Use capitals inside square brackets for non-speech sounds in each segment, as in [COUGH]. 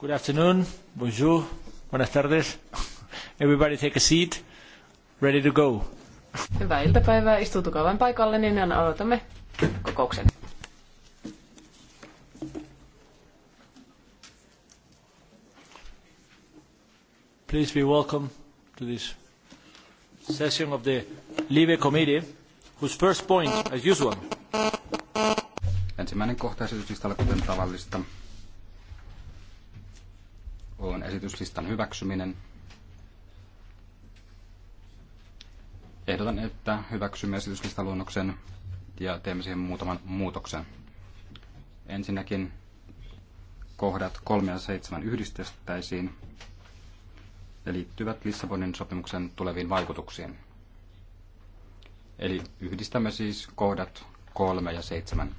Good afternoon, bonjour, buenas tardes. Everybody take a seat, ready to go. Hyvää iltapäivää, vain paikalle, niin aloitamme kokouksen. Please be welcome to this session of the Libe Committee, whose first point, as usual. Ensimmäinen kohta esityslistalla, kuten tavallista, on esityslistan hyväksyminen. Ehdotan, että hyväksymme luonnoksen ja teemme siihen muutaman muutoksen. Ensinnäkin kohdat 3 ja 7 yhdistettäisiin ja liittyvät Lissabonin sopimuksen tuleviin vaikutuksiin. Eli yhdistämme siis kohdat 3 ja 7.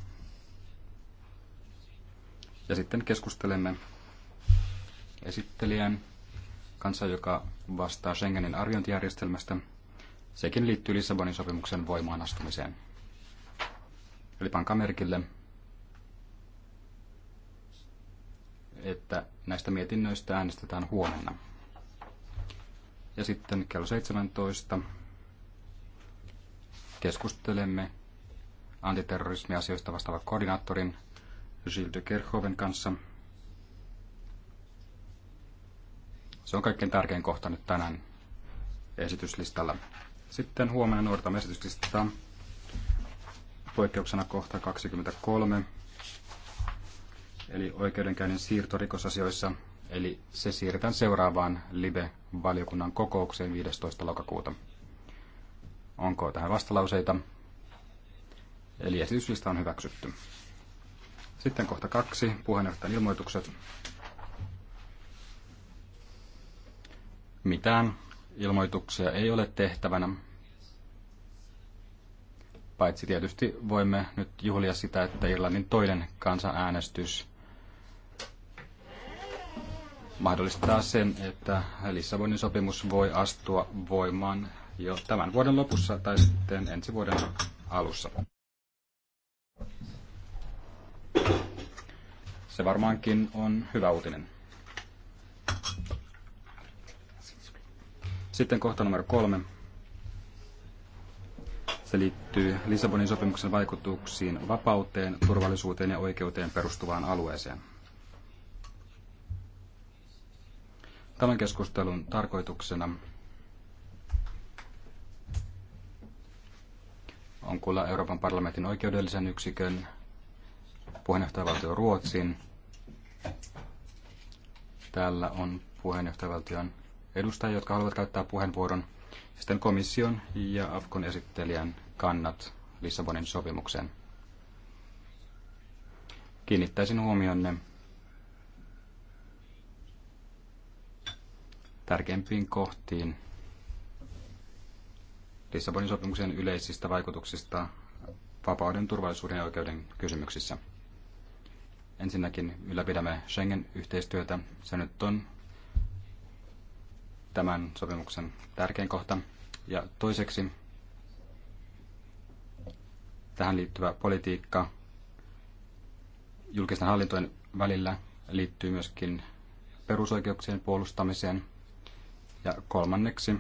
Ja sitten keskustelemme esittelijän kanssa, joka vastaa Schengenin arviointijärjestelmästä. Sekin liittyy Lissabonin sopimuksen voimaan astumiseen. Eli pankaa merkille, että näistä mietinnöistä äänestetään huomenna. Ja sitten kello 17 keskustelemme antiterrorismiasioista vastaavan koordinaattorin Gilles de Kerchoven kanssa – Se on kaikkein tärkein kohta nyt tänään esityslistalla. Sitten huomenna nuorta esityslistaa poikkeuksena kohta 23, eli oikeudenkäynnin siirto rikosasioissa, eli se siirretään seuraavaan LIBE-valiokunnan kokoukseen 15. lokakuuta. Onko tähän vastalauseita? Eli esityslista on hyväksytty. Sitten kohta kaksi, puheenjohtajan ilmoitukset. Mitään ilmoituksia ei ole tehtävänä. Paitsi tietysti voimme nyt juhlia sitä, että Irlannin toinen kansanäänestys mahdollistaa sen, että Lissabonin sopimus voi astua voimaan jo tämän vuoden lopussa tai sitten ensi vuoden alussa. Se varmaankin on hyvä uutinen. Sitten kohta numero kolme. Se liittyy Lissabonin sopimuksen vaikutuksiin vapauteen, turvallisuuteen ja oikeuteen perustuvaan alueeseen. Tämän keskustelun tarkoituksena on kuulla Euroopan parlamentin oikeudellisen yksikön puheenjohtajavaltio Ruotsin. Täällä on puheenjohtajavaltion edustajia, jotka haluavat käyttää puheenvuoron. Sitten komission ja Afkon esittelijän kannat Lissabonin sopimukseen. Kiinnittäisin huomionne tärkeimpiin kohtiin Lissabonin sopimuksen yleisistä vaikutuksista vapauden, turvallisuuden ja oikeuden kysymyksissä. Ensinnäkin ylläpidämme Schengen-yhteistyötä. Se nyt on tämän sopimuksen tärkein kohta. Ja toiseksi tähän liittyvä politiikka julkisten hallintojen välillä liittyy myöskin perusoikeuksien puolustamiseen. Ja kolmanneksi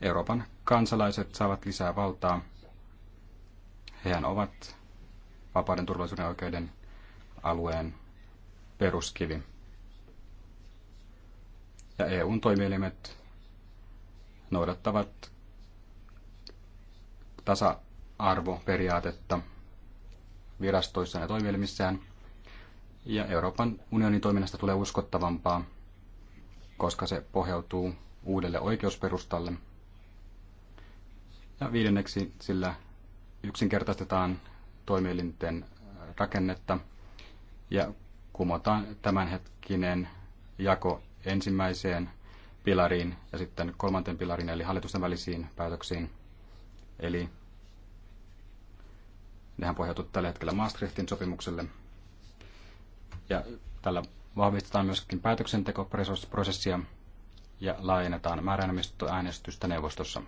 Euroopan kansalaiset saavat lisää valtaa. Hehän ovat vapauden, turvallisuuden ja oikeuden alueen peruskivi ja EUn toimielimet noudattavat tasa-arvoperiaatetta virastoissaan ja toimielimissään, ja Euroopan unionin toiminnasta tulee uskottavampaa, koska se pohjautuu uudelle oikeusperustalle. Ja viidenneksi sillä yksinkertaistetaan toimielinten rakennetta ja kumotaan tämänhetkinen jako ensimmäiseen pilariin ja sitten kolmanteen pilariin, eli hallitusten välisiin päätöksiin. Eli nehän pohjautuu tällä hetkellä Maastrichtin sopimukselle. Ja tällä vahvistetaan myöskin päätöksentekoprosessia ja laajennetaan määräenemmistöäänestystä neuvostossa.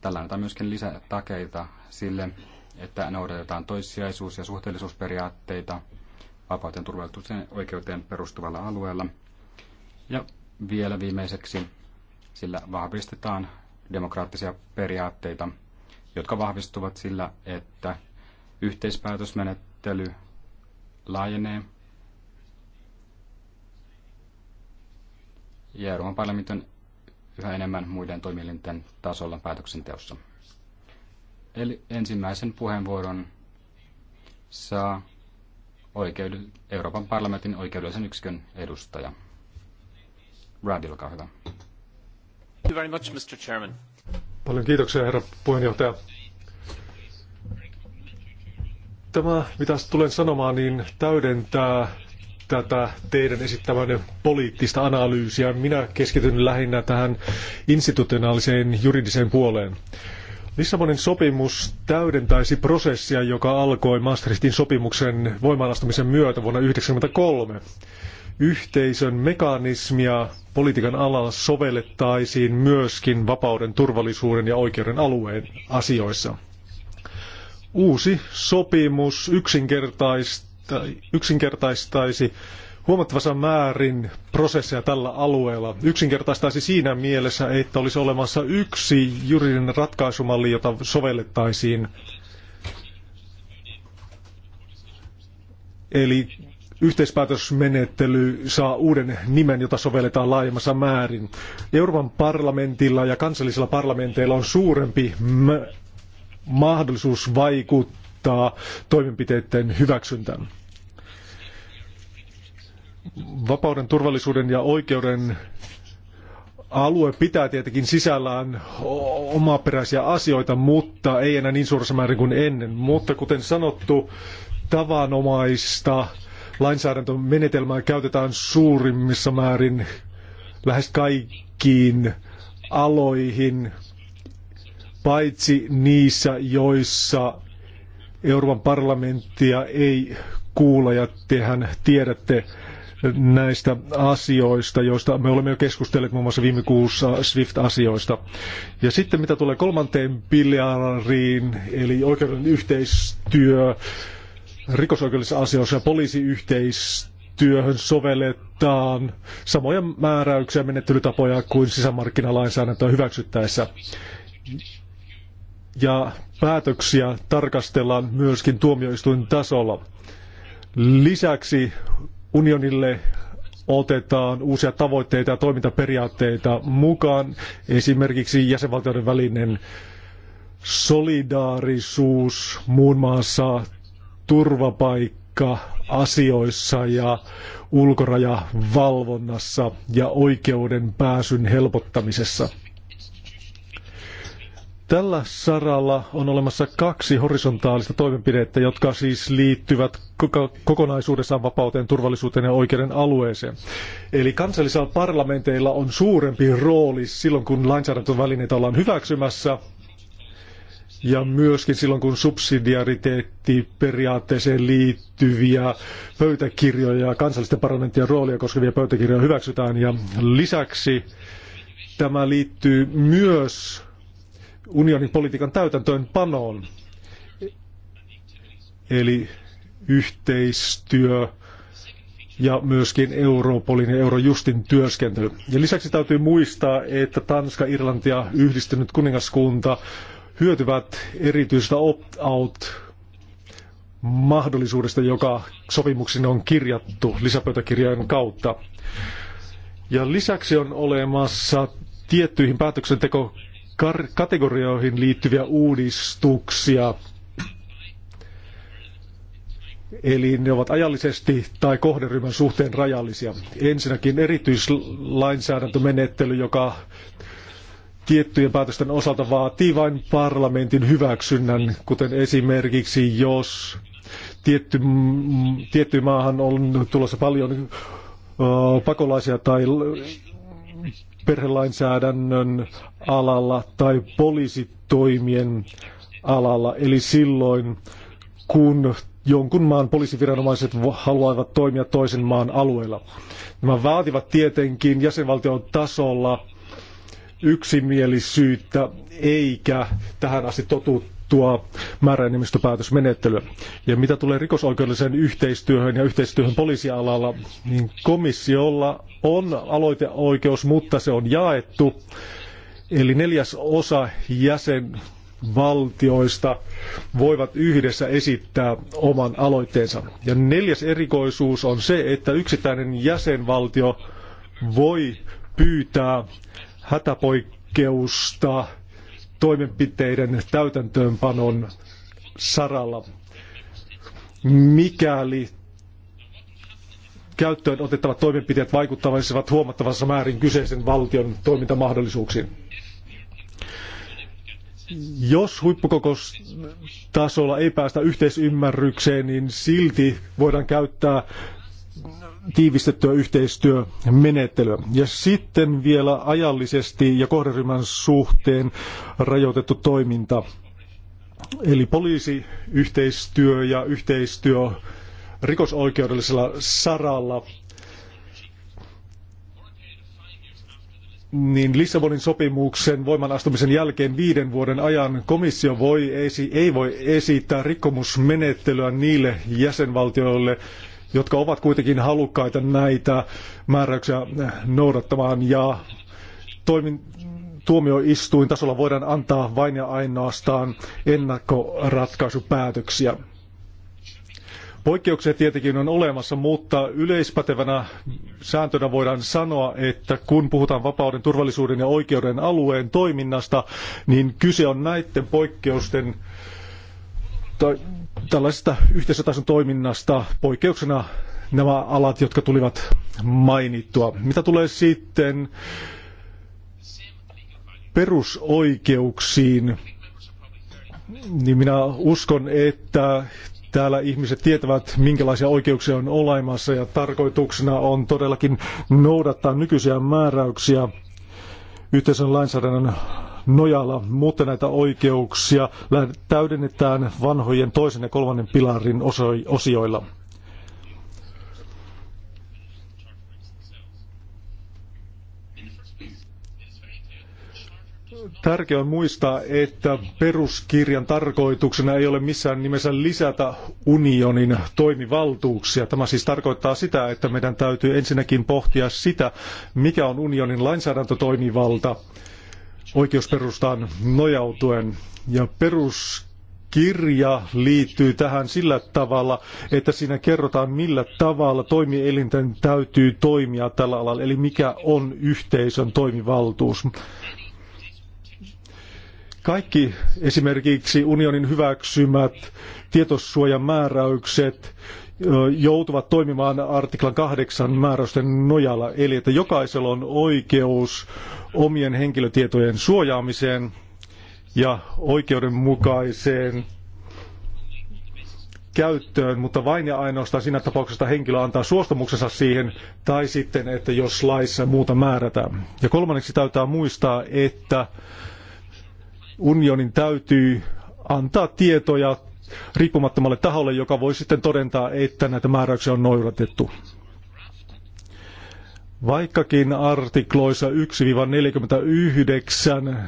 Tällä annetaan myöskin lisätakeita sille, että noudatetaan toissijaisuus- ja suhteellisuusperiaatteita – vapauteen, turvallisuuteen oikeuteen perustuvalla alueella. Ja vielä viimeiseksi sillä vahvistetaan demokraattisia periaatteita, jotka vahvistuvat sillä, että yhteispäätösmenettely laajenee ja Euroopan parlamentin yhä enemmän muiden toimielinten tasolla päätöksenteossa. Eli ensimmäisen puheenvuoron saa oikeud- Euroopan parlamentin oikeudellisen yksikön edustaja. Brad, olkaa hyvä. Paljon kiitoksia, herra puheenjohtaja. Tämä, mitä tulen sanomaan, niin täydentää tätä teidän esittämänne poliittista analyysiä. Minä keskityn lähinnä tähän institutionaaliseen juridiseen puoleen. Lissabonin sopimus täydentäisi prosessia, joka alkoi Maastrichtin sopimuksen voimaanastumisen myötä vuonna 1993. Yhteisön mekanismia politiikan alalla sovellettaisiin myöskin vapauden, turvallisuuden ja oikeuden alueen asioissa. Uusi sopimus yksinkertaistaisi huomattavassa määrin prosesseja tällä alueella. Yksinkertaistaisi siinä mielessä, että olisi olemassa yksi juridinen ratkaisumalli, jota sovellettaisiin. Eli yhteispäätösmenettely saa uuden nimen, jota sovelletaan laajemmassa määrin. Euroopan parlamentilla ja kansallisilla parlamenteilla on suurempi mahdollisuus vaikuttaa toimenpiteiden hyväksyntään vapauden, turvallisuuden ja oikeuden alue pitää tietenkin sisällään omaperäisiä asioita, mutta ei enää niin suuressa määrin kuin ennen. Mutta kuten sanottu, tavanomaista lainsäädäntömenetelmää käytetään suurimmissa määrin lähes kaikkiin aloihin, paitsi niissä, joissa Euroopan parlamenttia ei kuulla ja tehän tiedätte, näistä asioista, joista me olemme jo keskustelleet muun muassa viime kuussa SWIFT-asioista. Ja sitten mitä tulee kolmanteen piljariin, eli oikeuden yhteistyö, rikosoikeudellisissa asioissa ja poliisiyhteistyöhön sovelletaan samoja määräyksiä menettelytapoja kuin sisämarkkinalainsäädäntöä hyväksyttäessä. Ja päätöksiä tarkastellaan myöskin tuomioistuin tasolla. Lisäksi unionille otetaan uusia tavoitteita ja toimintaperiaatteita mukaan, esimerkiksi jäsenvaltioiden välinen solidaarisuus muun maassa turvapaikka asioissa ja ulkorajavalvonnassa ja oikeuden pääsyn helpottamisessa. Tällä saralla on olemassa kaksi horisontaalista toimenpidettä, jotka siis liittyvät kokonaisuudessaan vapauteen, turvallisuuteen ja oikeuden alueeseen. Eli kansallisilla parlamenteilla on suurempi rooli silloin, kun lainsäädäntövälineitä ollaan hyväksymässä, ja myöskin silloin, kun subsidiariteettiperiaatteeseen liittyviä pöytäkirjoja, kansallisten parlamenttien roolia koskevia pöytäkirjoja hyväksytään. Ja lisäksi tämä liittyy myös unionin politiikan täytäntöönpanoon. Eli yhteistyö ja myöskin Europolin ja Eurojustin työskentely. Ja lisäksi täytyy muistaa, että Tanska, Irlanti ja yhdistynyt kuningaskunta hyötyvät erityisestä opt-out mahdollisuudesta, joka sopimuksiin on kirjattu lisäpöytäkirjojen kautta. Ja lisäksi on olemassa tiettyihin päätöksenteko kategorioihin liittyviä uudistuksia. Eli ne ovat ajallisesti tai kohderyhmän suhteen rajallisia. Ensinnäkin erityislainsäädäntömenettely, joka tiettyjen päätösten osalta vaatii vain parlamentin hyväksynnän, kuten esimerkiksi jos tietty, tietty maahan on tulossa paljon pakolaisia tai perhelainsäädännön alalla tai poliisitoimien alalla. Eli silloin, kun jonkun maan poliisiviranomaiset haluavat toimia toisen maan alueella. Nämä vaativat tietenkin jäsenvaltion tasolla yksimielisyyttä, eikä tähän asti totu, tuo määräenemmistöpäätösmenettely. Ja mitä tulee rikosoikeudelliseen yhteistyöhön ja yhteistyöhön poliisialalla, niin komissiolla on aloiteoikeus, mutta se on jaettu. Eli neljäs osa jäsenvaltioista voivat yhdessä esittää oman aloitteensa. Ja neljäs erikoisuus on se, että yksittäinen jäsenvaltio voi pyytää hätäpoikkeusta toimenpiteiden täytäntöönpanon saralla. Mikäli käyttöön otettavat toimenpiteet vaikuttaisivat huomattavassa määrin kyseisen valtion toimintamahdollisuuksiin. Jos huippukokoustasolla ei päästä yhteisymmärrykseen, niin silti voidaan käyttää tiivistettyä yhteistyömenettelyä. Ja sitten vielä ajallisesti ja kohderyhmän suhteen rajoitettu toiminta. Eli poliisiyhteistyö ja yhteistyö rikosoikeudellisella saralla niin Lissabonin sopimuksen voimanastumisen astumisen jälkeen viiden vuoden ajan komissio voi esi- ei voi esittää rikkomusmenettelyä niille jäsenvaltioille, jotka ovat kuitenkin halukkaita näitä määräyksiä noudattamaan ja toimin, tuomioistuin tasolla voidaan antaa vain ja ainoastaan ennakkoratkaisupäätöksiä. Poikkeuksia tietenkin on olemassa, mutta yleispätevänä sääntönä voidaan sanoa, että kun puhutaan vapauden, turvallisuuden ja oikeuden alueen toiminnasta, niin kyse on näiden poikkeusten tai tällaisesta yhteisötason toiminnasta poikkeuksena nämä alat, jotka tulivat mainittua. Mitä tulee sitten perusoikeuksiin, niin minä uskon, että täällä ihmiset tietävät, minkälaisia oikeuksia on olemassa ja tarkoituksena on todellakin noudattaa nykyisiä määräyksiä Yhteisen lainsäädännön nojalla, mutta näitä oikeuksia täydennetään vanhojen toisen ja kolmannen pilarin osioilla. Tärkeää on muistaa, että peruskirjan tarkoituksena ei ole missään nimessä lisätä unionin toimivaltuuksia. Tämä siis tarkoittaa sitä, että meidän täytyy ensinnäkin pohtia sitä, mikä on unionin lainsäädäntötoimivalta oikeusperustaan nojautuen. Ja peruskirja liittyy tähän sillä tavalla, että siinä kerrotaan, millä tavalla toimielinten täytyy toimia tällä alalla, eli mikä on yhteisön toimivaltuus. Kaikki esimerkiksi unionin hyväksymät tietosuojan määräykset joutuvat toimimaan artiklan kahdeksan määräysten nojalla, eli että jokaisella on oikeus omien henkilötietojen suojaamiseen ja oikeudenmukaiseen käyttöön, mutta vain ja ainoastaan siinä tapauksessa, että henkilö antaa suostumuksensa siihen, tai sitten, että jos laissa muuta määrätään. Ja kolmanneksi täytyy muistaa, että unionin täytyy antaa tietoja riippumattomalle taholle, joka voi sitten todentaa, että näitä määräyksiä on noudatettu. Vaikkakin artikloissa 1-49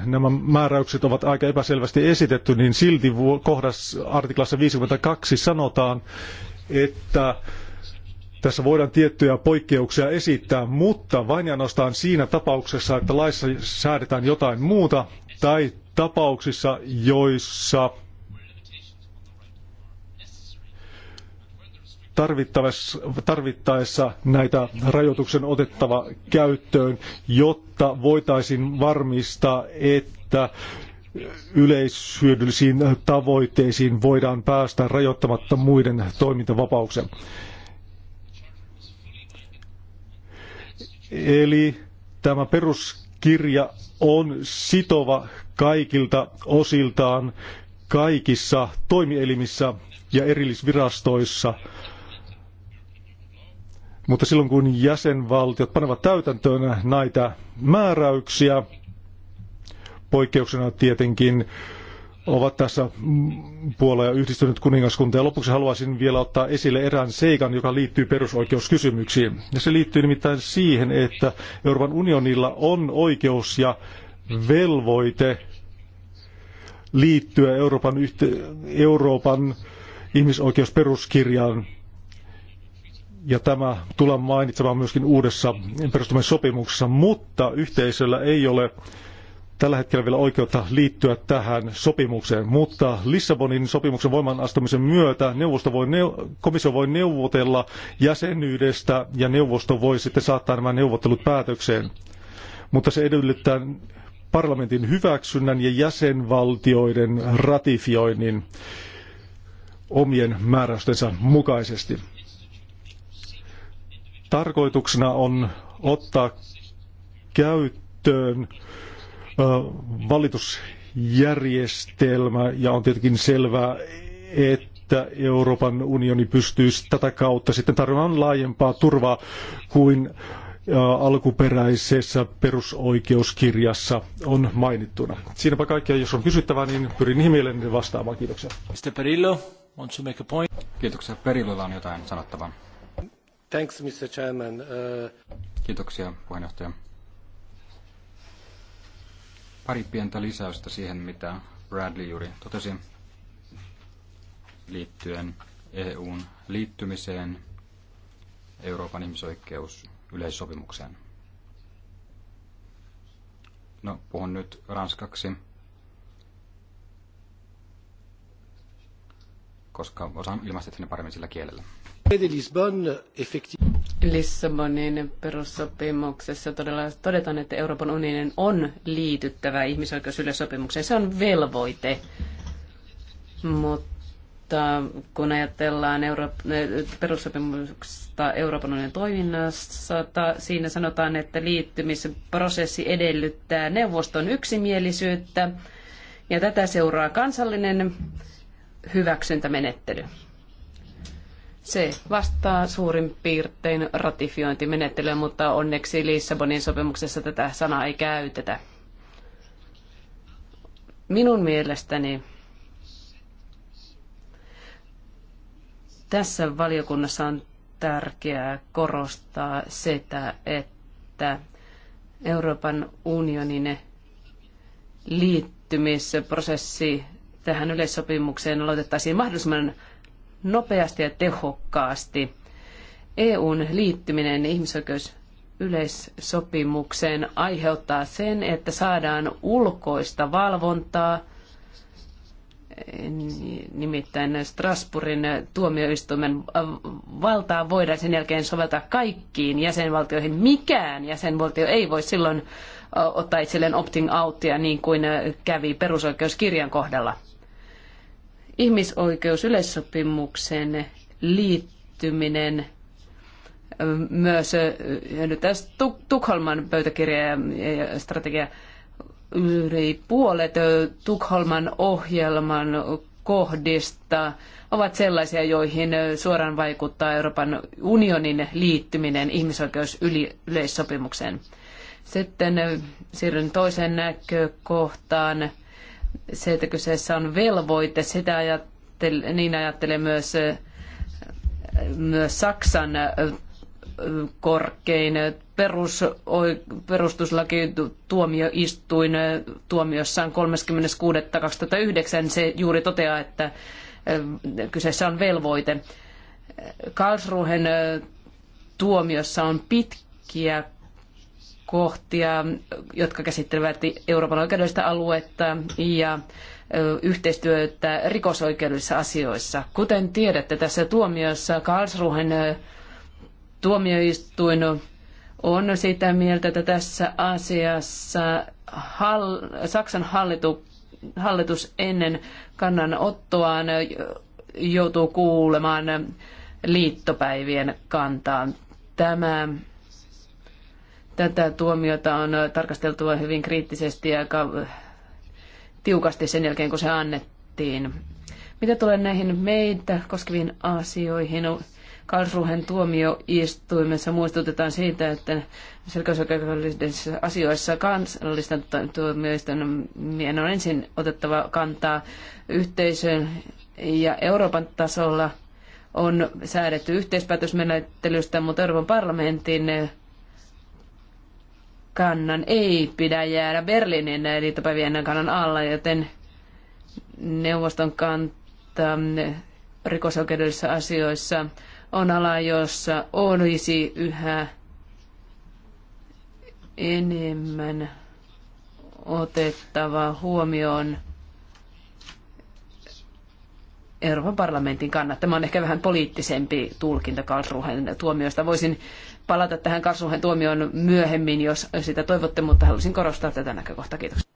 nämä määräykset ovat aika epäselvästi esitetty, niin silti kohdassa artiklassa 52 sanotaan, että tässä voidaan tiettyjä poikkeuksia esittää, mutta vain ja ainoastaan siinä tapauksessa, että laissa säädetään jotain muuta, tai tapauksissa, joissa tarvittaessa näitä rajoituksen otettava käyttöön, jotta voitaisiin varmistaa, että yleishyödyllisiin tavoitteisiin voidaan päästä rajoittamatta muiden toimintavapauksia. Eli tämä perus kirja on sitova kaikilta osiltaan kaikissa toimielimissä ja erillisvirastoissa. Mutta silloin kun jäsenvaltiot panevat täytäntöön näitä määräyksiä, poikkeuksena tietenkin ovat tässä puolella yhdistynyt kuningaskunta. Ja lopuksi haluaisin vielä ottaa esille erään seikan, joka liittyy perusoikeuskysymyksiin. Ja se liittyy nimittäin siihen, että Euroopan unionilla on oikeus ja velvoite liittyä Euroopan, yhte- Euroopan ihmisoikeusperuskirjaan. Ja tämä tullaan mainitsemaan myöskin uudessa perustumissopimuksessa, mutta yhteisöllä ei ole tällä hetkellä vielä oikeutta liittyä tähän sopimukseen, mutta Lissabonin sopimuksen voimanastumisen myötä neuvosto voi neu- komissio voi neuvotella jäsenyydestä ja neuvosto voi sitten saattaa nämä neuvottelut päätökseen. Mutta se edellyttää parlamentin hyväksynnän ja jäsenvaltioiden ratifioinnin omien määräystensä mukaisesti. Tarkoituksena on ottaa käyttöön valitusjärjestelmä ja on tietenkin selvää, että Euroopan unioni pystyisi tätä kautta sitten tarjoamaan laajempaa turvaa kuin alkuperäisessä perusoikeuskirjassa on mainittuna. Siinäpä kaikkea, jos on kysyttävää, niin pyrin niihin mielelläni vastaamaan. Kiitoksia. Mr. Perillo, want to make a point? Kiitoksia. Perillolla on jotain sanottavaa. Thanks, Mr. Chairman. Uh... Kiitoksia, puheenjohtaja. Pari pientä lisäystä siihen, mitä Bradley juuri totesi liittyen EUn liittymiseen Euroopan yleissopimukseen. No, puhun nyt ranskaksi, koska osaan ilmaista sinne paremmin sillä kielellä. Lissabonin perussopimuksessa todella todetaan, että Euroopan unionin on liityttävä ihmisoikeusyleissopimukseen. Se on velvoite, mutta kun ajatellaan Euro- eh, perussopimusta Euroopan unionin toiminnassa, siinä sanotaan, että liittymisprosessi edellyttää neuvoston yksimielisyyttä ja tätä seuraa kansallinen hyväksyntämenettely. Se vastaa suurin piirtein ratifiointimenettelyä, mutta onneksi Lissabonin sopimuksessa tätä sanaa ei käytetä. Minun mielestäni tässä valiokunnassa on tärkeää korostaa sitä, että Euroopan unionin liittymisprosessi tähän yleissopimukseen aloitettaisiin mahdollisimman nopeasti ja tehokkaasti. EUn liittyminen ihmisoikeusyleissopimukseen aiheuttaa sen, että saadaan ulkoista valvontaa, nimittäin Strasbourgin tuomioistuimen valtaa voidaan sen jälkeen soveltaa kaikkiin jäsenvaltioihin. Mikään jäsenvaltio ei voi silloin ottaa itselleen opting outia niin kuin kävi perusoikeuskirjan kohdalla ihmisoikeusyleissopimukseen liittyminen myös hyödyntää Tukholman pöytäkirja ja strategia yli puolet Tukholman ohjelman kohdista ovat sellaisia, joihin suoraan vaikuttaa Euroopan unionin liittyminen ihmisoikeusyleissopimukseen. Sitten siirryn toiseen näkökohtaan se, että kyseessä on velvoite, sitä ajattel, niin ajattelee myös, myös Saksan korkein perus, perustuslaki tuomioistuin tuomiossaan 36.2009 se juuri toteaa, että kyseessä on velvoite. Karlsruhen tuomiossa on pitkiä kohtia, jotka käsittelevät Euroopan oikeudellista aluetta ja yhteistyötä rikosoikeudellisissa asioissa. Kuten tiedätte, tässä tuomiossa Karlsruhen tuomioistuin on sitä mieltä, että tässä asiassa hall- Saksan hallitu- hallitus ennen kannanottoaan joutuu kuulemaan liittopäivien kantaa. Tämä Tätä tuomiota on tarkasteltu hyvin kriittisesti ja aika tiukasti sen jälkeen, kun se annettiin. Mitä tulee näihin meitä koskeviin asioihin, no, Karlsruhen tuomioistuimessa muistutetaan siitä, että selkeysoikeudellisissa asioissa kansallisten tuomioistuimien on ensin otettava kantaa yhteisöön ja Euroopan tasolla on säädetty yhteispäätösmenettelystä, mutta Euroopan parlamentin kannan ei pidä jäädä Berliinin liittopäivien kannan alla, joten neuvoston kanta rikosoikeudellisissa asioissa on ala, jossa olisi yhä enemmän otettava huomioon Euroopan parlamentin kannat. Tämä on ehkä vähän poliittisempi tulkinta Karlsruhen tuomioista. Voisin palata tähän Karsuhen tuomioon myöhemmin, jos sitä toivotte, mutta halusin korostaa tätä näkökohtaa. Kiitoksia.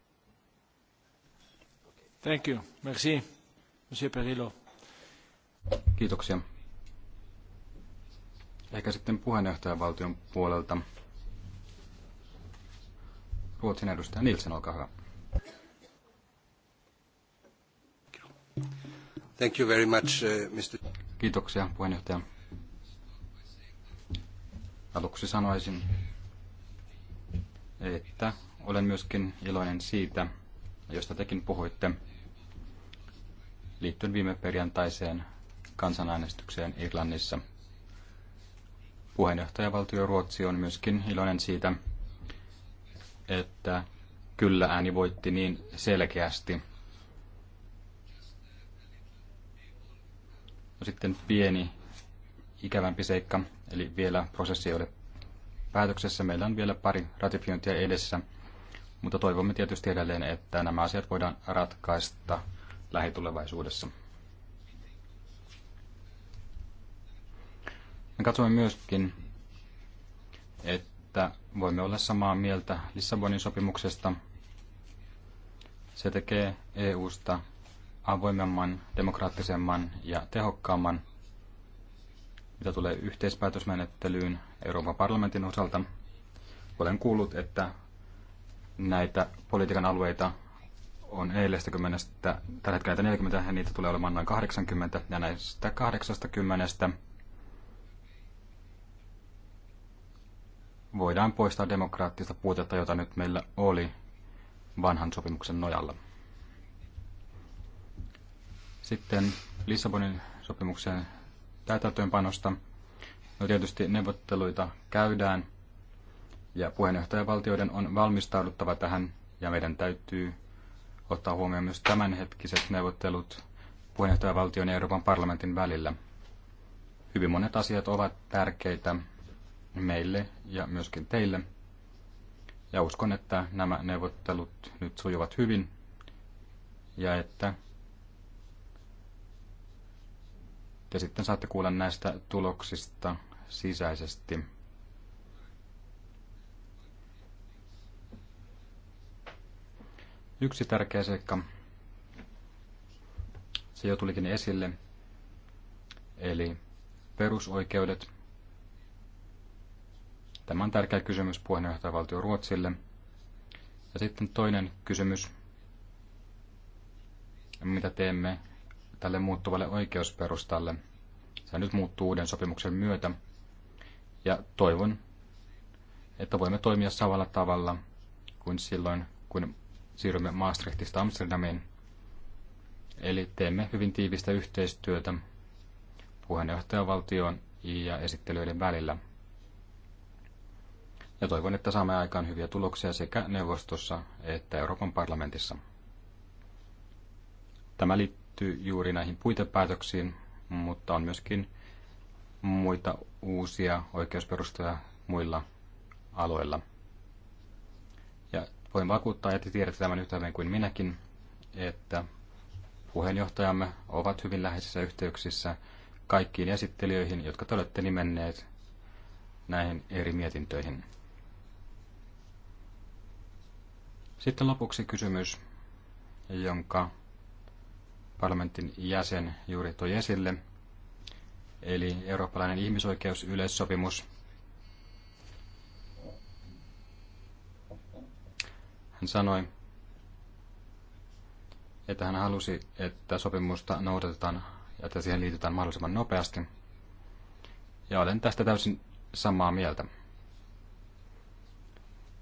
Thank you. Merci. Monsieur Perillo. Kiitoksia. Ehkä sitten puheenjohtajavaltion puolelta. Ruotsin edustaja Nielsen, olkaa hyvä. Thank you very much, uh, Mr. Kiitoksia puheenjohtaja. Aluksi sanoisin, että olen myöskin iloinen siitä, josta tekin puhuitte, liittyen viime perjantaiseen kansanäänestykseen Irlannissa. Puheenjohtajavaltio Ruotsi on myöskin iloinen siitä, että kyllä ääni voitti niin selkeästi. No sitten pieni ikävämpi seikka, eli vielä prosessi ei ole päätöksessä. Meillä on vielä pari ratifiointia edessä, mutta toivomme tietysti edelleen, että nämä asiat voidaan ratkaista lähitulevaisuudessa. Me katsomme myöskin, että voimme olla samaa mieltä Lissabonin sopimuksesta. Se tekee EUsta avoimemman, demokraattisemman ja tehokkaamman mitä tulee yhteispäätösmenettelyyn Euroopan parlamentin osalta. Olen kuullut, että näitä politiikan alueita on 40, tällä hetkellä 40 ja niitä tulee olemaan noin 80 ja näistä 80 voidaan poistaa demokraattista puutetta, jota nyt meillä oli vanhan sopimuksen nojalla. Sitten Lissabonin sopimuksen täytäntöönpanosta. No tietysti neuvotteluita käydään ja puheenjohtajavaltioiden on valmistauduttava tähän ja meidän täytyy ottaa huomioon myös tämänhetkiset neuvottelut puheenjohtajavaltion ja Euroopan parlamentin välillä. Hyvin monet asiat ovat tärkeitä meille ja myöskin teille. Ja uskon, että nämä neuvottelut nyt sujuvat hyvin ja että Ja sitten saatte kuulla näistä tuloksista sisäisesti. Yksi tärkeä seikka, se jo tulikin esille, eli perusoikeudet. Tämä on tärkeä kysymys puheenjohtajavaltio Ruotsille. Ja sitten toinen kysymys, mitä teemme tälle muuttuvalle oikeusperustalle. Se nyt muuttuu uuden sopimuksen myötä. Ja toivon, että voimme toimia samalla tavalla kuin silloin, kun siirrymme Maastrichtista Amsterdamiin. Eli teemme hyvin tiivistä yhteistyötä puheenjohtajavaltioon ja esittelyiden välillä. Ja toivon, että saamme aikaan hyviä tuloksia sekä neuvostossa että Euroopan parlamentissa. Tämä liittyy liittyy juuri näihin puitepäätöksiin, mutta on myöskin muita uusia oikeusperustoja muilla aloilla. Ja voin vakuuttaa, että tiedätte tämän yhtä hyvin kuin minäkin, että puheenjohtajamme ovat hyvin läheisissä yhteyksissä kaikkiin esittelijöihin, jotka te olette nimenneet näihin eri mietintöihin. Sitten lopuksi kysymys, jonka parlamentin jäsen juuri toi esille, eli eurooppalainen ihmisoikeusyleissopimus. Hän sanoi, että hän halusi, että sopimusta noudatetaan ja että siihen liitetään mahdollisimman nopeasti. Ja olen tästä täysin samaa mieltä.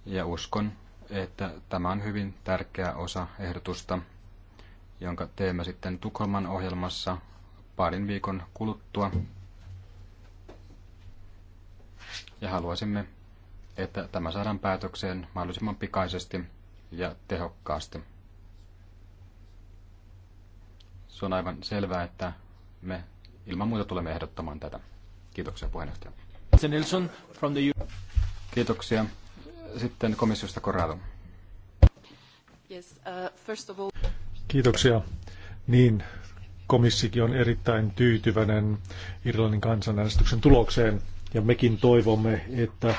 Ja uskon, että tämä on hyvin tärkeä osa ehdotusta – jonka teemme sitten Tukholman ohjelmassa parin viikon kuluttua. Ja haluaisimme, että tämä saadaan päätökseen mahdollisimman pikaisesti ja tehokkaasti. Se on aivan selvää, että me ilman muuta tulemme ehdottamaan tätä. Kiitoksia puheenjohtaja. Nilsson from the... Kiitoksia. Sitten komissiosta Corrado. Yes, uh, first of all... Kiitoksia. Niin, komissikin on erittäin tyytyväinen Irlannin kansanäänestyksen tulokseen ja mekin toivomme, että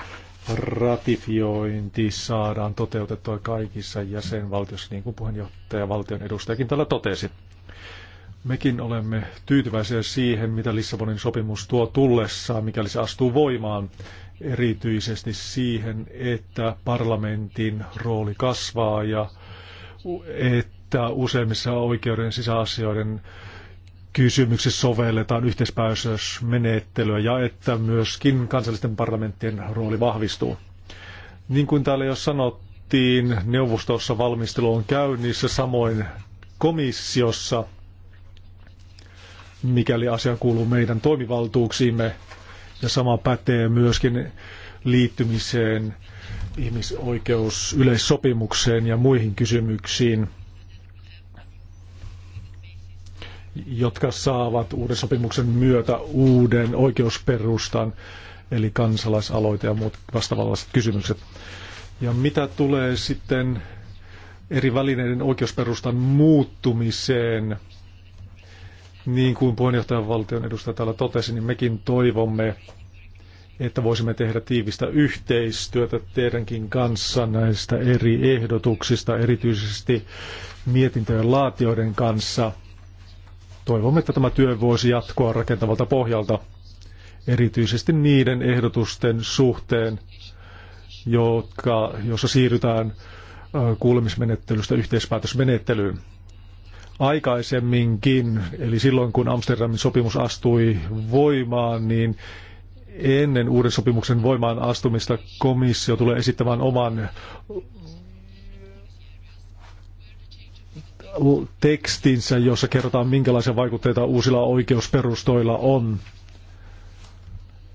ratifiointi saadaan toteutettua kaikissa jäsenvaltioissa, niin kuin puheenjohtaja valtion edustajakin täällä totesi. Mekin olemme tyytyväisiä siihen, mitä Lissabonin sopimus tuo tullessaan, mikäli se astuu voimaan, erityisesti siihen, että parlamentin rooli kasvaa ja että että useimmissa oikeuden sisäasioiden kysymyksissä sovelletaan yhteispäätösmenettelyä ja että myöskin kansallisten parlamenttien rooli vahvistuu. Niin kuin täällä jo sanottiin, neuvostossa valmistelu on käynnissä, samoin komissiossa, mikäli asia kuuluu meidän toimivaltuuksiimme, ja sama pätee myöskin liittymiseen ihmisoikeusyleissopimukseen ja muihin kysymyksiin – jotka saavat uuden sopimuksen myötä uuden oikeusperustan, eli kansalaisaloite ja muut vastaavanlaiset kysymykset. Ja mitä tulee sitten eri välineiden oikeusperustan muuttumiseen, niin kuin puheenjohtajan valtion edustaja täällä totesi, niin mekin toivomme, että voisimme tehdä tiivistä yhteistyötä teidänkin kanssa näistä eri ehdotuksista, erityisesti mietintöjen laatioiden kanssa – Toivomme, että tämä työ voisi jatkoa rakentavalta pohjalta, erityisesti niiden ehdotusten suhteen, jotka, jossa siirrytään kuulemismenettelystä yhteispäätösmenettelyyn. Aikaisemminkin, eli silloin kun Amsterdamin sopimus astui voimaan, niin ennen uuden sopimuksen voimaan astumista komissio tulee esittämään oman tekstinsä, jossa kerrotaan, minkälaisia vaikutteita uusilla oikeusperustoilla on.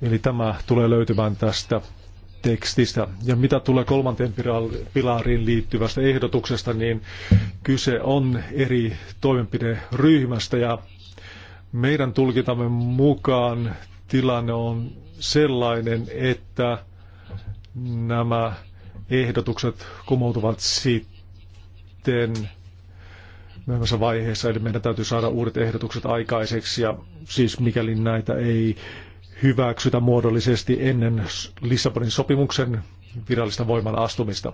Eli tämä tulee löytymään tästä tekstistä. Ja mitä tulee kolmanteen pilariin liittyvästä ehdotuksesta, niin kyse on eri toimenpideryhmästä ja meidän tulkitamme mukaan tilanne on sellainen, että nämä ehdotukset kumoutuvat sitten myöhemmässä vaiheessa, eli meidän täytyy saada uudet ehdotukset aikaiseksi, ja siis mikäli näitä ei hyväksytä muodollisesti ennen Lissabonin sopimuksen virallista voiman astumista.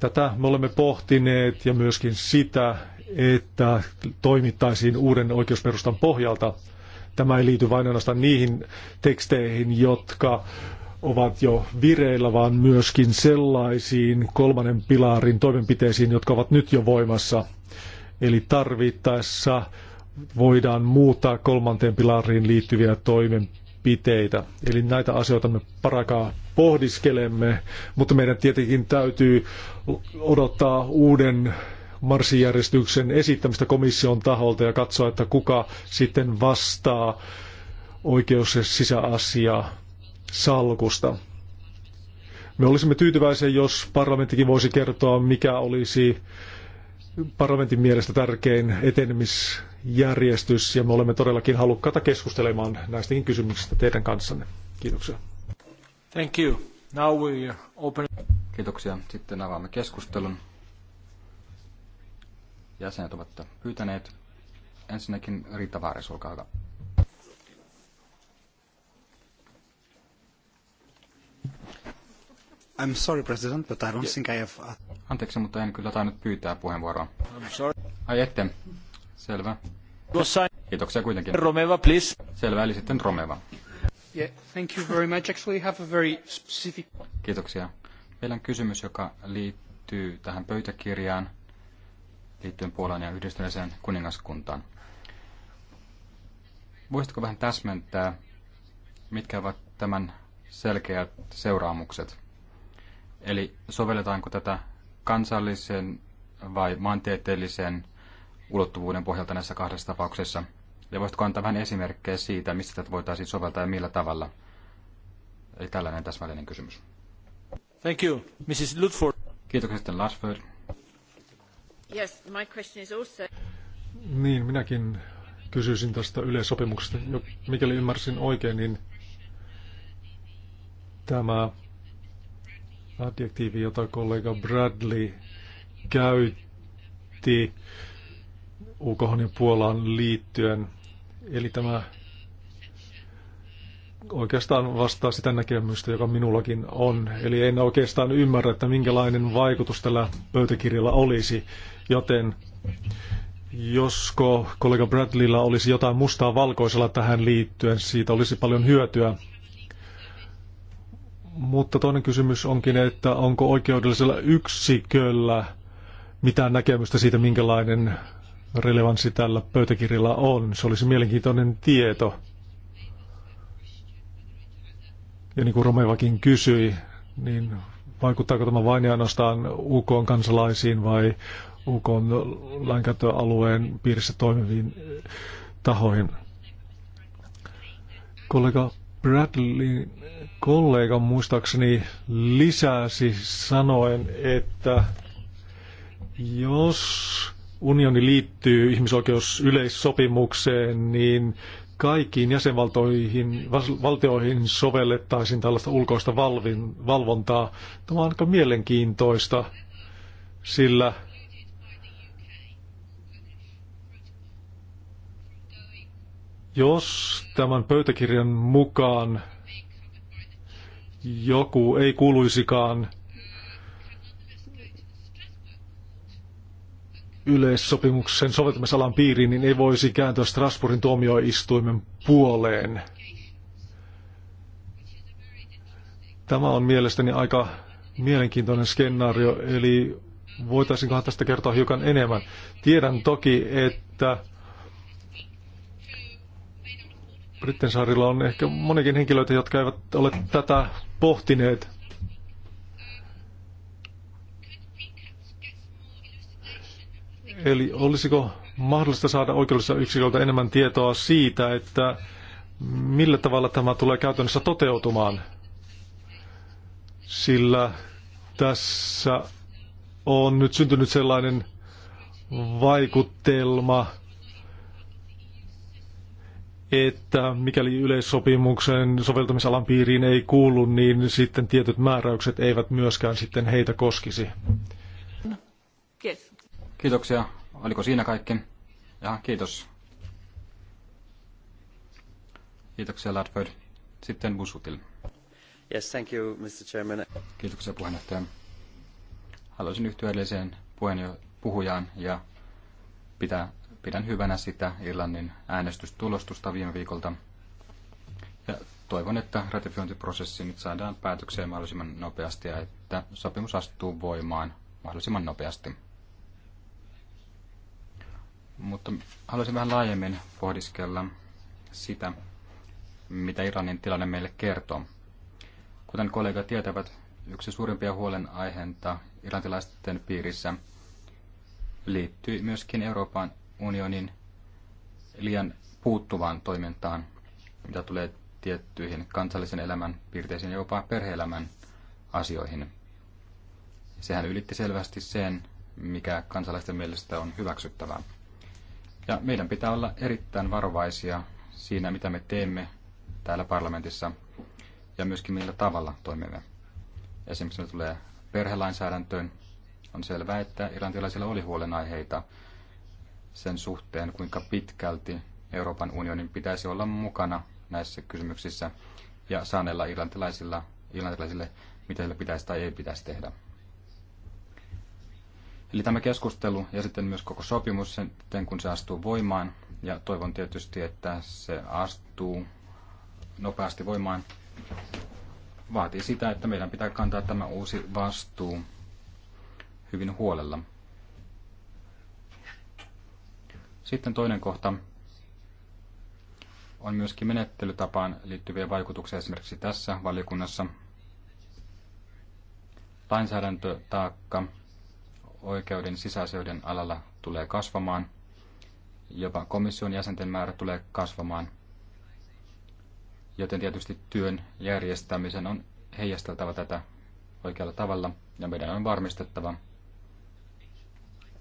Tätä me olemme pohtineet ja myöskin sitä, että toimittaisiin uuden oikeusperustan pohjalta. Tämä ei liity vain ainoastaan niihin teksteihin, jotka ovat jo vireillä, vaan myöskin sellaisiin kolmannen pilarin toimenpiteisiin, jotka ovat nyt jo voimassa. Eli tarvittaessa voidaan muuttaa kolmanteen pilariin liittyviä toimenpiteitä. Eli näitä asioita me parakaa pohdiskelemme, mutta meidän tietenkin täytyy odottaa uuden marssijärjestyksen esittämistä komission taholta ja katsoa, että kuka sitten vastaa oikeus- ja sisäasiaa salkusta. Me olisimme tyytyväisiä, jos parlamenttikin voisi kertoa, mikä olisi parlamentin mielestä tärkein etenemisjärjestys, ja me olemme todellakin halukkaita keskustelemaan näistäkin kysymyksistä teidän kanssanne. Kiitoksia. Thank you. Now we open... Kiitoksia. Sitten avaamme keskustelun. Jäsenet ovat pyytäneet. Ensinnäkin Riitta Vaaris, olkaa hyvä. I'm sorry, President, but I don't think I have... Anteeksi, mutta en kyllä tainnut pyytää puheenvuoroa. I'm sorry. Ai ette. Selvä. Kiitoksia kuitenkin. Romeva, please. Selvä, eli sitten Romeva. Yeah, thank you very much. Actually, have a very specific... Kiitoksia. Meillä on kysymys, joka liittyy tähän pöytäkirjaan liittyen Puolan ja yhdistyneeseen kuningaskuntaan. Voisitko vähän täsmentää, mitkä ovat tämän selkeät seuraamukset. Eli sovelletaanko tätä kansallisen vai maantieteellisen ulottuvuuden pohjalta näissä kahdessa tapauksessa? Ja voisitko antaa vähän esimerkkejä siitä, mistä tätä voitaisiin soveltaa ja millä tavalla? Eli tällainen täsmällinen kysymys. Thank you, Mrs. Lutford. Kiitoksia sitten Larsford. Yes, my question is also... Niin, minäkin kysyisin tästä yleisopimuksesta. Mikäli ymmärsin oikein, niin Tämä adjektiivi, jota kollega Bradley käytti Ukohon ja Puolaan liittyen, eli tämä oikeastaan vastaa sitä näkemystä, joka minullakin on. Eli en oikeastaan ymmärrä, että minkälainen vaikutus tällä pöytäkirjalla olisi, joten josko kollega Bradleylla olisi jotain mustaa valkoisella tähän liittyen, siitä olisi paljon hyötyä. Mutta toinen kysymys onkin, että onko oikeudellisella yksiköllä mitään näkemystä siitä, minkälainen relevanssi tällä pöytäkirjalla on. Se olisi mielenkiintoinen tieto. Ja niin kuin Romevakin kysyi, niin vaikuttaako tämä vain ja ainoastaan UK kansalaisiin vai UK lainkäyttöalueen piirissä toimiviin tahoihin? Kollega Bradleyn kollega muistaakseni lisäsi sanoen, että jos unioni liittyy ihmisoikeusyleissopimukseen, niin kaikkiin jäsenvaltioihin valtioihin sovellettaisiin tällaista ulkoista valvin, valvontaa. Tämä on aika mielenkiintoista, sillä – Jos tämän pöytäkirjan mukaan joku ei kuuluisikaan yleissopimuksen soveltamisalan piiriin, niin ei voisi kääntyä Strasbourgin tuomioistuimen puoleen. Tämä on mielestäni aika mielenkiintoinen skenaario, eli voitaisinkohan tästä kertoa hiukan enemmän. Tiedän toki, että Brittensaarilla on ehkä monikin henkilöitä, jotka eivät ole tätä pohtineet. Eli olisiko mahdollista saada oikeudelliselta yksiköltä enemmän tietoa siitä, että millä tavalla tämä tulee käytännössä toteutumaan? Sillä tässä on nyt syntynyt sellainen vaikutelma, että mikäli yleissopimuksen soveltamisalan piiriin ei kuulu, niin sitten tietyt määräykset eivät myöskään sitten heitä koskisi. Kiitoksia. Oliko siinä kaikki? Ja kiitos. Kiitoksia Ladford. Sitten Busutil. Yes, thank you, Mr. Chairman. Kiitoksia puheenjohtaja. Haluaisin yhtyä edelliseen puhujaan ja pitää Pidän hyvänä sitä Irlannin äänestystulostusta viime viikolta. Ja toivon, että ratifiointiprosessi nyt saadaan päätökseen mahdollisimman nopeasti ja että sopimus astuu voimaan mahdollisimman nopeasti. Mutta haluaisin vähän laajemmin pohdiskella sitä, mitä Iranin tilanne meille kertoo. Kuten kollegat tietävät, yksi suurimpia huolenaiheita irantilaisten piirissä liittyy myöskin Euroopan unionin liian puuttuvaan toimintaan, mitä tulee tiettyihin kansallisen elämän piirteisiin ja jopa perheelämän asioihin. Sehän ylitti selvästi sen, mikä kansalaisten mielestä on hyväksyttävää. Ja meidän pitää olla erittäin varovaisia siinä, mitä me teemme täällä parlamentissa ja myöskin millä tavalla toimimme. Esimerkiksi tulee perhelainsäädäntöön. On selvää, että irlantilaisilla oli huolenaiheita sen suhteen, kuinka pitkälti Euroopan unionin pitäisi olla mukana näissä kysymyksissä ja sanella irlantilaisilla, irlantilaisille, mitä heille pitäisi tai ei pitäisi tehdä. Eli tämä keskustelu ja sitten myös koko sopimus, sitten kun se astuu voimaan, ja toivon tietysti, että se astuu nopeasti voimaan, vaatii sitä, että meidän pitää kantaa tämä uusi vastuu hyvin huolella. Sitten toinen kohta on myöskin menettelytapaan liittyviä vaikutuksia esimerkiksi tässä valiokunnassa. Lainsäädäntötaakka oikeuden sisäasioiden alalla tulee kasvamaan, jopa komission jäsenten määrä tulee kasvamaan, joten tietysti työn järjestämisen on heijasteltava tätä oikealla tavalla ja meidän on varmistettava,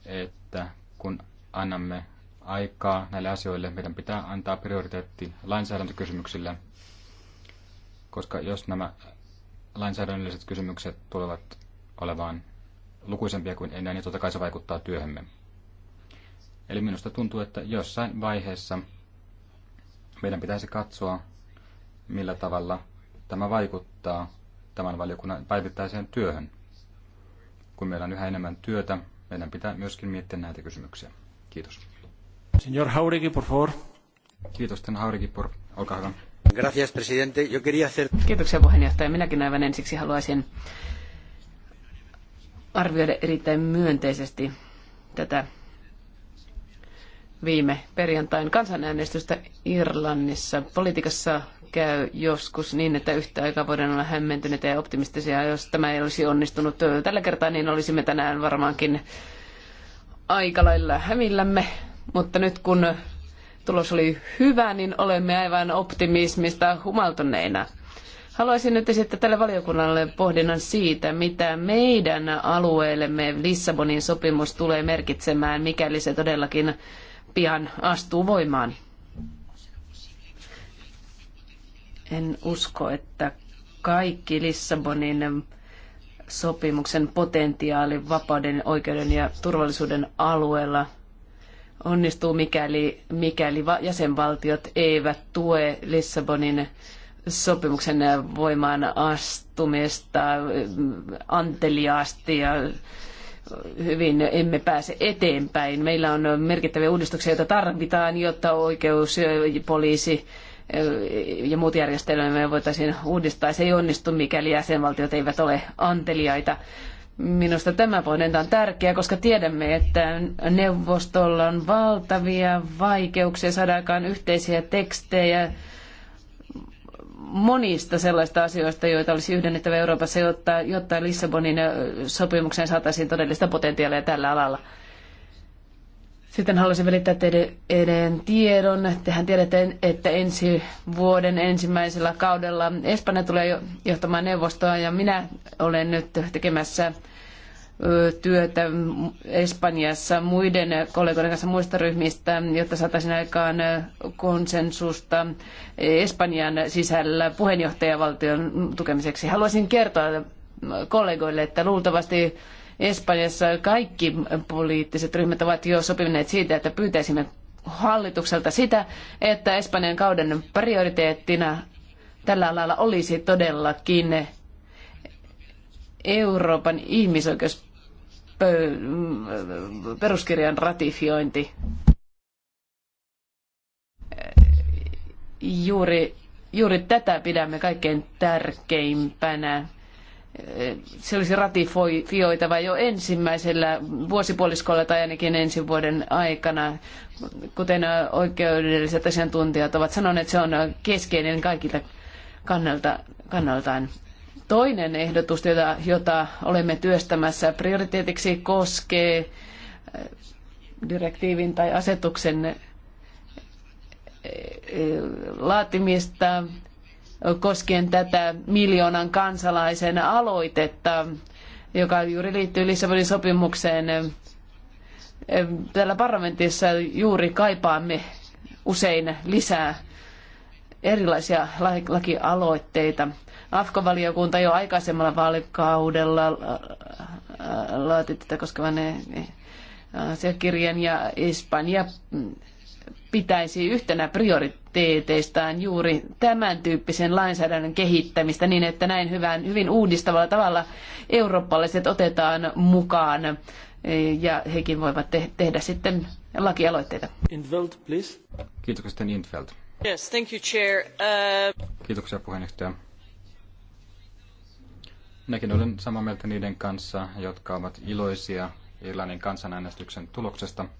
että kun annamme aikaa näille asioille. Meidän pitää antaa prioriteetti lainsäädäntökysymyksille, koska jos nämä lainsäädännölliset kysymykset tulevat olevaan lukuisempia kuin ennen, niin totta kai se vaikuttaa työhömme. Eli minusta tuntuu, että jossain vaiheessa meidän pitäisi katsoa, millä tavalla tämä vaikuttaa tämän valiokunnan päivittäiseen työhön. Kun meillä on yhä enemmän työtä, meidän pitää myöskin miettiä näitä kysymyksiä. Kiitos. Señor Jauregui, por favor. Kiitos, Jauregui, por. Olkaa hyvä. Gracias, presidente. Yo quería hacer... Kiitoksia puheenjohtaja. Minäkin aivan ensiksi haluaisin arvioida erittäin myönteisesti tätä viime perjantain kansanäänestystä Irlannissa. Politiikassa käy joskus niin, että yhtä aikaa voidaan olla hämmentyneitä ja optimistisia. Jos tämä ei olisi onnistunut tällä kertaa, niin olisimme tänään varmaankin aika lailla hämillämme. Mutta nyt kun tulos oli hyvä, niin olemme aivan optimismista humaltuneina. Haluaisin nyt esittää tälle valiokunnalle pohdinnan siitä, mitä meidän alueellemme Lissabonin sopimus tulee merkitsemään, mikäli se todellakin pian astuu voimaan. En usko, että kaikki Lissabonin sopimuksen potentiaali vapauden, oikeuden ja turvallisuuden alueella – onnistuu, mikäli, mikäli jäsenvaltiot eivät tue Lissabonin sopimuksen voimaan astumista mm, anteliaasti ja hyvin emme pääse eteenpäin. Meillä on merkittäviä uudistuksia, joita tarvitaan, jotta oikeus, poliisi ja muut järjestelmät voitaisiin uudistaa. Se ei onnistu, mikäli jäsenvaltiot eivät ole anteliaita. Minusta tämä pohdinta on tärkeä, koska tiedämme, että neuvostolla on valtavia vaikeuksia saada aikaan yhteisiä tekstejä monista sellaista asioista, joita olisi yhdennettävä Euroopassa, jotta, jotta Lissabonin sopimukseen saataisiin todellista potentiaalia tällä alalla. Sitten haluaisin välittää teidän eden tiedon. Tehän tiedätte, että ensi vuoden ensimmäisellä kaudella Espanja tulee johtamaan neuvostoa ja minä olen nyt tekemässä työtä Espanjassa muiden kollegoiden kanssa muista ryhmistä, jotta saataisiin aikaan konsensusta Espanjan sisällä puheenjohtajavaltion tukemiseksi. Haluaisin kertoa kollegoille, että luultavasti Espanjassa kaikki poliittiset ryhmät ovat jo sopineet siitä, että pyytäisimme hallitukselta sitä, että Espanjan kauden prioriteettina tällä alalla olisi todellakin Euroopan ihmisoikeusperuskirjan ratifiointi. Juuri, juuri tätä pidämme kaikkein tärkeimpänä se olisi ratifioitava jo ensimmäisellä vuosipuoliskolla tai ainakin ensi vuoden aikana. Kuten oikeudelliset asiantuntijat ovat sanoneet, se on keskeinen kaikilta kannalta, kannaltaan. Toinen ehdotus, jota, jota olemme työstämässä prioriteetiksi, koskee äh, direktiivin tai asetuksen äh, äh, laatimista koskien tätä miljoonan kansalaisen aloitetta, joka juuri liittyy Lissabonin sopimukseen. Täällä parlamentissa juuri kaipaamme usein lisää erilaisia lakialoitteita. AFKO-valiokunta jo aikaisemmalla vaalikaudella äh, äh, laati tätä koskevan äh, asiakirjan ja Espanja pitäisi yhtenä prioriteeteistaan juuri tämän tyyppisen lainsäädännön kehittämistä niin, että näin hyvän, hyvin uudistavalla tavalla eurooppalaiset otetaan mukaan eh, ja hekin voivat te- tehdä sitten lakialoitteita. Infeld, please. Kiitoksia sitten Infeld. Yes, thank you, chair. Uh... Kiitoksia puheenjohtaja. Minäkin olen samaa mieltä niiden kanssa, jotka ovat iloisia Irlannin kansanäänestyksen tuloksesta –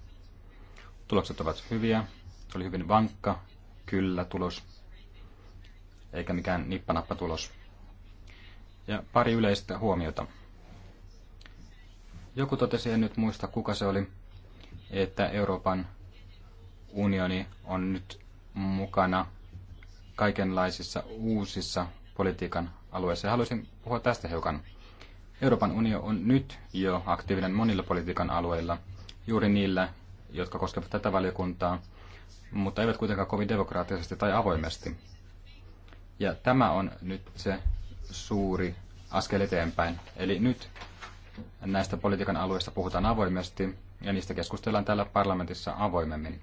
Tulokset ovat hyviä. Se oli hyvin vankka, kyllä tulos, eikä mikään nippanappa-tulos. Ja pari yleistä huomiota. Joku totesi, en nyt muista kuka se oli, että Euroopan unioni on nyt mukana kaikenlaisissa uusissa politiikan alueissa. Ja haluaisin puhua tästä hiukan. Euroopan unio on nyt jo aktiivinen monilla politiikan alueilla, juuri niillä, jotka koskevat tätä valiokuntaa, mutta eivät kuitenkaan kovin demokraattisesti tai avoimesti. Ja tämä on nyt se suuri askel eteenpäin. Eli nyt näistä politiikan alueista puhutaan avoimesti ja niistä keskustellaan täällä parlamentissa avoimemmin.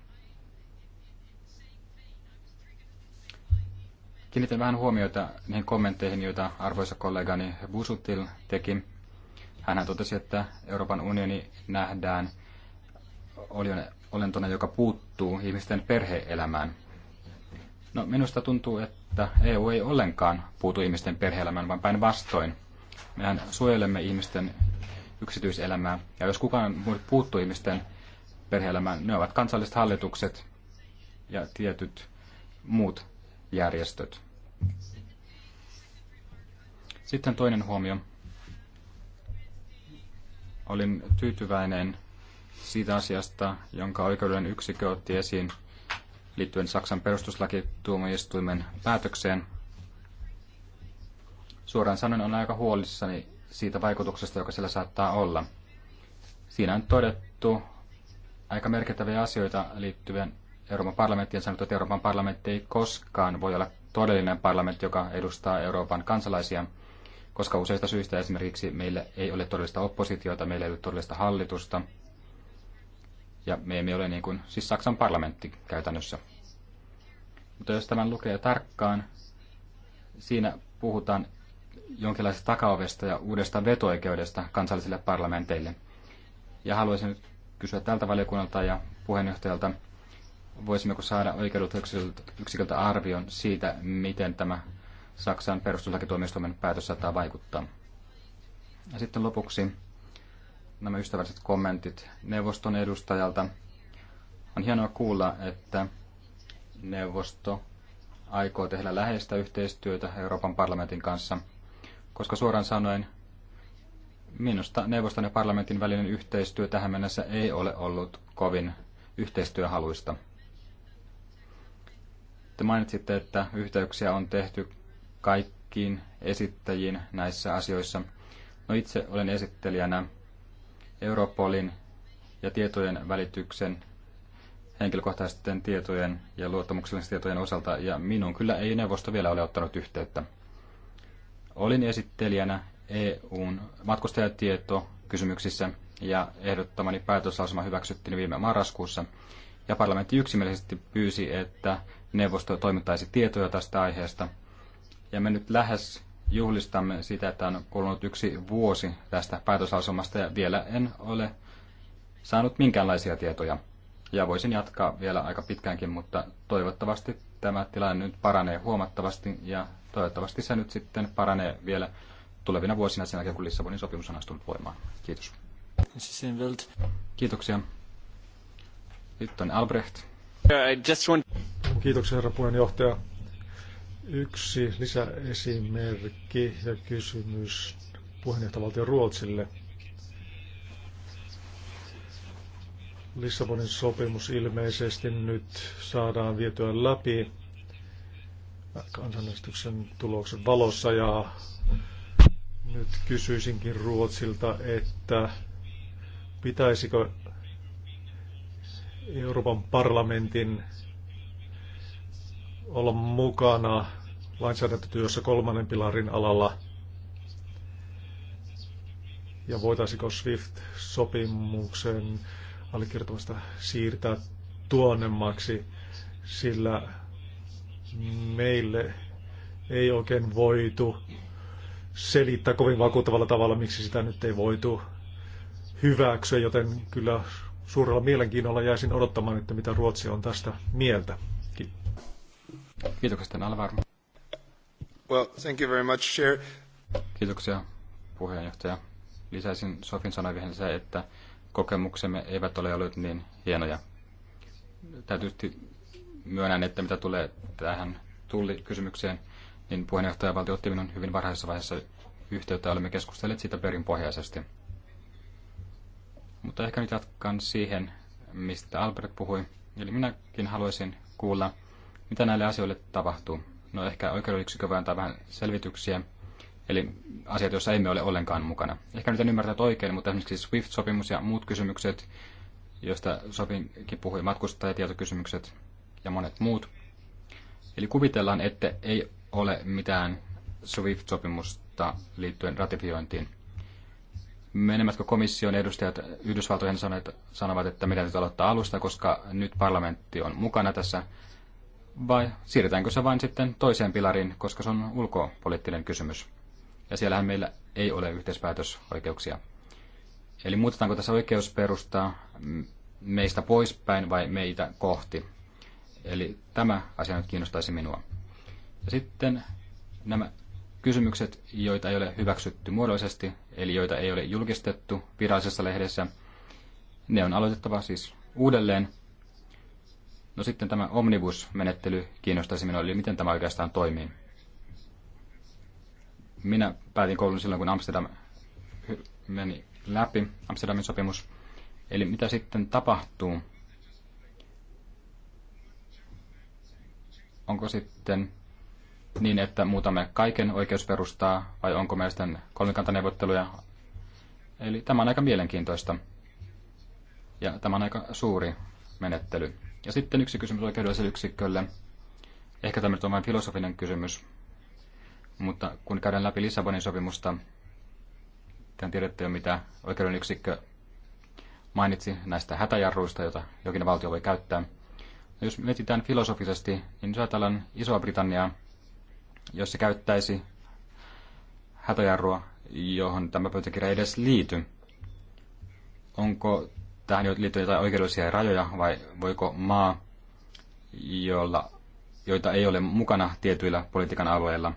Kiinnitän vähän huomiota niihin kommentteihin, joita arvoisa kollegani Busutil teki. Hän totesi, että Euroopan unioni nähdään – olentona, joka puuttuu ihmisten perheelämään. No, minusta tuntuu, että EU ei ollenkaan puutu ihmisten perheelämään, vaan päinvastoin. Mehän suojelemme ihmisten yksityiselämää, ja jos kukaan puuttuu ihmisten perheelämään, ne ovat kansalliset hallitukset ja tietyt muut järjestöt. Sitten toinen huomio. Olin tyytyväinen siitä asiasta, jonka oikeudellinen yksikö otti esiin liittyen Saksan perustuslakituomioistuimen päätökseen. Suoraan sanoen on aika huolissani siitä vaikutuksesta, joka sillä saattaa olla. Siinä on todettu aika merkittäviä asioita liittyen Euroopan parlamenttiin. Sanottu, että Euroopan parlamentti ei koskaan voi olla todellinen parlamentti, joka edustaa Euroopan kansalaisia, koska useista syistä esimerkiksi meillä ei ole todellista oppositiota, meillä ei ole todellista hallitusta – ja me emme ole niin kuin, siis Saksan parlamentti käytännössä. Mutta jos tämän lukee tarkkaan, siinä puhutaan jonkinlaisesta takaovesta ja uudesta vetoikeudesta kansallisille parlamenteille. Ja haluaisin nyt kysyä tältä valiokunnalta ja puheenjohtajalta, voisimmeko saada oikeudelta yksiköltä arvion siitä, miten tämä Saksan perustuslakituomioistuimen päätös saattaa vaikuttaa. Ja sitten lopuksi nämä ystävälliset kommentit neuvoston edustajalta. On hienoa kuulla, että neuvosto aikoo tehdä läheistä yhteistyötä Euroopan parlamentin kanssa, koska suoraan sanoen minusta neuvoston ja parlamentin välinen yhteistyö tähän mennessä ei ole ollut kovin yhteistyöhaluista. Te mainitsitte, että yhteyksiä on tehty kaikkiin esittäjiin näissä asioissa. No itse olen esittelijänä Europolin ja tietojen välityksen henkilökohtaisten tietojen ja luottamuksellisten tietojen osalta, ja minun kyllä ei neuvosto vielä ole ottanut yhteyttä. Olin esittelijänä EUn matkustajatieto kysymyksissä ja ehdottamani päätöslausuma hyväksyttiin viime marraskuussa, ja parlamentti yksimielisesti pyysi, että neuvosto toimittaisi tietoja tästä aiheesta, ja me nyt lähes juhlistamme sitä, että on kulunut yksi vuosi tästä päätösasumasta ja vielä en ole saanut minkäänlaisia tietoja. Ja voisin jatkaa vielä aika pitkäänkin, mutta toivottavasti tämä tilanne nyt paranee huomattavasti ja toivottavasti se nyt sitten paranee vielä tulevina vuosina sen jälkeen, kun Lissabonin sopimus on astunut voimaan. Kiitos. Kiitoksia. on Albrecht. Kiitoksia herra puheenjohtaja Yksi lisäesimerkki ja kysymys puheenjohtajavaltio Ruotsille. Lissabonin sopimus ilmeisesti nyt saadaan vietyä läpi kansanäänestyksen tuloksen valossa ja nyt kysyisinkin Ruotsilta, että pitäisikö Euroopan parlamentin olla mukana lainsäädäntötyössä kolmannen pilarin alalla ja voitaisiko SWIFT-sopimuksen allekirjoittamista siirtää tuonnemmaksi, sillä meille ei oikein voitu selittää kovin vakuuttavalla tavalla, miksi sitä nyt ei voitu hyväksyä, joten kyllä suurella mielenkiinnolla jäisin odottamaan, että mitä Ruotsi on tästä mieltä. Kiitoksia, Alvaro. Well, thank you very much, Chair. Kiitoksia, puheenjohtaja. Lisäisin Sofin sanoihin se, että kokemuksemme eivät ole olleet niin hienoja. Täytyy myönnän, että mitä tulee tähän tullikysymykseen, niin puheenjohtajavaltio otti minun hyvin varhaisessa vaiheessa yhteyttä ja olemme keskustelleet siitä perinpohjaisesti. Mutta ehkä nyt jatkan siihen, mistä Albert puhui. Eli minäkin haluaisin kuulla, mitä näille asioille tapahtuu? No ehkä oikeudellisikö voi antaa vähän selvityksiä, eli asiat, joissa emme ole ollenkaan mukana. Ehkä nyt en ymmärtänyt oikein, mutta esimerkiksi SWIFT-sopimus ja muut kysymykset, joista Sopinkin puhui, matkustajatietokysymykset ja monet muut. Eli kuvitellaan, että ei ole mitään SWIFT-sopimusta liittyen ratifiointiin. Menemätkö komission edustajat Yhdysvaltojen sanovat, että meidän täytyy aloittaa alusta, koska nyt parlamentti on mukana tässä vai siirretäänkö se vain sitten toiseen pilariin, koska se on ulkopoliittinen kysymys. Ja siellähän meillä ei ole yhteispäätösoikeuksia. Eli muutetaanko tässä oikeusperustaa meistä poispäin vai meitä kohti? Eli tämä asia nyt kiinnostaisi minua. Ja sitten nämä kysymykset, joita ei ole hyväksytty muodollisesti, eli joita ei ole julkistettu virallisessa lehdessä, ne on aloitettava siis uudelleen No sitten tämä omnibus-menettely kiinnostaisi minua, eli miten tämä oikeastaan toimii. Minä päätin koulun silloin, kun Amsterdam meni läpi, Amsterdamin sopimus. Eli mitä sitten tapahtuu? Onko sitten niin, että muutamme kaiken oikeusperustaa vai onko meillä sitten kolmikantaneuvotteluja? Eli tämä on aika mielenkiintoista ja tämä on aika suuri menettely. Ja sitten yksi kysymys oikeudelliselle yksikölle. Ehkä tämä nyt on vain filosofinen kysymys, mutta kun käydään läpi Lissabonin sopimusta, te tiedätte jo mitä oikeuden yksikkö mainitsi näistä hätäjarruista, joita jokin valtio voi käyttää. No jos mietitään filosofisesti, niin jos ajatellaan Isoa Britanniaa, jos se käyttäisi hätäjarrua, johon tämä pöytäkirja edes liity, onko tähän liittyy jotain oikeudellisia rajoja vai voiko maa, jolla, joita ei ole mukana tietyillä politiikan alueilla,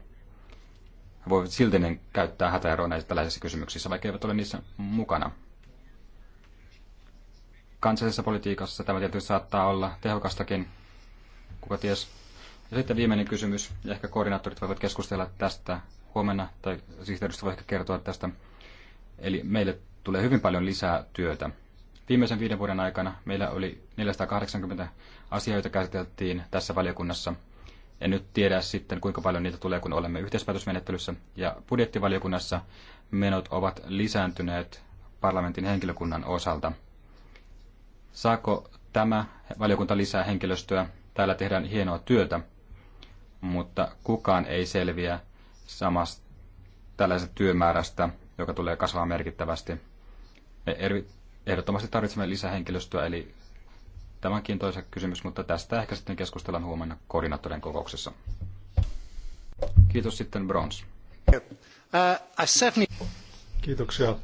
voi silti ne käyttää hätäeroa näissä tällaisissa kysymyksissä, vaikka eivät ole niissä mukana. Kansallisessa politiikassa tämä tietysti saattaa olla tehokastakin, kuka ties. Ja sitten viimeinen kysymys, ja ehkä koordinaattorit voivat keskustella tästä huomenna, tai sihteeristö voi ehkä kertoa tästä. Eli meille tulee hyvin paljon lisää työtä. Viimeisen viiden vuoden aikana meillä oli 480 asiaa, joita käsiteltiin tässä valiokunnassa. En nyt tiedä sitten, kuinka paljon niitä tulee, kun olemme yhteispäätösmenettelyssä. Ja budjettivaliokunnassa menot ovat lisääntyneet parlamentin henkilökunnan osalta. Saako tämä valiokunta lisää henkilöstöä? Täällä tehdään hienoa työtä, mutta kukaan ei selviä samasta tällaisesta työmäärästä, joka tulee kasvaa merkittävästi. Me ehdottomasti tarvitsemme lisähenkilöstöä, eli tämäkin toisa kysymys, mutta tästä ehkä sitten keskustellaan huomenna koordinaattorien kokouksessa. Kiitos sitten Brons. Uh, Kiitoksia.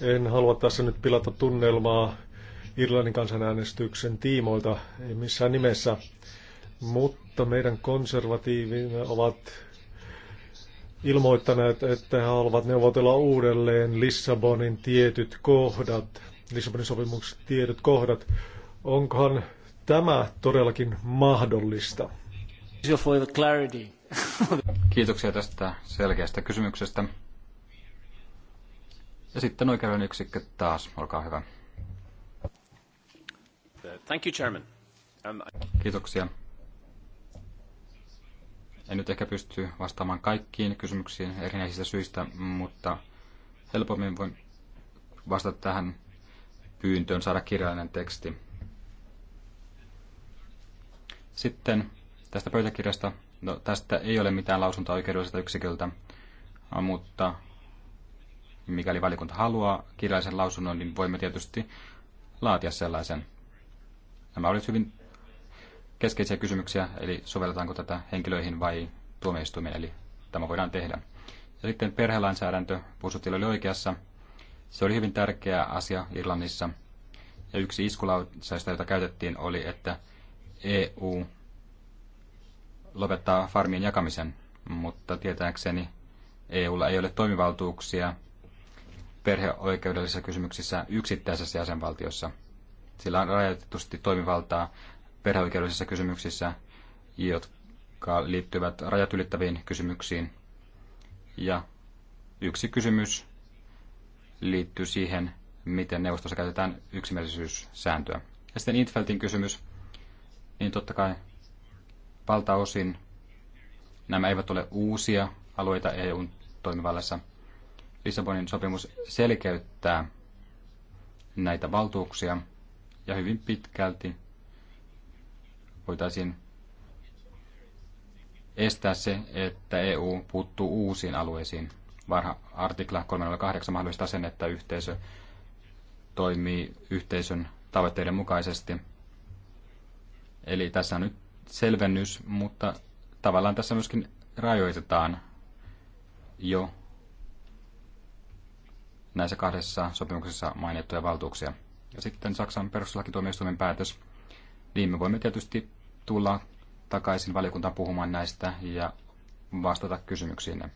En halua tässä nyt pilata tunnelmaa Irlannin kansanäänestyksen tiimoilta, ei missään nimessä, mutta meidän konservatiivimme ovat ilmoittaneet, että he haluavat neuvotella uudelleen Lissabonin tietyt kohdat, Lissabonin sopimuksen tietyt kohdat. Onkohan tämä todellakin mahdollista? [LAUGHS] Kiitoksia tästä selkeästä kysymyksestä. Ja sitten oikeuden yksikkö taas, olkaa hyvä. Thank you, Chairman. Um, Kiitoksia. En nyt ehkä pysty vastaamaan kaikkiin kysymyksiin erinäisistä syistä, mutta helpommin voin vastata tähän pyyntöön saada kirjallinen teksti. Sitten tästä pöytäkirjasta, no, tästä ei ole mitään lausuntoa oikeudelliselta yksiköltä, mutta mikäli valikunta haluaa kirjallisen lausunnon, niin voimme tietysti laatia sellaisen. Nämä olivat hyvin keskeisiä kysymyksiä, eli sovelletaanko tätä henkilöihin vai tuomioistuimeen, eli tämä voidaan tehdä. Ja sitten perhelainsäädäntö, Pusutil oli oikeassa. Se oli hyvin tärkeä asia Irlannissa. Ja yksi iskulausaista, jota käytettiin, oli, että EU lopettaa farmien jakamisen, mutta tietääkseni EUlla ei ole toimivaltuuksia perheoikeudellisissa kysymyksissä yksittäisessä jäsenvaltiossa. Sillä on rajoitetusti toimivaltaa perheoikeudellisissa kysymyksissä, jotka liittyvät rajat ylittäviin kysymyksiin. Ja yksi kysymys liittyy siihen, miten neuvostossa käytetään yksimielisyyssääntöä. Ja sitten Intfeltin kysymys, niin totta kai valtaosin nämä eivät ole uusia alueita EUn toimivallassa. Lissabonin sopimus selkeyttää näitä valtuuksia ja hyvin pitkälti voitaisiin estää se, että EU puuttuu uusiin alueisiin. Varha artikla 308 mahdollistaa sen, että yhteisö toimii yhteisön tavoitteiden mukaisesti. Eli tässä on nyt selvennys, mutta tavallaan tässä myöskin rajoitetaan jo näissä kahdessa sopimuksessa mainittuja valtuuksia. Ja sitten Saksan perustuslakituomioistuimen päätös. Niin me voimme tietysti tulla takaisin valiokuntaan puhumaan näistä ja vastata kysymyksiinne.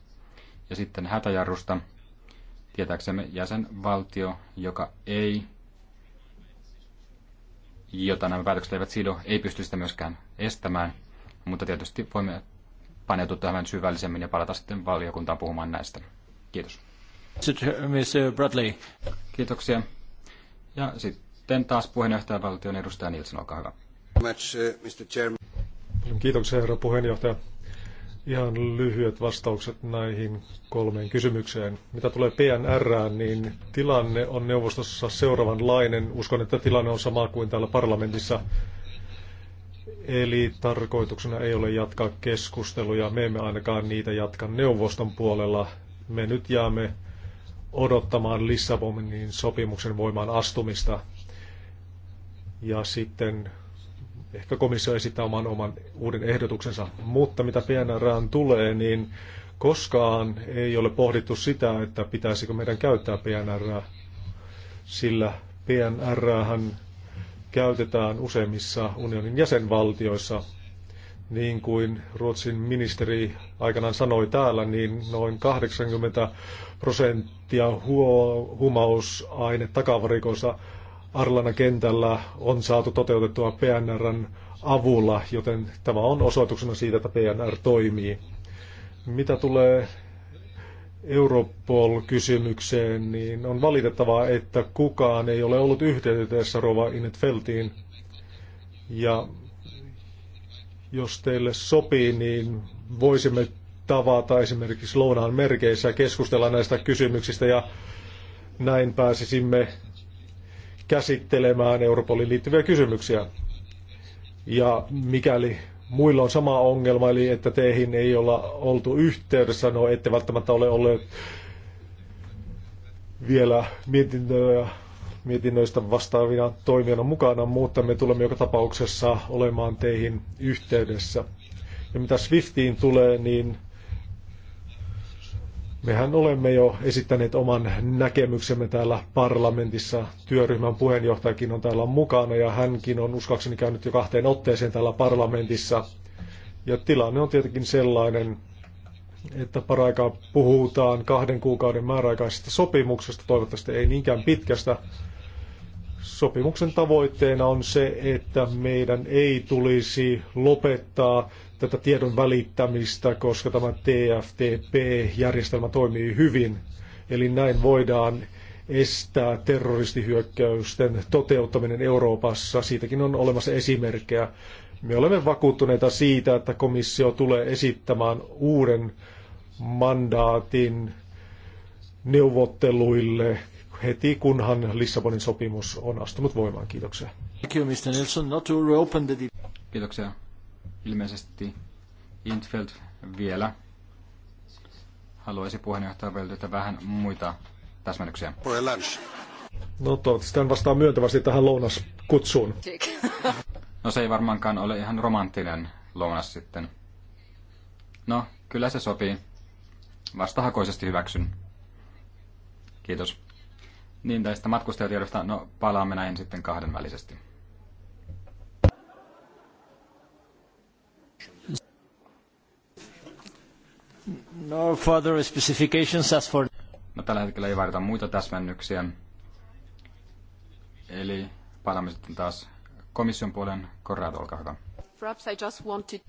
Ja sitten hätäjarrusta. Tietääksemme jäsenvaltio, joka ei, jota nämä päätökset eivät sido, ei pysty sitä myöskään estämään, mutta tietysti voimme paneutua tähän syvällisemmin ja palata sitten valiokuntaan puhumaan näistä. Kiitos. Mr. Bradley. Kiitoksia. Ja sitten taas puheenjohtajavaltion edustaja Nilsson, olkaa hyvä. Uh, kiitoksia, herra puheenjohtaja. Ihan lyhyet vastaukset näihin kolmeen kysymykseen. Mitä tulee PNR, niin tilanne on neuvostossa seuraavanlainen. Uskon, että tilanne on sama kuin täällä parlamentissa. Eli tarkoituksena ei ole jatkaa keskusteluja. Me emme ainakaan niitä jatka neuvoston puolella. Me nyt jäämme odottamaan Lissabonin sopimuksen voimaan astumista. Ja sitten Ehkä komissio esittää oman, oman uuden ehdotuksensa. Mutta mitä PNRään tulee, niin koskaan ei ole pohdittu sitä, että pitäisikö meidän käyttää PNR, sillä PNR käytetään useimmissa unionin jäsenvaltioissa. Niin kuin Ruotsin ministeri aikanaan sanoi täällä, niin noin 80 prosenttia huumausaine takavarikossa Arlana kentällä on saatu toteutettua PNRn avulla, joten tämä on osoituksena siitä, että PNR toimii. Mitä tulee Europol-kysymykseen, niin on valitettavaa, että kukaan ei ole ollut yhteydessä Rova Inetfeltiin. Ja jos teille sopii, niin voisimme tavata esimerkiksi lounaan merkeissä ja keskustella näistä kysymyksistä ja näin pääsisimme käsittelemään Europoliin liittyviä kysymyksiä. Ja mikäli muilla on sama ongelma, eli että teihin ei olla oltu yhteydessä, no ette välttämättä ole olleet vielä mietintöjä mietinnöistä vastaavina toimijana mukana, mutta me tulemme joka tapauksessa olemaan teihin yhteydessä. Ja mitä Swiftiin tulee, niin Mehän olemme jo esittäneet oman näkemyksemme täällä parlamentissa. Työryhmän puheenjohtajakin on täällä mukana ja hänkin on uskakseni käynyt jo kahteen otteeseen täällä parlamentissa. Ja tilanne on tietenkin sellainen, että paraikaa puhutaan kahden kuukauden määräaikaisesta sopimuksesta, toivottavasti ei niinkään pitkästä. Sopimuksen tavoitteena on se, että meidän ei tulisi lopettaa tätä tiedon välittämistä, koska tämä TFTP-järjestelmä toimii hyvin. Eli näin voidaan estää terroristihyökkäysten toteuttaminen Euroopassa. Siitäkin on olemassa esimerkkejä. Me olemme vakuuttuneita siitä, että komissio tulee esittämään uuden mandaatin neuvotteluille heti, kunhan Lissabonin sopimus on astunut voimaan. Kiitoksia. Kiitoksia. Ilmeisesti Intfeld vielä haluaisi puheenjohtaja Veldyltä vähän muita täsmennyksiä. No toivottavasti hän vastaa myöntävästi tähän lounaskutsuun. No se ei varmaankaan ole ihan romanttinen lounas sitten. No, kyllä se sopii. Vastahakoisesti hyväksyn. Kiitos. Niin tästä matkustajatiedosta, no palaamme näin sitten kahdenvälisesti. No further specifications as for... No, tällä hetkellä ei vaadita muita täsmennyksiä. Eli palaamme sitten taas komission puolen. Corrado, olkaa hyvä. Perhaps I just wanted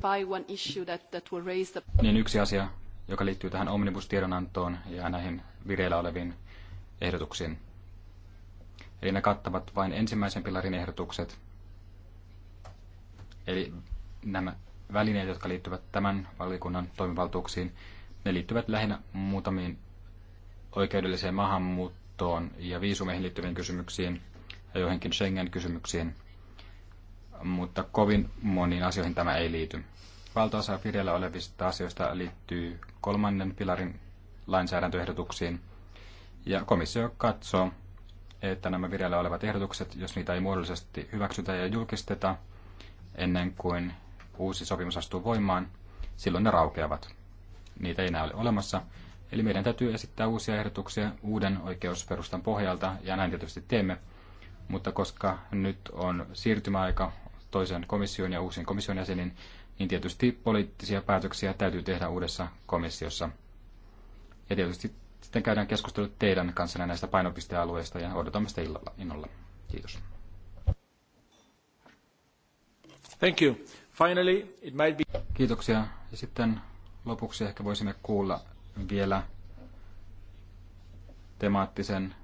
by one issue that, that will raise the... Niin yksi asia, joka liittyy tähän omnibus-tiedonantoon ja näihin vireillä oleviin ehdotuksiin. Eli ne kattavat vain ensimmäisen pilarin ehdotukset. Eli nämä välineet, jotka liittyvät tämän valiokunnan toimivaltuuksiin, ne liittyvät lähinnä muutamiin oikeudelliseen maahanmuuttoon ja viisumeihin liittyviin kysymyksiin ja joihinkin Schengen-kysymyksiin, mutta kovin moniin asioihin tämä ei liity. Valtaosa vireillä olevista asioista liittyy kolmannen pilarin lainsäädäntöehdotuksiin, ja komissio katsoo, että nämä vireillä olevat ehdotukset, jos niitä ei muodollisesti hyväksytä ja julkisteta ennen kuin uusi sopimus astuu voimaan, silloin ne raukeavat. Niitä ei enää ole olemassa, eli meidän täytyy esittää uusia ehdotuksia uuden oikeusperustan pohjalta, ja näin tietysti teemme. Mutta koska nyt on siirtymäaika toisen komission ja uusien komission jäsenin, niin tietysti poliittisia päätöksiä täytyy tehdä uudessa komissiossa. Ja tietysti sitten käydään keskustelut teidän kanssanne näistä painopistealueista ja odotamme sitä illalla, innolla. Kiitos. Thank you. Finally, it might be... Kiitoksia. Ja sitten lopuksi ehkä voisimme kuulla vielä temaattisen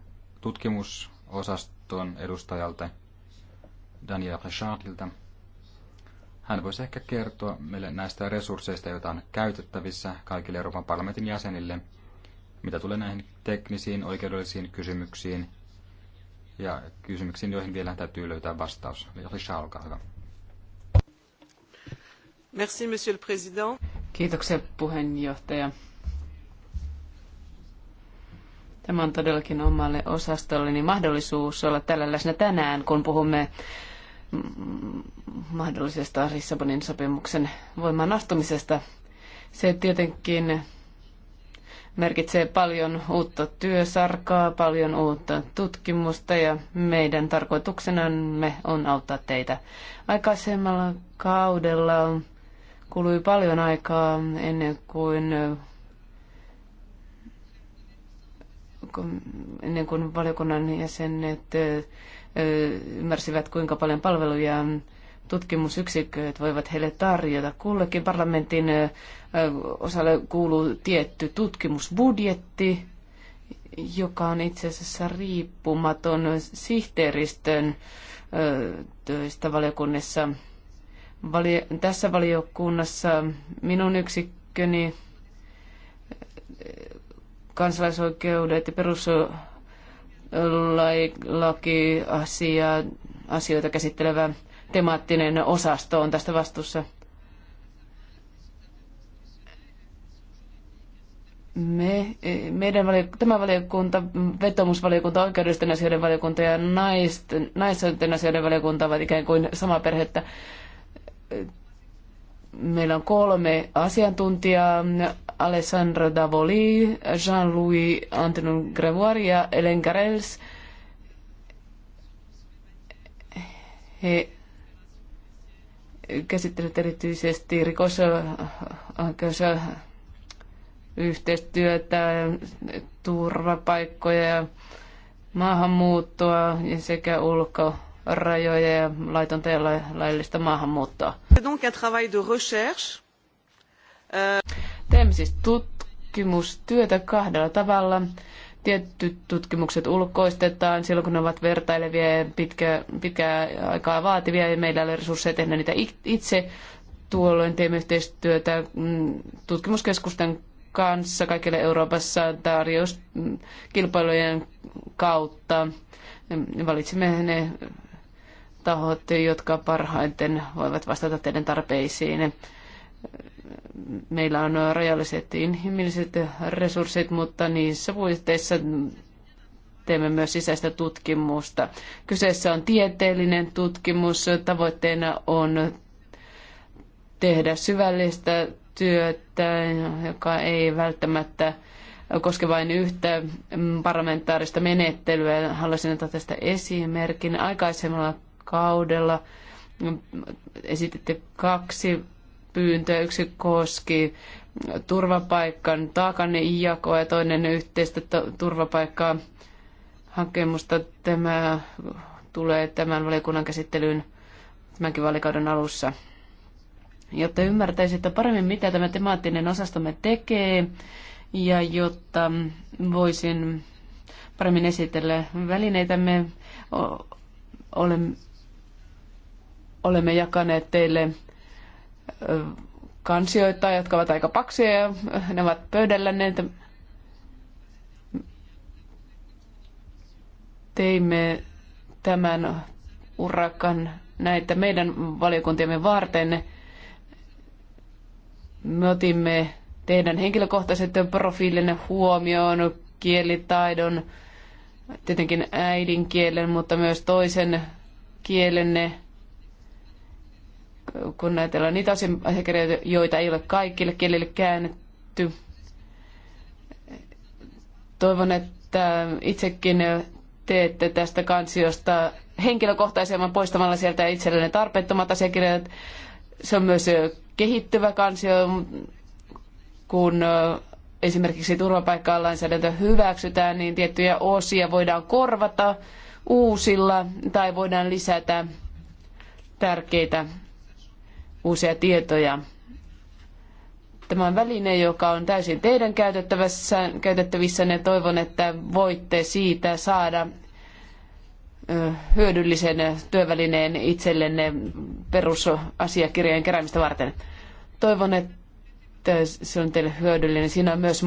tutkimusosaston edustajalta Daniel Richardilta. Hän voisi ehkä kertoa meille näistä resursseista, joita on käytettävissä kaikille Euroopan parlamentin jäsenille, mitä tulee näihin teknisiin, oikeudellisiin kysymyksiin ja kysymyksiin, joihin vielä täytyy löytää vastaus. Richard, olkaa hyvä. Merci, monsieur le président. Kiitoksia puheenjohtaja. Tämä on todellakin omalle osastolleni mahdollisuus olla tällä läsnä tänään, kun puhumme mahdollisesta Lissabonin sopimuksen voimaan astumisesta. Se tietenkin merkitsee paljon uutta työsarkaa, paljon uutta tutkimusta ja meidän tarkoituksenamme on auttaa teitä. Aikaisemmalla kaudella kului paljon aikaa ennen kuin ennen kuin valiokunnan jäsenet ymmärsivät, kuinka paljon palveluja tutkimusyksiköt voivat heille tarjota. Kullekin parlamentin osalle kuuluu tietty tutkimusbudjetti, joka on itse asiassa riippumaton sihteeristön töistä valiokunnissa tässä valiokunnassa minun yksikköni eh, kansalaisoikeudet ja peruslaki-asioita käsittelevä temaattinen osasto on tästä vastuussa. Me, eh, meidän valiokunta, tämä valiokunta, vetomusvaliokunta, oikeudellisten asioiden valiokunta ja naisten, naisten asioiden valiokunta ovat ikään kuin sama perhettä meillä on kolme asiantuntijaa, Alessandro Davoli, Jean-Louis Antonin Grevoire ja Ellen Garels. He käsittelevät erityisesti rikosoikeus- yhteistyötä, turvapaikkoja, maahanmuuttoa sekä ulko- rajoja ja laitonta ja laillista maahanmuuttoa. Donc un travail de recherche. Teemme siis tutkimustyötä kahdella tavalla. Tietyt tutkimukset ulkoistetaan silloin, kun ne ovat vertailevia ja pitkä, pitkää aikaa vaativia ja meillä ei ole resursseja tehdä niitä itse. Tuolloin teemme yhteistyötä mm, tutkimuskeskusten kanssa kaikille Euroopassa tarjouskilpailujen mm, kautta. Valitsimme ne tahot, jotka parhaiten voivat vastata teidän tarpeisiin. Meillä on rajalliset inhimilliset resurssit, mutta niissä puitteissa teemme myös sisäistä tutkimusta. Kyseessä on tieteellinen tutkimus. Tavoitteena on tehdä syvällistä työtä, joka ei välttämättä koske vain yhtä parlamentaarista menettelyä. Haluaisin ottaa tästä esimerkin. Aikaisemmalla kaudella esititte kaksi pyyntöä. Yksi koski turvapaikan taakan jakoa ja toinen yhteistä turvapaikkaa hakemusta. Tämä tulee tämän valiokunnan käsittelyyn tämänkin valikauden alussa. Jotta ymmärtäisitte paremmin, mitä tämä temaattinen osastomme tekee, ja jotta voisin paremmin esitellä välineitämme, olen Olemme jakaneet teille kansioita, jotka ovat aika paksuja ja ne ovat pöydällänne. Teimme tämän urakan näitä meidän valiokuntiemme varten. Me otimme teidän henkilökohtaiset profiilinne huomioon, kielitaidon, tietenkin äidinkielen, mutta myös toisen kielenne kun ajatellaan niitä asiakirjoja, joita ei ole kaikille kielille käännetty. Toivon, että itsekin teette tästä kansiosta henkilökohtaisemman poistamalla sieltä itsellenne tarpeettomat asiakirjat. Se on myös kehittyvä kansio, kun esimerkiksi turvapaikka-lainsäädäntö hyväksytään, niin tiettyjä osia voidaan korvata uusilla tai voidaan lisätä tärkeitä uusia tietoja. Tämä on väline, joka on täysin teidän käytettävissä, käytettävissä ja toivon, että voitte siitä saada hyödyllisen työvälineen itsellenne perusasiakirjojen keräämistä varten. Toivon, että se on teille hyödyllinen. Siinä on myös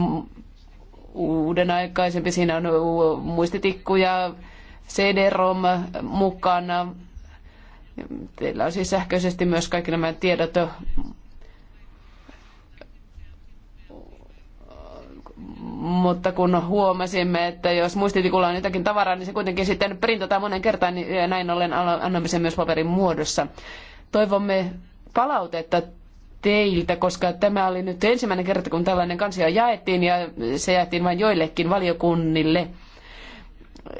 uuden siinä on muistitikkuja, CD-ROM mukana, Teillä on siis sähköisesti myös kaikki nämä tiedot mutta kun huomasimme, että jos muistitikulla on jotakin tavaraa, niin se kuitenkin sitten printataan monen kertaan, niin näin ollen annamme sen myös paperin muodossa. Toivomme palautetta teiltä, koska tämä oli nyt ensimmäinen kerta, kun tällainen kansio jaettiin ja se jaettiin vain joillekin valiokunnille.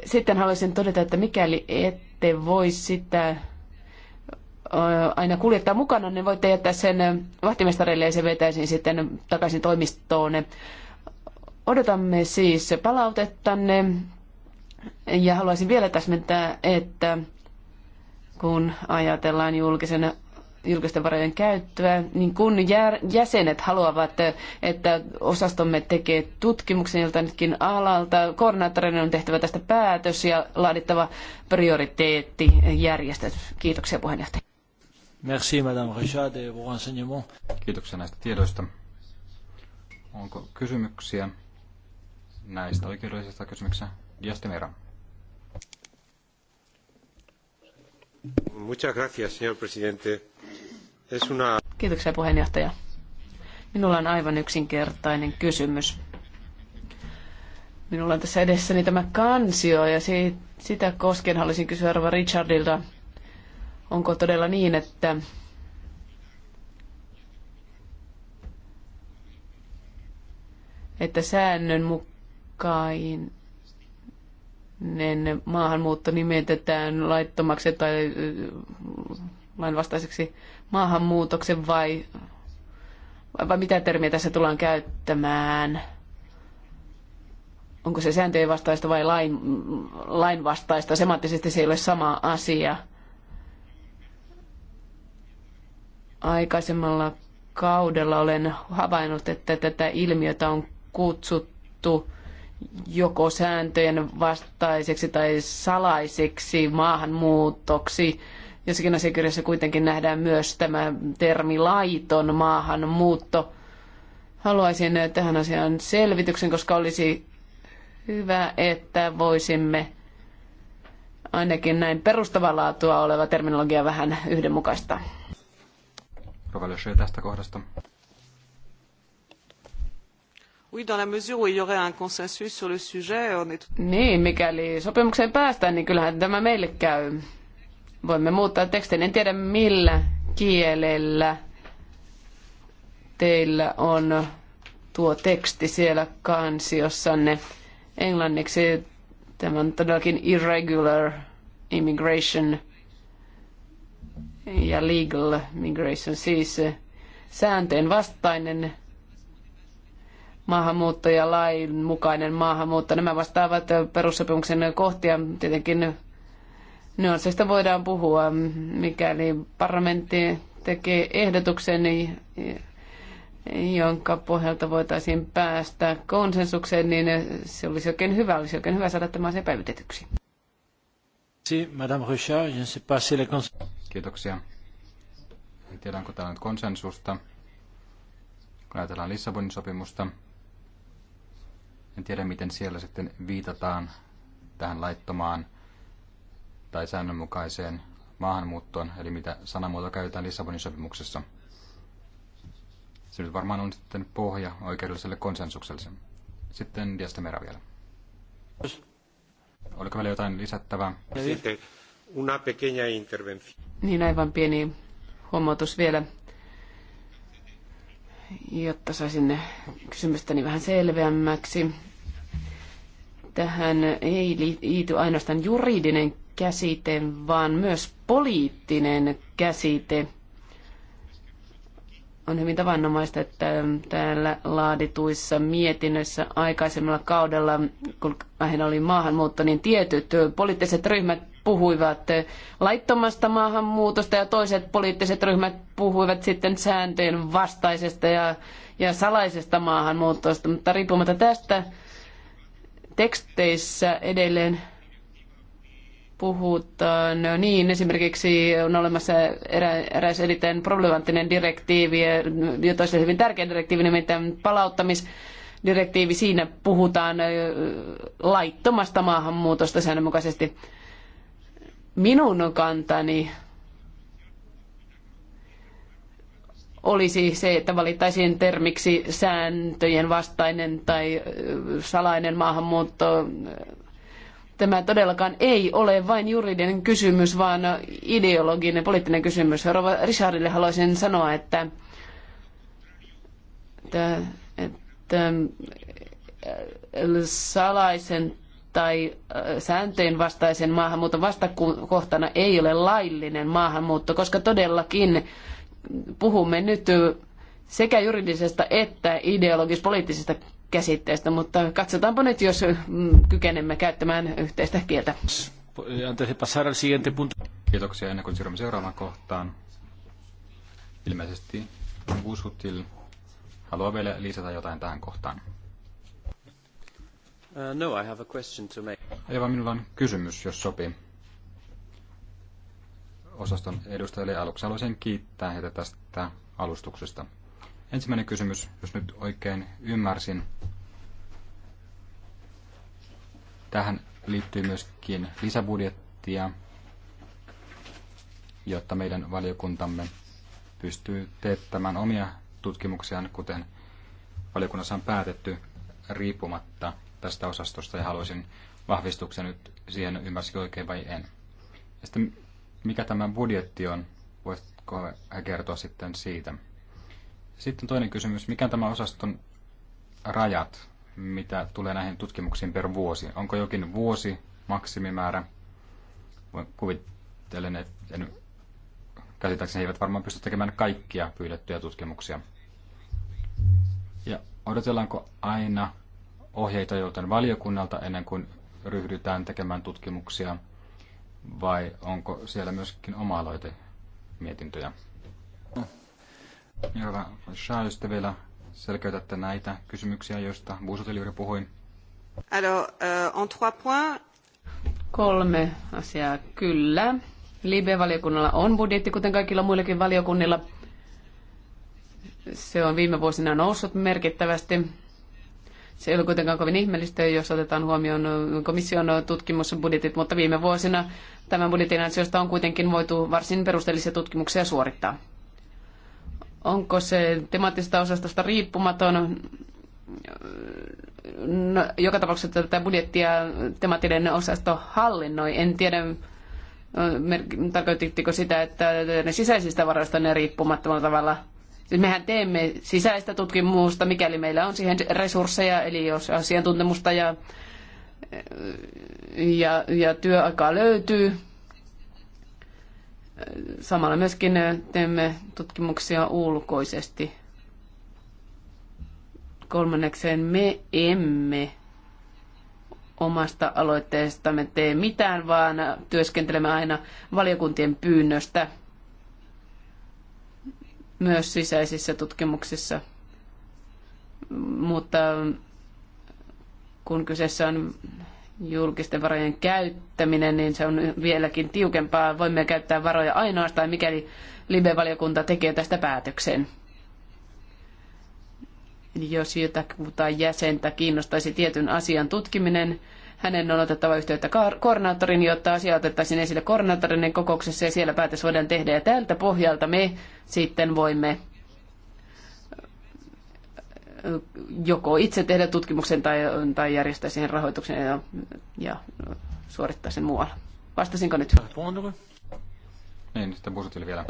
Sitten haluaisin todeta, että mikäli ette voi sitä aina kuljettaa mukana, niin voitte jättää sen vahtimestareille ja se vetäisiin sitten takaisin toimistoon. Odotamme siis palautettanne ja haluaisin vielä täsmentää, että kun ajatellaan julkisen julkisten varojen käyttöä, niin kun jäsenet haluavat, että osastomme tekee tutkimuksen joltainkin alalta, koordinaattorin on tehtävä tästä päätös ja laadittava prioriteettijärjestys. Kiitoksia puheenjohtaja. Merci, Madame Richard, et vos renseignements. Kiitoksia näistä tiedoista. Onko kysymyksiä näistä oikeudellisista kysymyksistä? Diastemera. Muchas gracias, señor presidente. Es una... Kiitoksia puheenjohtaja. Minulla on aivan yksinkertainen kysymys. Minulla on tässä edessäni tämä kansio ja siitä, sitä koskien haluaisin kysyä Arva Richardilta. Onko todella niin, että että mukainen maahanmuutto nimetetään laittomaksi tai lainvastaiseksi maahanmuutoksen vai, vai mitä termiä tässä tullaan käyttämään? Onko se sääntöjen vastaista vai lain, lain Semanttisesti se ei ole sama asia. Aikaisemmalla kaudella olen havainnut, että tätä ilmiötä on kutsuttu joko sääntöjen vastaiseksi tai salaiseksi maahanmuutoksi. Jossakin asiakirjassa kuitenkin nähdään myös tämä termi laiton maahanmuutto. Haluaisin tähän asiaan selvityksen, koska olisi hyvä, että voisimme ainakin näin perustavaa laatua oleva terminologia vähän yhdenmukaista. Kovalioche tästä kohdasta. Niin, mikäli sopimukseen päästään, niin kyllähän tämä meille käy. Voimme muuttaa tekstin. En tiedä millä kielellä teillä on tuo teksti siellä kansiossanne. Englanniksi tämä on todellakin irregular immigration – ja legal migration, siis eh, sääntöjen vastainen maahanmuutto ja lain mukainen maahanmuutto. Nämä vastaavat eh, perussopimuksen kohtia. Tietenkin nyansseista voidaan puhua, mikäli parlamentti tekee ehdotuksen, jonka pohjalta voitaisiin päästä konsensukseen, niin eh, se olisi oikein hyvä, olisi oikein hyvä saada tämä asia päivitetyksi. Si, Madame Richard, je ne sais pas si la... Kiitoksia. En tiedä, onko täällä nyt konsensusta, kun ajatellaan Lissabonin sopimusta. En tiedä, miten siellä sitten viitataan tähän laittomaan tai säännönmukaiseen maahanmuuttoon, eli mitä sanamuoto käytetään Lissabonin sopimuksessa. Se nyt varmaan on sitten pohja oikeudelliselle konsensukselle. Sitten Diasta Mera vielä. Oliko meillä jotain lisättävää? Una pequeña intervención. Niin aivan pieni huomautus vielä, jotta saisin kysymystäni vähän selveämmäksi. Tähän ei liity ainoastaan juridinen käsite, vaan myös poliittinen käsite. On hyvin tavanomaista, että täällä laadituissa mietinnöissä aikaisemmalla kaudella, kun lähinnä oli maahanmuutto, niin tietyt poliittiset ryhmät puhuivat laittomasta maahanmuutosta ja toiset poliittiset ryhmät puhuivat sitten sääntöjen vastaisesta ja, ja salaisesta maahanmuutosta. Mutta riippumatta tästä teksteissä edelleen puhutaan. No niin, esimerkiksi on olemassa erä, eräs erittäin problemaattinen direktiivi, ja toisaalta hyvin tärkeä direktiivi, nimittäin palauttamisdirektiivi. Siinä puhutaan laittomasta maahanmuutosta säännönmukaisesti minun kantani olisi se, että valittaisiin termiksi sääntöjen vastainen tai salainen maahanmuutto. Tämä todellakaan ei ole vain juridinen kysymys, vaan ideologinen poliittinen kysymys. Rova Richardille haluaisin sanoa, että, että, että salaisen tai sääntöjen vastaisen maahanmuuton vastakohtana ei ole laillinen maahanmuutto, koska todellakin puhumme nyt sekä juridisesta että ideologis-poliittisesta käsitteestä, mutta katsotaanpa nyt, jos kykenemme käyttämään yhteistä kieltä. Kiitoksia ennen kuin siirrymme seuraavaan kohtaan. Ilmeisesti Busutil haluaa vielä lisätä jotain tähän kohtaan. Uh, no, I have a question to make. Eva, minulla on kysymys, jos sopii. Osaston edustajille aluksi haluaisin kiittää heitä tästä alustuksesta. Ensimmäinen kysymys, jos nyt oikein ymmärsin. Tähän liittyy myöskin lisäbudjettia, jotta meidän valiokuntamme pystyy teettämään omia tutkimuksiaan, kuten valiokunnassa on päätetty, riippumatta tästä osastosta ja haluaisin vahvistuksen nyt siihen, ymmärsikö oikein vai en. Ja sitten mikä tämä budjetti on, voisitko hän kertoa sitten siitä? Sitten toinen kysymys, mikä on tämä osaston rajat, mitä tulee näihin tutkimuksiin per vuosi? Onko jokin vuosi maksimimäärä? Kuvittelen, että en, käsittääkseni he eivät varmaan pysty tekemään kaikkia pyydettyjä tutkimuksia. Ja odotellaanko aina ohjeita joltain valiokunnalta ennen kuin ryhdytään tekemään tutkimuksia, vai onko siellä myöskin oma mietintöjä? Ja hyvä. Charles, vielä selkeytätte näitä kysymyksiä, joista Buusotel juuri puhui. Alors, euh, en trois points. Kolme asiaa, kyllä. Libe-valiokunnalla on budjetti, kuten kaikilla muillakin valiokunnilla. Se on viime vuosina noussut merkittävästi se ei ole kuitenkaan kovin ihmeellistä, jos otetaan huomioon komission tutkimusbudjetit, mutta viime vuosina tämän budjetin ansiosta on kuitenkin voitu varsin perusteellisia tutkimuksia suorittaa. Onko se temaattisesta osastosta riippumaton? No, joka tapauksessa tätä budjettia temaattinen osasto hallinnoi. En tiedä, tarkoititteko sitä, että ne sisäisistä varoista ne riippumattomalla tavalla – Siis mehän teemme sisäistä tutkimusta, mikäli meillä on siihen resursseja, eli jos asiantuntemusta ja, ja, ja työaikaa löytyy. Samalla myöskin teemme tutkimuksia ulkoisesti. Kolmannekseen me emme omasta aloitteestamme tee mitään, vaan työskentelemme aina valiokuntien pyynnöstä – myös sisäisissä tutkimuksissa. Mutta kun kyseessä on julkisten varojen käyttäminen, niin se on vieläkin tiukempaa. Voimme käyttää varoja ainoastaan, mikäli Libe-valiokunta tekee tästä päätöksen. Jos jotakuta jäsentä kiinnostaisi tietyn asian tutkiminen, hänen on otettava yhteyttä koordinaattoriin, jotta asia otettaisiin esille koordinaattorin kokouksessa ja siellä päätös voidaan tehdä. Ja tältä pohjalta me sitten voimme äh, joko itse tehdä tutkimuksen tai, tai järjestää siihen rahoituksen ja, ja suorittaa sen muualla. Vastasinko nyt? Niin, sitten vielä.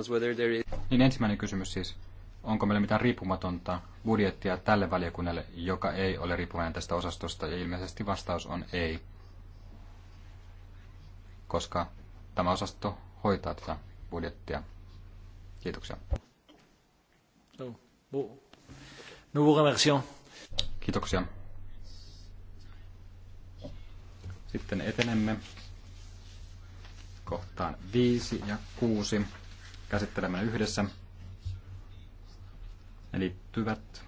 Niin ensimmäinen kysymys siis onko meillä mitään riippumatonta budjettia tälle valiokunnalle, joka ei ole riippuvainen tästä osastosta, ja ilmeisesti vastaus on ei, koska tämä osasto hoitaa tätä budjettia. Kiitoksia. Nous vous remercions. Kiitoksia. Sitten etenemme kohtaan 5 ja 6. Käsittelemme yhdessä. Ne liittyvät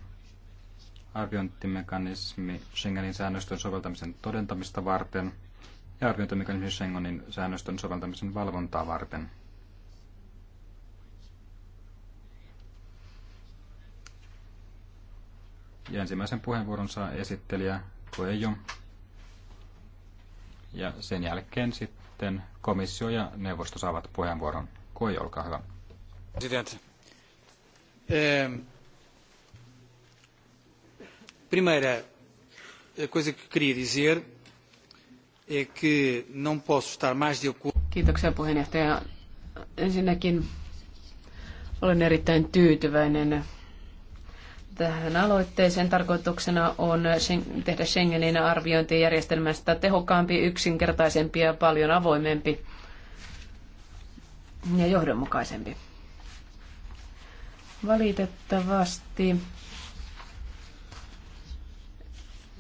arviointimekanismi Schengenin säännöstön soveltamisen todentamista varten ja arviointimekanismi Schengenin säännöstön soveltamisen valvontaa varten. Ja ensimmäisen puheenvuoron saa esittelijä Koejo. Ja sen jälkeen sitten komissio ja neuvosto saavat puheenvuoron. Koejo, olkaa hyvä. President. Primeira coisa que queria dizer é que não posso estar mais de acordo. Kiitoksia puheenjohtaja. Ensinnäkin olen erittäin tyytyväinen tähän aloitteeseen. Tarkoituksena on tehdä Schengenin arviointijärjestelmästä tehokkaampi, yksinkertaisempi ja paljon avoimempi ja johdonmukaisempi. Valitettavasti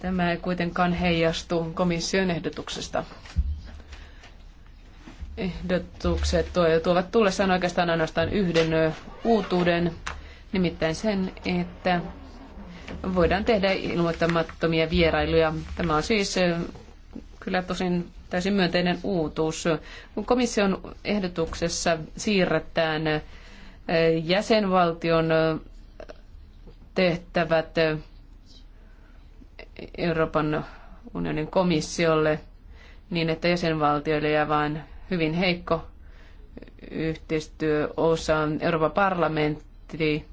Tämä ei kuitenkaan heijastu komission ehdotuksesta. Ehdotukset tuovat tullessaan oikeastaan ainoastaan yhden uutuuden, nimittäin sen, että voidaan tehdä ilmoittamattomia vierailuja. Tämä on siis kyllä tosin täysin myönteinen uutuus. Kun komission ehdotuksessa siirretään jäsenvaltion tehtävät Euroopan unionin komissiolle niin, että jäsenvaltioille jää vain hyvin heikko yhteistyöosa. Euroopan parlamentti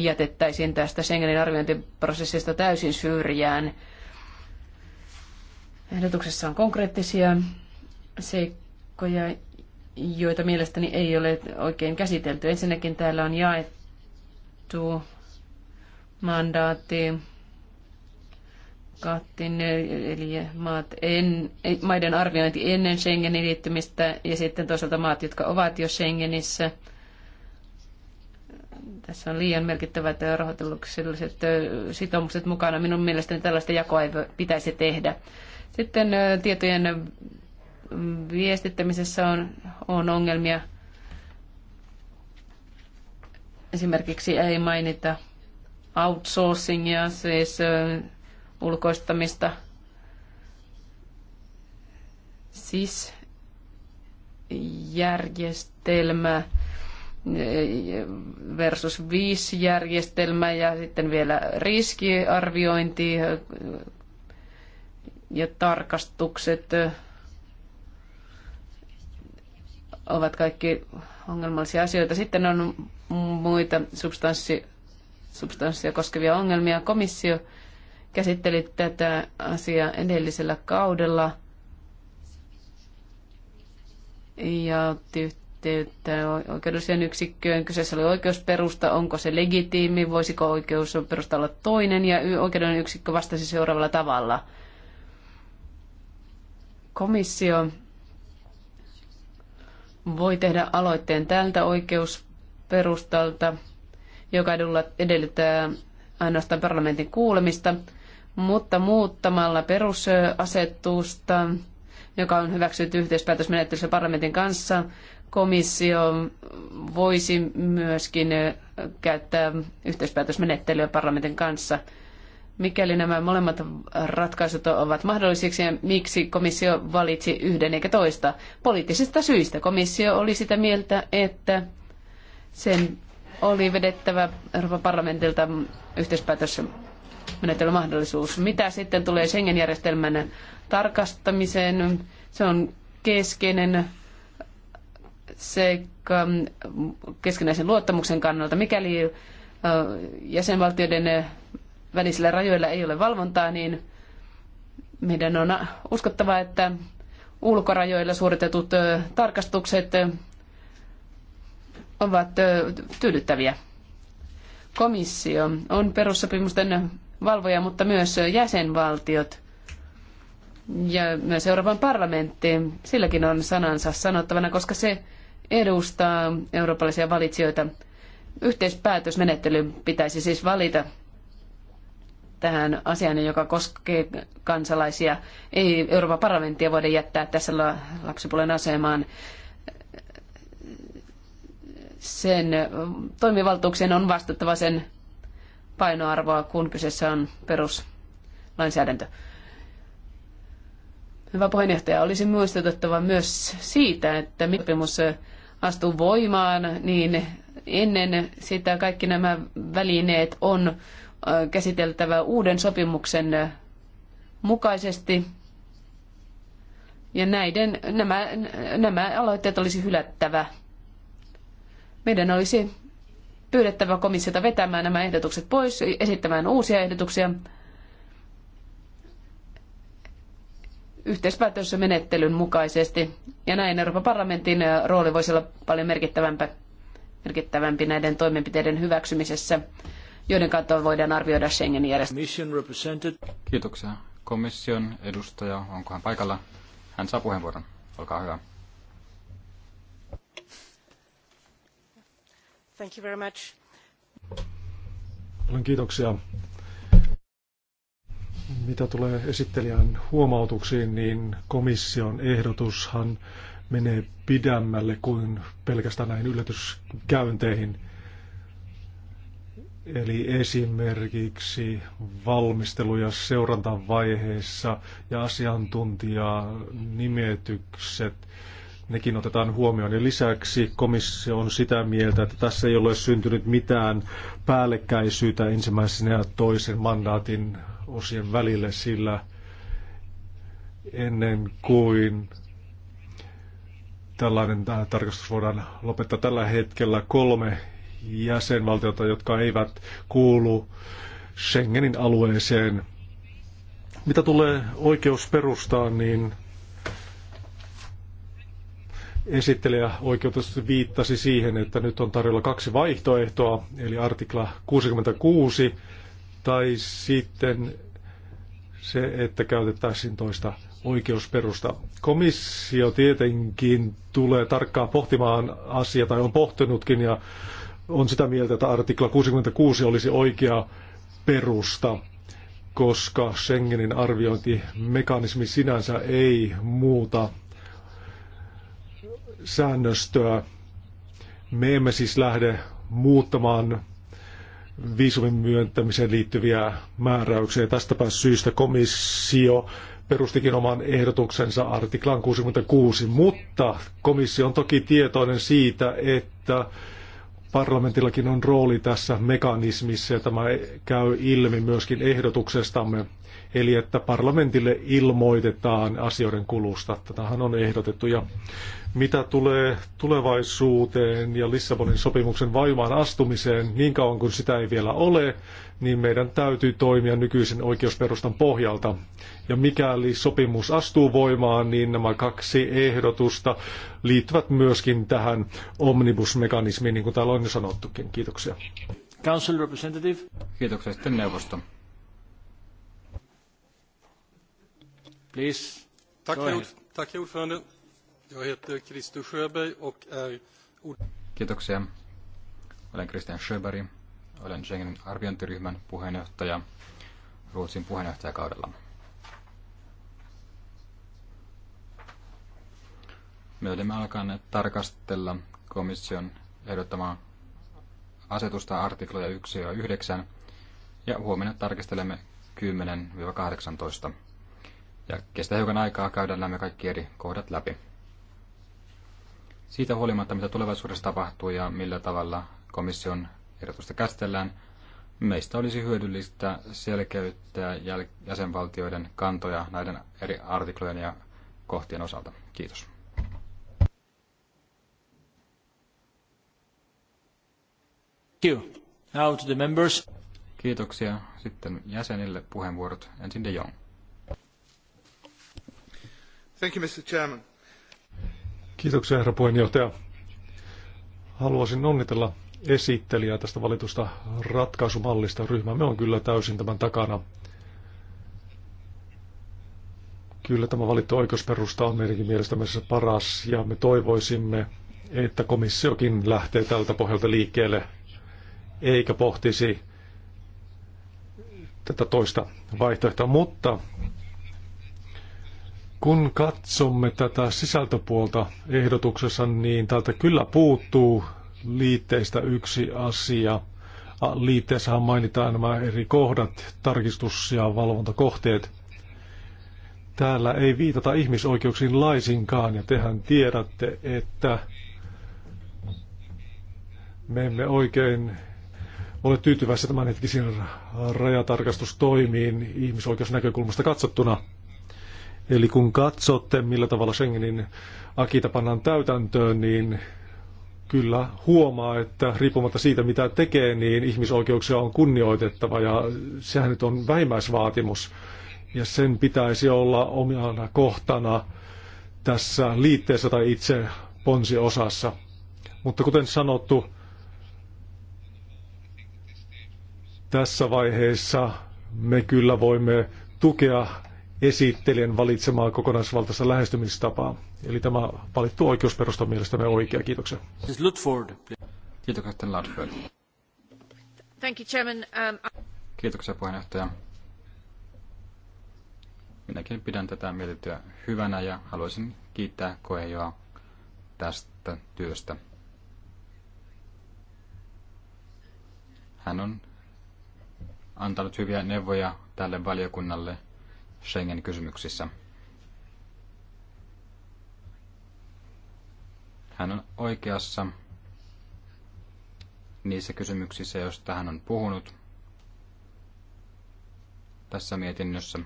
jätettäisiin tästä Schengenin arviointiprosessista täysin syrjään. Ehdotuksessa on konkreettisia seikkoja, joita mielestäni ei ole oikein käsitelty. Ensinnäkin täällä on jaettu mandaatti kattin, eh, eli maat en, maiden arviointi ennen Schengenin liittymistä ja sitten toisaalta maat, jotka ovat jo Schengenissä. Tässä on liian merkittävät eh, rahoitukselliset eh, sitoumukset mukana. Minun mielestäni tällaista jakoa ei pitäisi tehdä. Sitten tietojen mm, viestittämisessä on, on ongelmia. Esimerkiksi ei mainita outsourcingia, siis ulkoistamista. Siis järjestelmä versus viisi järjestelmä ja sitten vielä riskiarviointi ja tarkastukset ovat kaikki ongelmallisia asioita. Sitten on muita substanssi, substanssia koskevia ongelmia. Komissio käsittelit tätä asiaa edellisellä kaudella ja otti yhteyttä oikeudelliseen yksikköön. Kyseessä oli oikeusperusta, onko se legitiimi, voisiko oikeusperusta olla toinen ja oikeudellinen yksikkö vastasi seuraavalla tavalla. Komissio voi tehdä aloitteen tältä oikeusperustalta, joka edellyttää ainoastaan parlamentin kuulemista mutta muuttamalla perusasetusta, joka on hyväksytty yhteispäätösmenettelyssä parlamentin kanssa, komissio voisi myöskin käyttää yhteispäätösmenettelyä parlamentin kanssa. Mikäli nämä molemmat ratkaisut ovat mahdollisiksi ja miksi komissio valitsi yhden eikä toista? Poliittisista syistä komissio oli sitä mieltä, että sen oli vedettävä Euroopan parlamentilta yhteispäätösmenettelyä menetelmämahdollisuus. Mitä sitten tulee Schengen-järjestelmän tarkastamiseen? Se on keskeinen seikka keskinäisen luottamuksen kannalta. Mikäli jäsenvaltioiden välisillä rajoilla ei ole valvontaa, niin meidän on uskottava, että ulkorajoilla suoritetut tarkastukset ovat tyydyttäviä. Komissio on perussopimusten valvoja, mutta myös jäsenvaltiot ja myös Euroopan parlamentti. Silläkin on sanansa sanottavana, koska se edustaa eurooppalaisia valitsijoita. Yhteispäätösmenettely pitäisi siis valita tähän asiaan, joka koskee kansalaisia. Ei Euroopan parlamenttia voida jättää tässä lapsipuolen asemaan. Sen toimivaltuuksien on vastattava sen painoarvoa, kun kyseessä on peruslainsäädäntö. Hyvä puheenjohtaja, olisi muistutettava myös siitä, että sopimus astuu voimaan, niin ennen sitä kaikki nämä välineet on käsiteltävä uuden sopimuksen mukaisesti. Ja näiden, nämä, nämä aloitteet olisi hylättävä. Meidän olisi pyydettävä komissiota vetämään nämä ehdotukset pois, esittämään uusia ehdotuksia menettelyn mukaisesti. Ja näin Euroopan parlamentin rooli voisi olla paljon merkittävämpi, merkittävämpi näiden toimenpiteiden hyväksymisessä, joiden kautta voidaan arvioida Schengenin järjestelmää. Kiitoksia. Komission edustaja, onkohan paikalla? Hän saa puheenvuoron. Olkaa hyvä. Thank you very much. Kiitoksia. Mitä tulee esittelijän huomautuksiin, niin komission ehdotushan menee pidemmälle kuin pelkästään näihin yllätyskäynteihin. Eli esimerkiksi valmistelu- ja seurantavaiheessa ja asiantuntijanimetykset nimetykset nekin otetaan huomioon. Ja lisäksi komissio on sitä mieltä, että tässä ei ole syntynyt mitään päällekkäisyyttä ensimmäisen ja toisen mandaatin osien välille, sillä ennen kuin tällainen tarkastus voidaan lopettaa tällä hetkellä kolme jäsenvaltiota, jotka eivät kuulu Schengenin alueeseen. Mitä tulee oikeusperustaan, niin esittelijä oikeutusti viittasi siihen, että nyt on tarjolla kaksi vaihtoehtoa, eli artikla 66 tai sitten se, että käytettäisiin toista oikeusperusta. Komissio tietenkin tulee tarkkaan pohtimaan asiaa tai on pohtinutkin ja on sitä mieltä, että artikla 66 olisi oikea perusta, koska Schengenin arviointimekanismi sinänsä ei muuta säännöstöä. Me emme siis lähde muuttamaan viisumin myöntämiseen liittyviä määräyksiä. Tästäpä syystä komissio perustikin oman ehdotuksensa artiklan 66, mutta komissio on toki tietoinen siitä, että parlamentillakin on rooli tässä mekanismissa ja tämä käy ilmi myöskin ehdotuksestamme eli että parlamentille ilmoitetaan asioiden kulusta. Tätähän on ehdotettu. Ja mitä tulee tulevaisuuteen ja Lissabonin sopimuksen vaimaan astumiseen, niin kauan kuin sitä ei vielä ole, niin meidän täytyy toimia nykyisen oikeusperustan pohjalta. Ja mikäli sopimus astuu voimaan, niin nämä kaksi ehdotusta liittyvät myöskin tähän omnibusmekanismiin, niin kuin täällä on jo sanottukin. Kiitoksia. Council representative. Kiitoksia sitten neuvosto. Please. Tack, tack ordförande. Jag heter Christer Sjöberg och är Kiitoksia. Olen Christian Sjöberg. Olen Schengenin arviointiryhmän puheenjohtaja Ruotsin puheenjohtajakaudella. Me olemme alkaneet tarkastella komission ehdottamaa asetusta artikloja 1 ja 9 ja huomenna tarkistelemme 10-18 ja kestää hiukan aikaa käydä nämä kaikki eri kohdat läpi. Siitä huolimatta, mitä tulevaisuudessa tapahtuu ja millä tavalla komission ehdotusta käsitellään, meistä olisi hyödyllistä selkeyttää jäsenvaltioiden kantoja näiden eri artiklojen ja kohtien osalta. Kiitos. Now to the members. Kiitoksia. Sitten jäsenille puheenvuorot. Ensin De Jong. Thank you, Mr. Chairman. Kiitoksia, herra puheenjohtaja. Haluaisin onnitella esittelijää tästä valitusta ratkaisumallista. Ryhmämme on kyllä täysin tämän takana. Kyllä tämä valittu oikeusperusta on meidänkin mielestämme paras ja me toivoisimme, että komissiokin lähtee tältä pohjalta liikkeelle eikä pohtisi tätä toista vaihtoehtoa, mutta kun katsomme tätä sisältöpuolta ehdotuksessa, niin täältä kyllä puuttuu liitteistä yksi asia. Liitteessähän mainitaan nämä eri kohdat, tarkistus- ja valvontakohteet. Täällä ei viitata ihmisoikeuksiin laisinkaan, ja tehän tiedätte, että me emme oikein ole tyytyväisiä tämänhetkisiin rajatarkastustoimiin ihmisoikeusnäkökulmasta katsottuna. Eli kun katsotte, millä tavalla Schengenin akita pannaan täytäntöön, niin kyllä huomaa, että riippumatta siitä, mitä tekee, niin ihmisoikeuksia on kunnioitettava ja sehän nyt on vähimmäisvaatimus. Ja sen pitäisi olla omiana kohtana tässä liitteessä tai itse ponsiosassa. Mutta kuten sanottu, tässä vaiheessa me kyllä voimme tukea esittelijän valitsemaa kokonaisvaltaista lähestymistapaa. Eli tämä valittu oikeusperusta on mielestäni oikea. Kiitoksia. Lutford, Kiitoksia, Thank you, Chairman. Um, Kiitoksia, puheenjohtaja. Minäkin pidän tätä mietityä hyvänä ja haluaisin kiittää Koejoa tästä työstä. Hän on antanut hyviä neuvoja tälle valiokunnalle – Schengen-kysymyksissä. Hän on oikeassa niissä kysymyksissä, joista hän on puhunut tässä mietinnössä.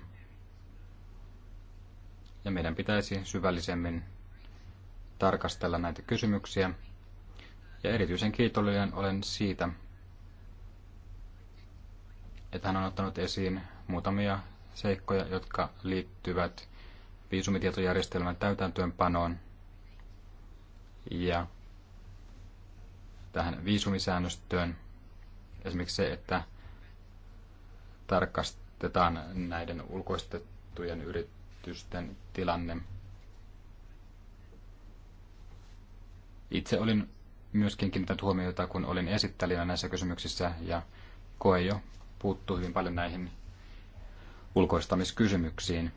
Ja meidän pitäisi syvällisemmin tarkastella näitä kysymyksiä. Ja erityisen kiitollinen olen siitä, että hän on ottanut esiin muutamia seikkoja, jotka liittyvät viisumitietojärjestelmän täytäntöönpanoon ja tähän viisumisäännöstöön. Esimerkiksi se, että tarkastetaan näiden ulkoistettujen yritysten tilanne. Itse olin myöskin kiinnittänyt huomiota, kun olin esittelijänä näissä kysymyksissä ja koe jo puuttuu hyvin paljon näihin ulkoistamiskysymyksiin,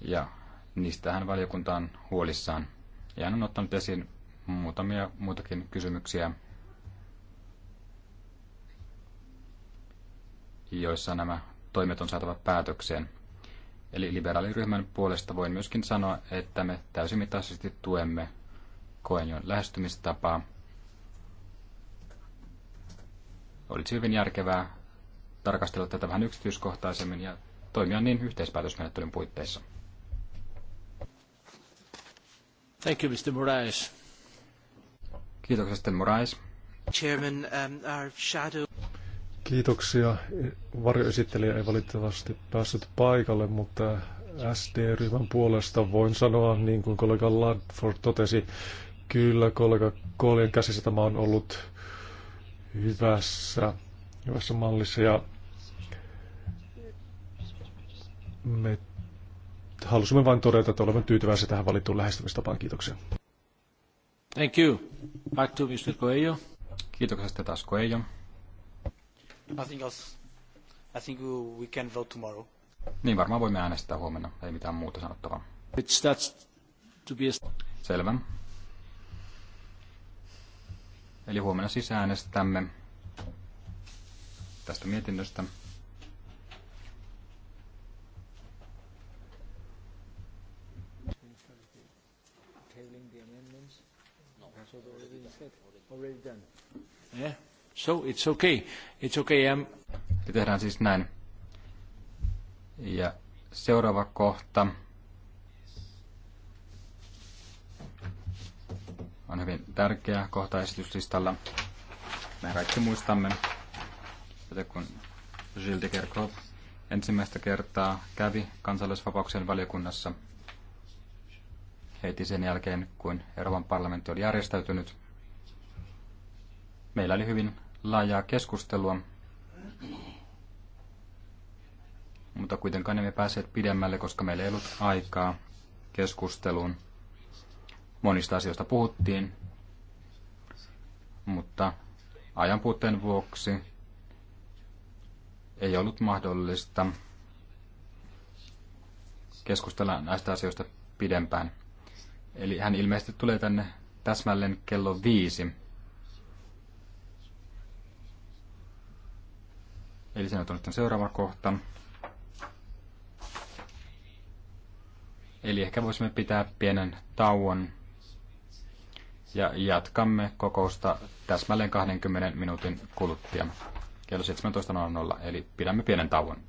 ja niistähän valiokunta on huolissaan. Ja hän on ottanut esiin muutamia muitakin kysymyksiä, joissa nämä toimet on saatava päätökseen. Eli liberaaliryhmän puolesta voin myöskin sanoa, että me täysimittaisesti tuemme Koenjon lähestymistapaa. Olisi hyvin järkevää tarkastella tätä vähän yksityiskohtaisemmin ja toimia niin yhteispäätösmenettelyn puitteissa. Thank you, Mr. Moraes. Kiitoksia sitten Moraes. Chairman, um, our shadow... Kiitoksia. Varjoesittelijä ei valitettavasti päässyt paikalle, mutta SD-ryhmän puolesta voin sanoa, niin kuin kollega Ladford totesi, kyllä kollega Koolien käsissä tämä on ollut hyvässä, hyvässä mallissa ja me halusimme vain todeta, että olemme tyytyväisiä tähän valittuun lähestymistapaan. Kiitoksia. Thank you. Back to Mr. Coelho. Kiitoksia taas Coelho. Nothing else. I think we can vote tomorrow. Niin, varmaan voimme äänestää huomenna. Ei mitään muuta sanottavaa. It's that's to be a... Selvä. Eli huomenna siis äänestämme tästä mietinnöstä. Already done. Yeah. So it's okay. It's okay. tehdään siis näin. Ja seuraava kohta on hyvin tärkeä kohta esityslistalla. Me kaikki muistamme, että kun Gilles de Kerkhoff ensimmäistä kertaa kävi kansallisvapauksien valiokunnassa heti sen jälkeen, kun Euroopan parlamentti oli järjestäytynyt. Meillä oli hyvin laajaa keskustelua, mutta kuitenkaan emme päässeet pidemmälle, koska meillä ei ollut aikaa keskusteluun. Monista asioista puhuttiin, mutta ajan puutteen vuoksi ei ollut mahdollista keskustella näistä asioista pidempään. Eli hän ilmeisesti tulee tänne täsmälleen kello viisi. Eli se on sitten seuraava kohta. Eli ehkä voisimme pitää pienen tauon ja jatkamme kokousta täsmälleen 20 minuutin kuluttua kello 17.00, eli pidämme pienen tauon.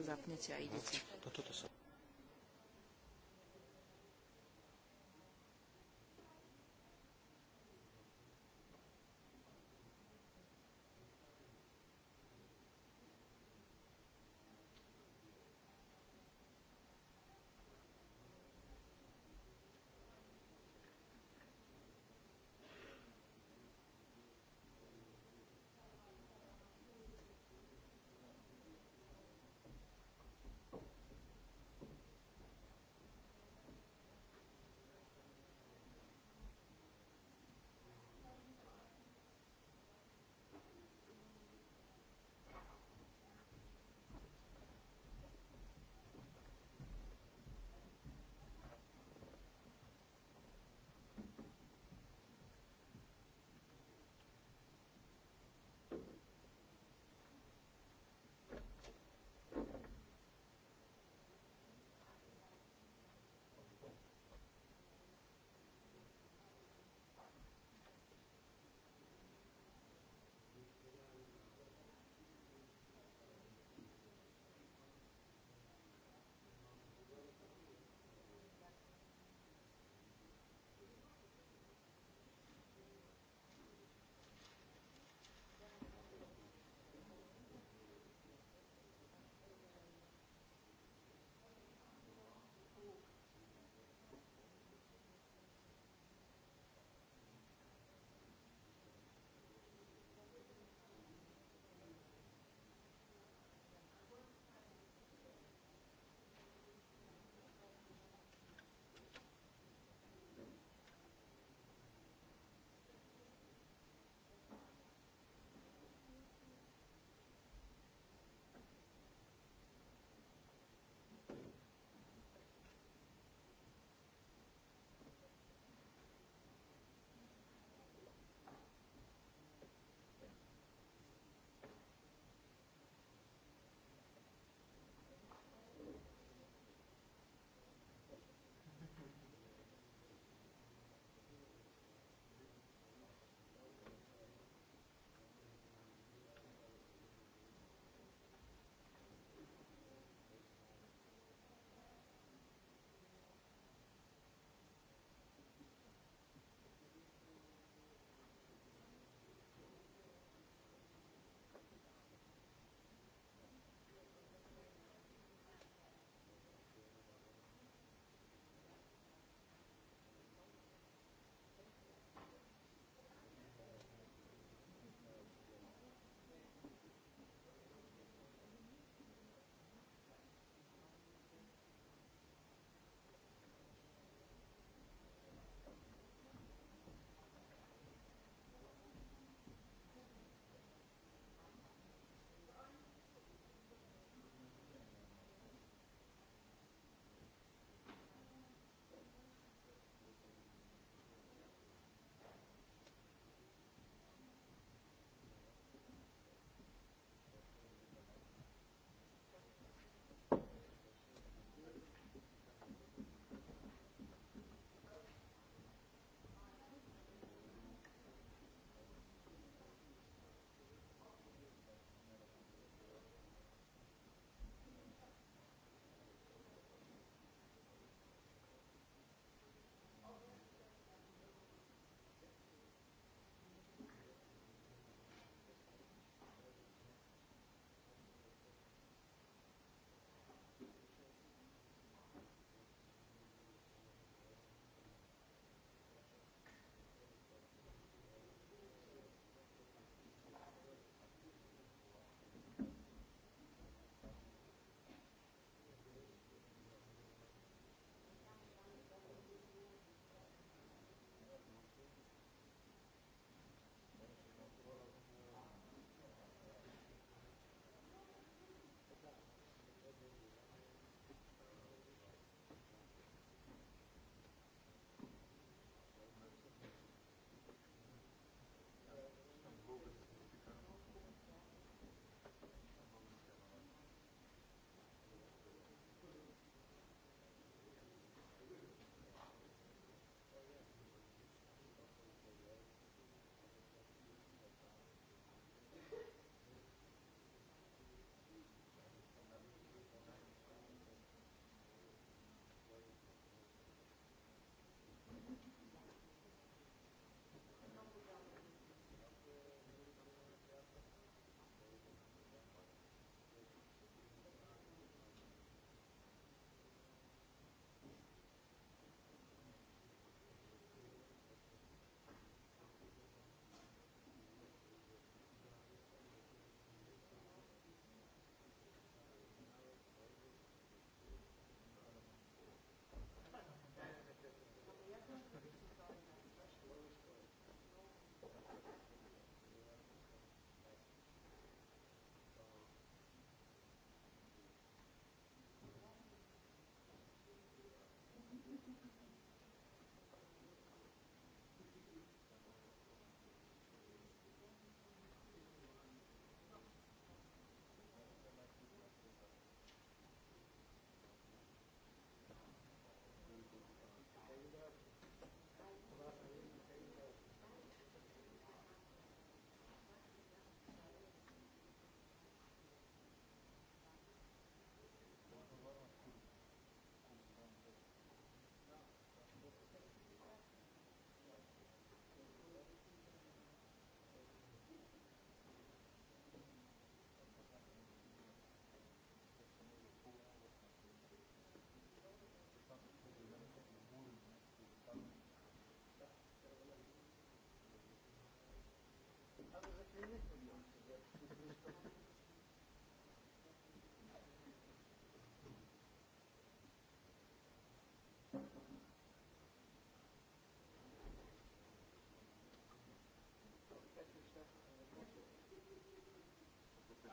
to zapnete a idete.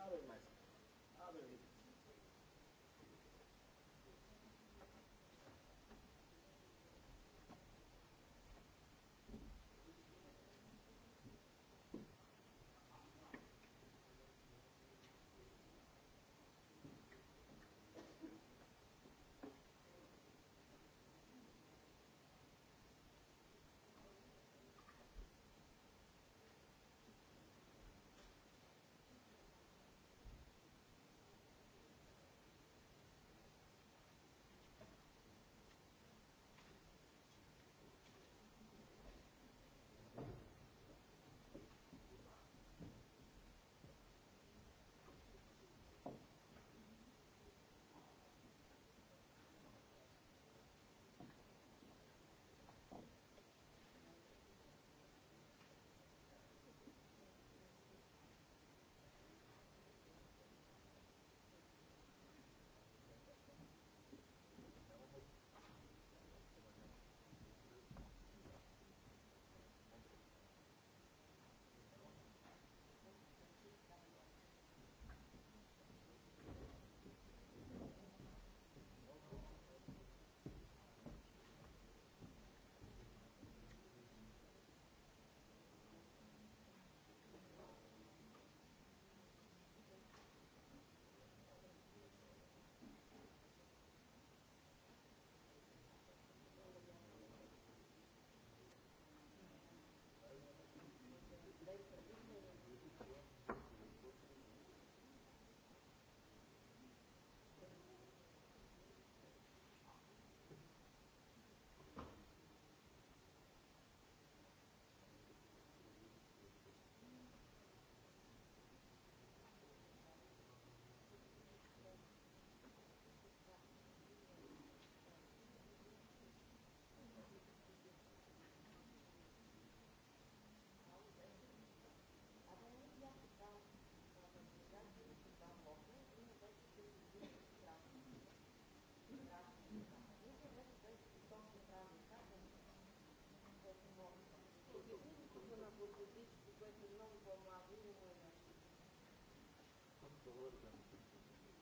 sabe, maestro?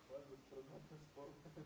Quando o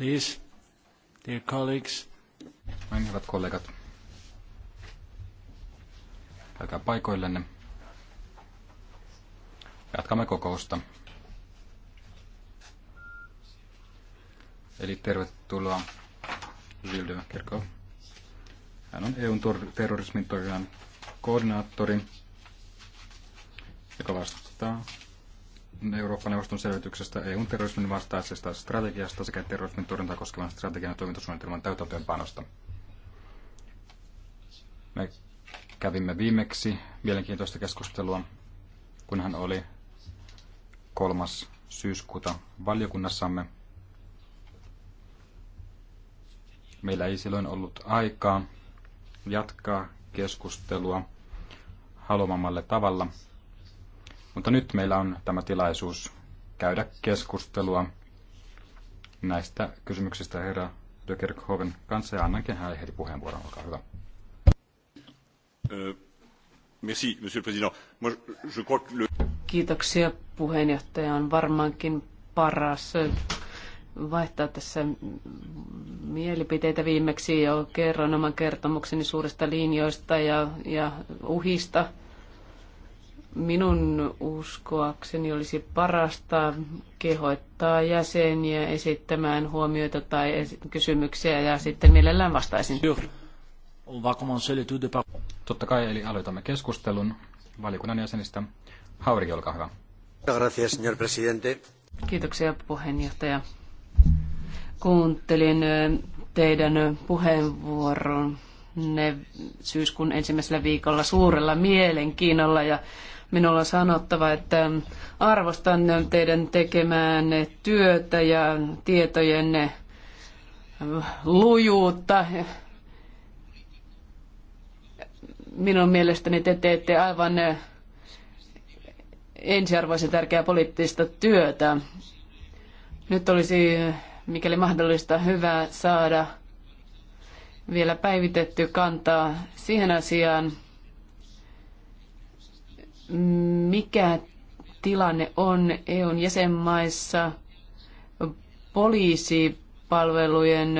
Please, dear colleagues. hyvät kollegat. Käykää paikoillenne. Jatkamme kokousta. Eli tervetuloa Vilde Kerkko. Hän on EUn terrorismin torjunnan koordinaattori, joka vastaa Euroopan neuvoston selvityksestä EUn terrorismin vastaisesta strategiasta sekä terrorismin torjuntaa koskevan strategian ja toimintasuunnitelman täytäntöönpanosta. Me kävimme viimeksi mielenkiintoista keskustelua, kun hän oli kolmas syyskuuta valiokunnassamme. Meillä ei silloin ollut aikaa jatkaa keskustelua haluamamalle tavalla – mutta nyt meillä on tämä tilaisuus käydä keskustelua näistä kysymyksistä herra de kanssa ja annankin hänelle heti puheenvuoron. Olkaa hyvä. Merci, monsieur le président. Moi, je crois que le... Kiitoksia puheenjohtaja. On varmaankin paras vaihtaa tässä mielipiteitä. Viimeksi jo kerron oman kertomukseni suurista linjoista ja, ja uhista – minun uskoakseni olisi parasta kehoittaa jäseniä esittämään huomioita tai kysymyksiä ja sitten mielellään vastaisin. Totta kai, eli aloitamme keskustelun valiokunnan jäsenistä. Hauri, olkaa hyvä. Kiitoksia puheenjohtaja. Kuuntelin teidän puheenvuoron ne syyskuun ensimmäisellä viikolla suurella mielenkiinnolla ja Minulla on sanottava, että arvostan teidän tekemään työtä ja tietojenne lujuutta. Minun mielestäni te teette aivan ensiarvoisen tärkeää poliittista työtä. Nyt olisi, mikäli mahdollista, hyvä saada vielä päivitetty kantaa siihen asiaan, mikä tilanne on EUn jäsenmaissa poliisipalvelujen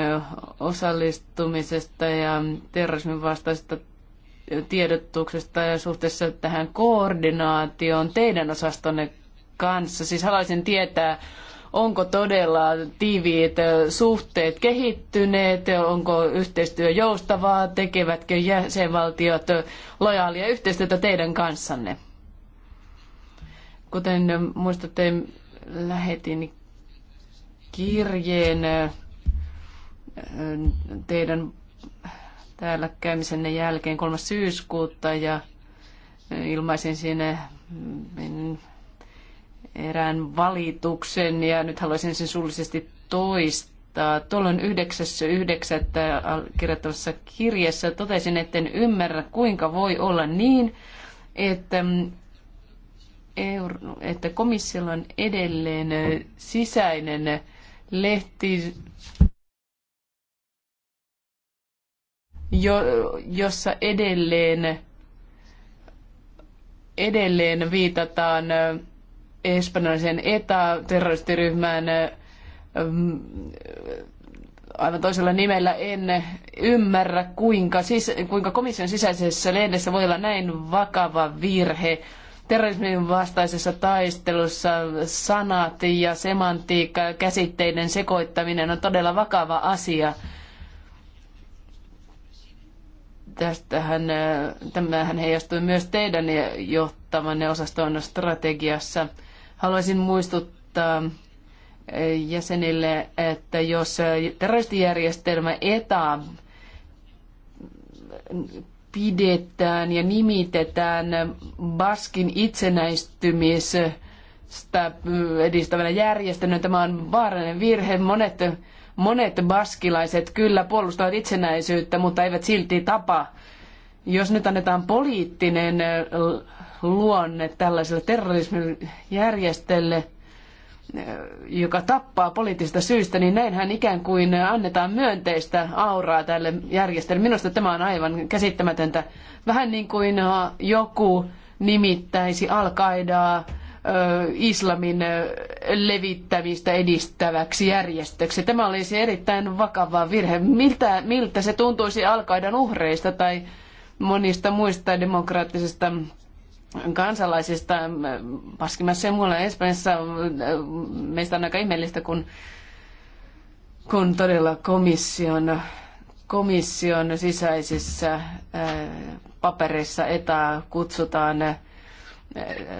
osallistumisesta ja terrorismin vastaisesta tiedotuksesta ja suhteessa tähän koordinaatioon teidän osastonne kanssa. Siis haluaisin tietää, onko todella tiiviit suhteet kehittyneet, onko yhteistyö joustavaa, tekevätkö jäsenvaltiot lojaalia yhteistyötä teidän kanssanne? Kuten muistatte, lähetin kirjeen teidän täällä käymisenne jälkeen 3. syyskuuta ja ilmaisin sinne erään valituksen ja nyt haluaisin sen suullisesti toistaa. Tuolloin 9.9. kirjoittavassa kirjassa totesin, etten ymmärrä, kuinka voi olla niin, että mm, euro, että komissiolla on edelleen sisäinen lehti, jo, jossa edelleen, edelleen viitataan espanjalaisen ETA-terroristiryhmään aivan toisella nimellä en ymmärrä, kuinka, siis, kuinka komission sisäisessä lehdessä voi olla näin vakava virhe terrorismin vastaisessa taistelussa sanat ja semantiikka ja käsitteiden sekoittaminen on todella vakava asia. Tästähän, äh, tämähän heijastui myös teidän johtamanne osaston strategiassa. Haluaisin muistuttaa äh, jäsenille, että jos äh, terroristijärjestelmä ETA pidetään ja nimitetään Baskin itsenäistymistä edistävänä järjestönä. Tämä on vaarallinen virhe. Monet, monet baskilaiset kyllä puolustavat itsenäisyyttä, mutta eivät silti tapa. Jos nyt annetaan poliittinen luonne tällaiselle terrorismin järjestölle, joka tappaa poliittisista syistä, niin näinhän ikään kuin annetaan myönteistä auraa tälle järjestelmälle. Minusta tämä on aivan käsittämätöntä. Vähän niin kuin äh, joku nimittäisi alkaidaa äh, islamin äh, levittämistä edistäväksi järjestöksi. Tämä olisi erittäin vakava virhe. Miltä, miltä se tuntuisi alkaidan uhreista tai monista muista demokraattisista kansalaisista varsinkin ja muualla Espanjassa meistä on aika ihmeellistä, kun, kun todella komission, komission sisäisissä äh, papereissa etää kutsutaan äh,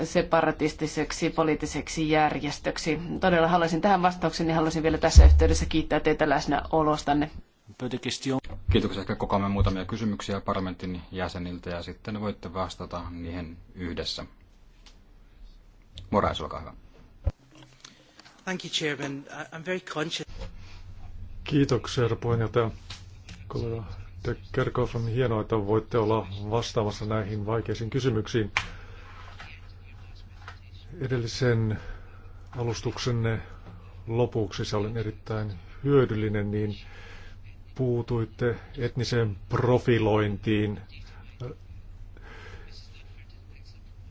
separatistiseksi poliittiseksi järjestöksi. Todella haluaisin tähän vastauksen ja haluaisin vielä tässä yhteydessä kiittää teitä läsnäolostanne. Kiitoksia. Ehkä kokoamme muutamia kysymyksiä parlamentin jäseniltä ja sitten voitte vastata niihin yhdessä. Morais, olkaa hyvä. Thank you, Chairman. I'm very conscious. Kiitoksia, herra puheenjohtaja. Kollega De Kerkhoff, on hienoa, että voitte olla vastaamassa näihin vaikeisiin kysymyksiin. Edellisen alustuksenne lopuksi se oli erittäin hyödyllinen, niin puutuitte etniseen profilointiin.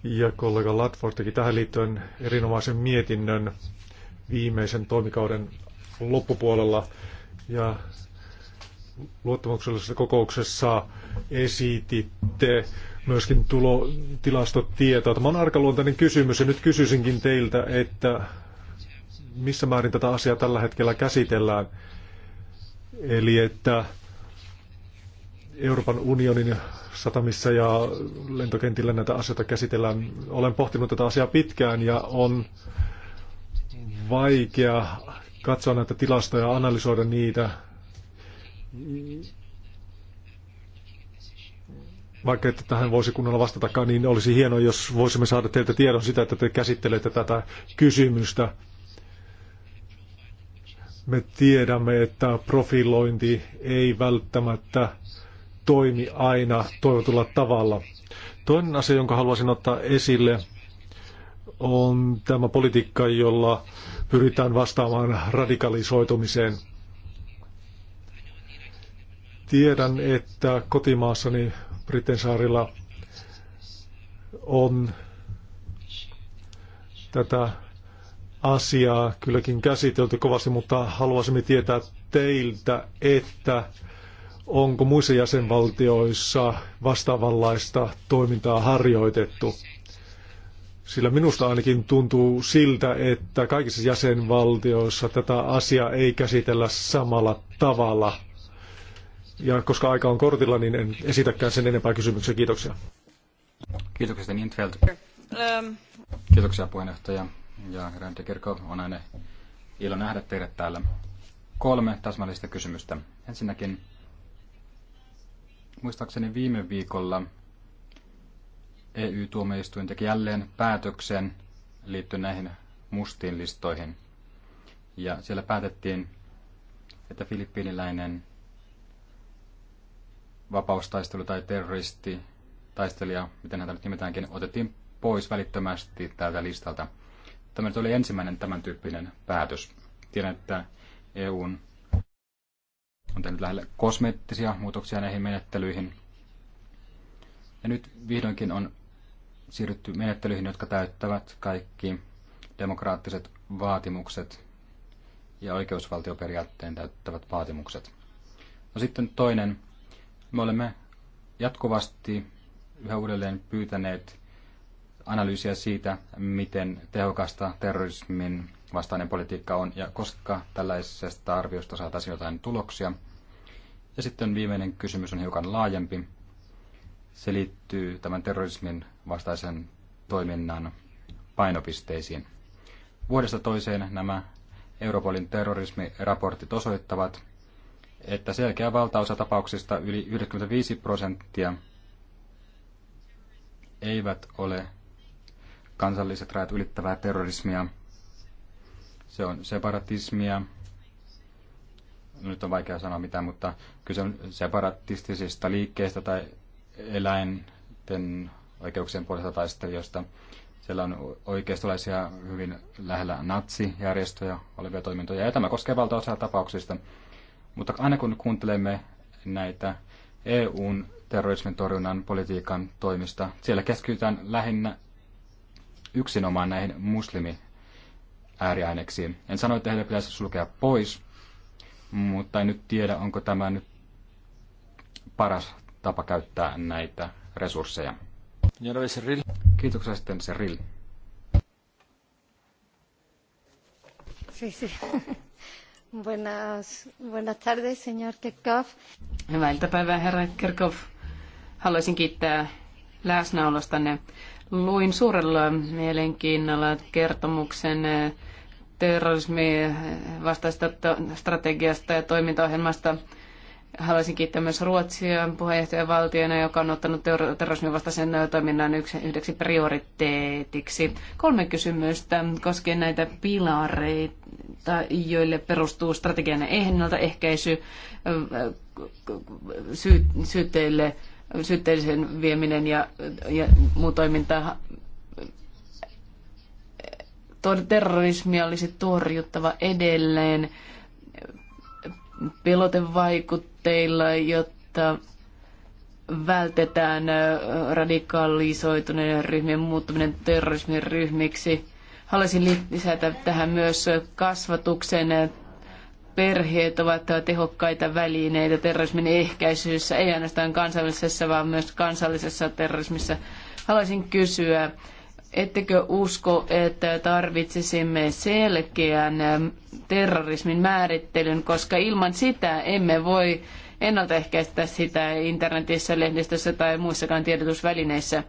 Ja kollega Latford teki tähän liittyen erinomaisen mietinnön viimeisen toimikauden loppupuolella. Ja luottamuksellisessa kokouksessa esititte myöskin tulo, tilastotietoa. Tämä on arkaluontainen kysymys ja nyt kysyisinkin teiltä, että missä määrin tätä asiaa tällä hetkellä käsitellään Eli että Euroopan unionin satamissa ja lentokentillä näitä asioita käsitellään. Olen pohtinut tätä asiaa pitkään ja on vaikea katsoa näitä tilastoja, analysoida niitä. Vaikka että tähän voisi kunnolla vastatakaan, niin olisi hienoa, jos voisimme saada teiltä tiedon sitä, että te käsittelette tätä kysymystä. Me tiedämme, että profilointi ei välttämättä toimi aina toivotulla tavalla. Toinen asia, jonka haluaisin ottaa esille, on tämä politiikka, jolla pyritään vastaamaan radikalisoitumiseen. Tiedän, että kotimaassani Britensaarilla on tätä asiaa kylläkin käsitelty kovasti, mutta haluaisimme tietää teiltä, että onko muissa jäsenvaltioissa vastaavanlaista toimintaa harjoitettu. Sillä minusta ainakin tuntuu siltä, että kaikissa jäsenvaltioissa tätä asiaa ei käsitellä samalla tavalla. Ja koska aika on kortilla, niin en esitäkään sen enempää kysymyksiä. Kiitoksia. Kiitoksia, Nintfeld. Um. Kiitoksia puheenjohtaja ja Rände Kirkko, on aina ilo nähdä teidät täällä. Kolme täsmällistä kysymystä. Ensinnäkin, muistaakseni viime viikolla EU-tuomioistuin teki jälleen päätöksen liittyen näihin mustiin listoihin. Ja siellä päätettiin, että filippiiniläinen vapaustaistelu tai terroristi, taistelija, miten häntä nyt nimetäänkin, otettiin pois välittömästi tältä listalta. Tämä nyt oli ensimmäinen tämän tyyppinen päätös. Tiedän, että EU on tehnyt lähelle kosmeettisia muutoksia näihin menettelyihin. Ja nyt vihdoinkin on siirrytty menettelyihin, jotka täyttävät kaikki demokraattiset vaatimukset ja oikeusvaltioperiaatteen täyttävät vaatimukset. No sitten toinen. Me olemme jatkuvasti yhä uudelleen pyytäneet analyysiä siitä, miten tehokasta terrorismin vastainen politiikka on ja koska tällaisesta arviosta saataisiin jotain tuloksia. Ja sitten viimeinen kysymys on hiukan laajempi. Se liittyy tämän terrorismin vastaisen toiminnan painopisteisiin. Vuodesta toiseen nämä Europolin terrorismiraportit osoittavat, että selkeä valtaosa tapauksista yli 95 prosenttia eivät ole kansalliset rajat ylittävää terrorismia. Se on separatismia. Nyt on vaikea sanoa mitään, mutta kyse on separatistisista liikkeistä tai eläinten oikeuksien puolesta taistelijoista. Siellä on oikeistolaisia hyvin lähellä natsijärjestöjä olevia toimintoja, ja tämä koskee valtaosaa tapauksista. Mutta aina kun kuuntelemme näitä EUn terrorismin torjunnan politiikan toimista, siellä keskitytään lähinnä yksinomaan näihin muslimi ääriaineksiin. En sano, että heitä pitäisi sulkea pois, mutta en nyt tiedä, onko tämä nyt paras tapa käyttää näitä resursseja. Kiitoksia sitten Seril. Sí, sí. [LAUGHS] Buenas, buenas tardes, señor Kerkov. Hyvää iltapäivää, herra Kerkov. Haluaisin kiittää läsnäolostanne. Luin suurella mielenkiinnolla kertomuksen terrorismin vastaista strategiasta ja toimintaohjelmasta. Haluaisin kiittää myös Ruotsia puheenjohtajavaltiona, joka on ottanut terrorismin vastaisen toiminnan yhdeksi prioriteetiksi. Kolme kysymystä koskien näitä pilareita, joille perustuu strategian ennaltaehkäisy, syy, syytteille syytteeseen vieminen ja, ja muu toiminta terrorismia olisi torjuttava edelleen pelotevaikutteilla, jotta vältetään radikalisoituneiden ryhmien muuttuminen terrorismin ryhmiksi. Haluaisin lisätä tähän myös kasvatuksen perheet ovat tehokkaita välineitä terrorismin ehkäisyssä, ei ainoastaan kansallisessa vaan myös kansallisessa terrorismissa. Haluaisin kysyä, ettekö usko, että tarvitsisimme selkeän terrorismin määrittelyn, koska ilman sitä emme voi ennaltaehkäistä sitä internetissä, lehdistössä tai muissakaan tiedotusvälineissä.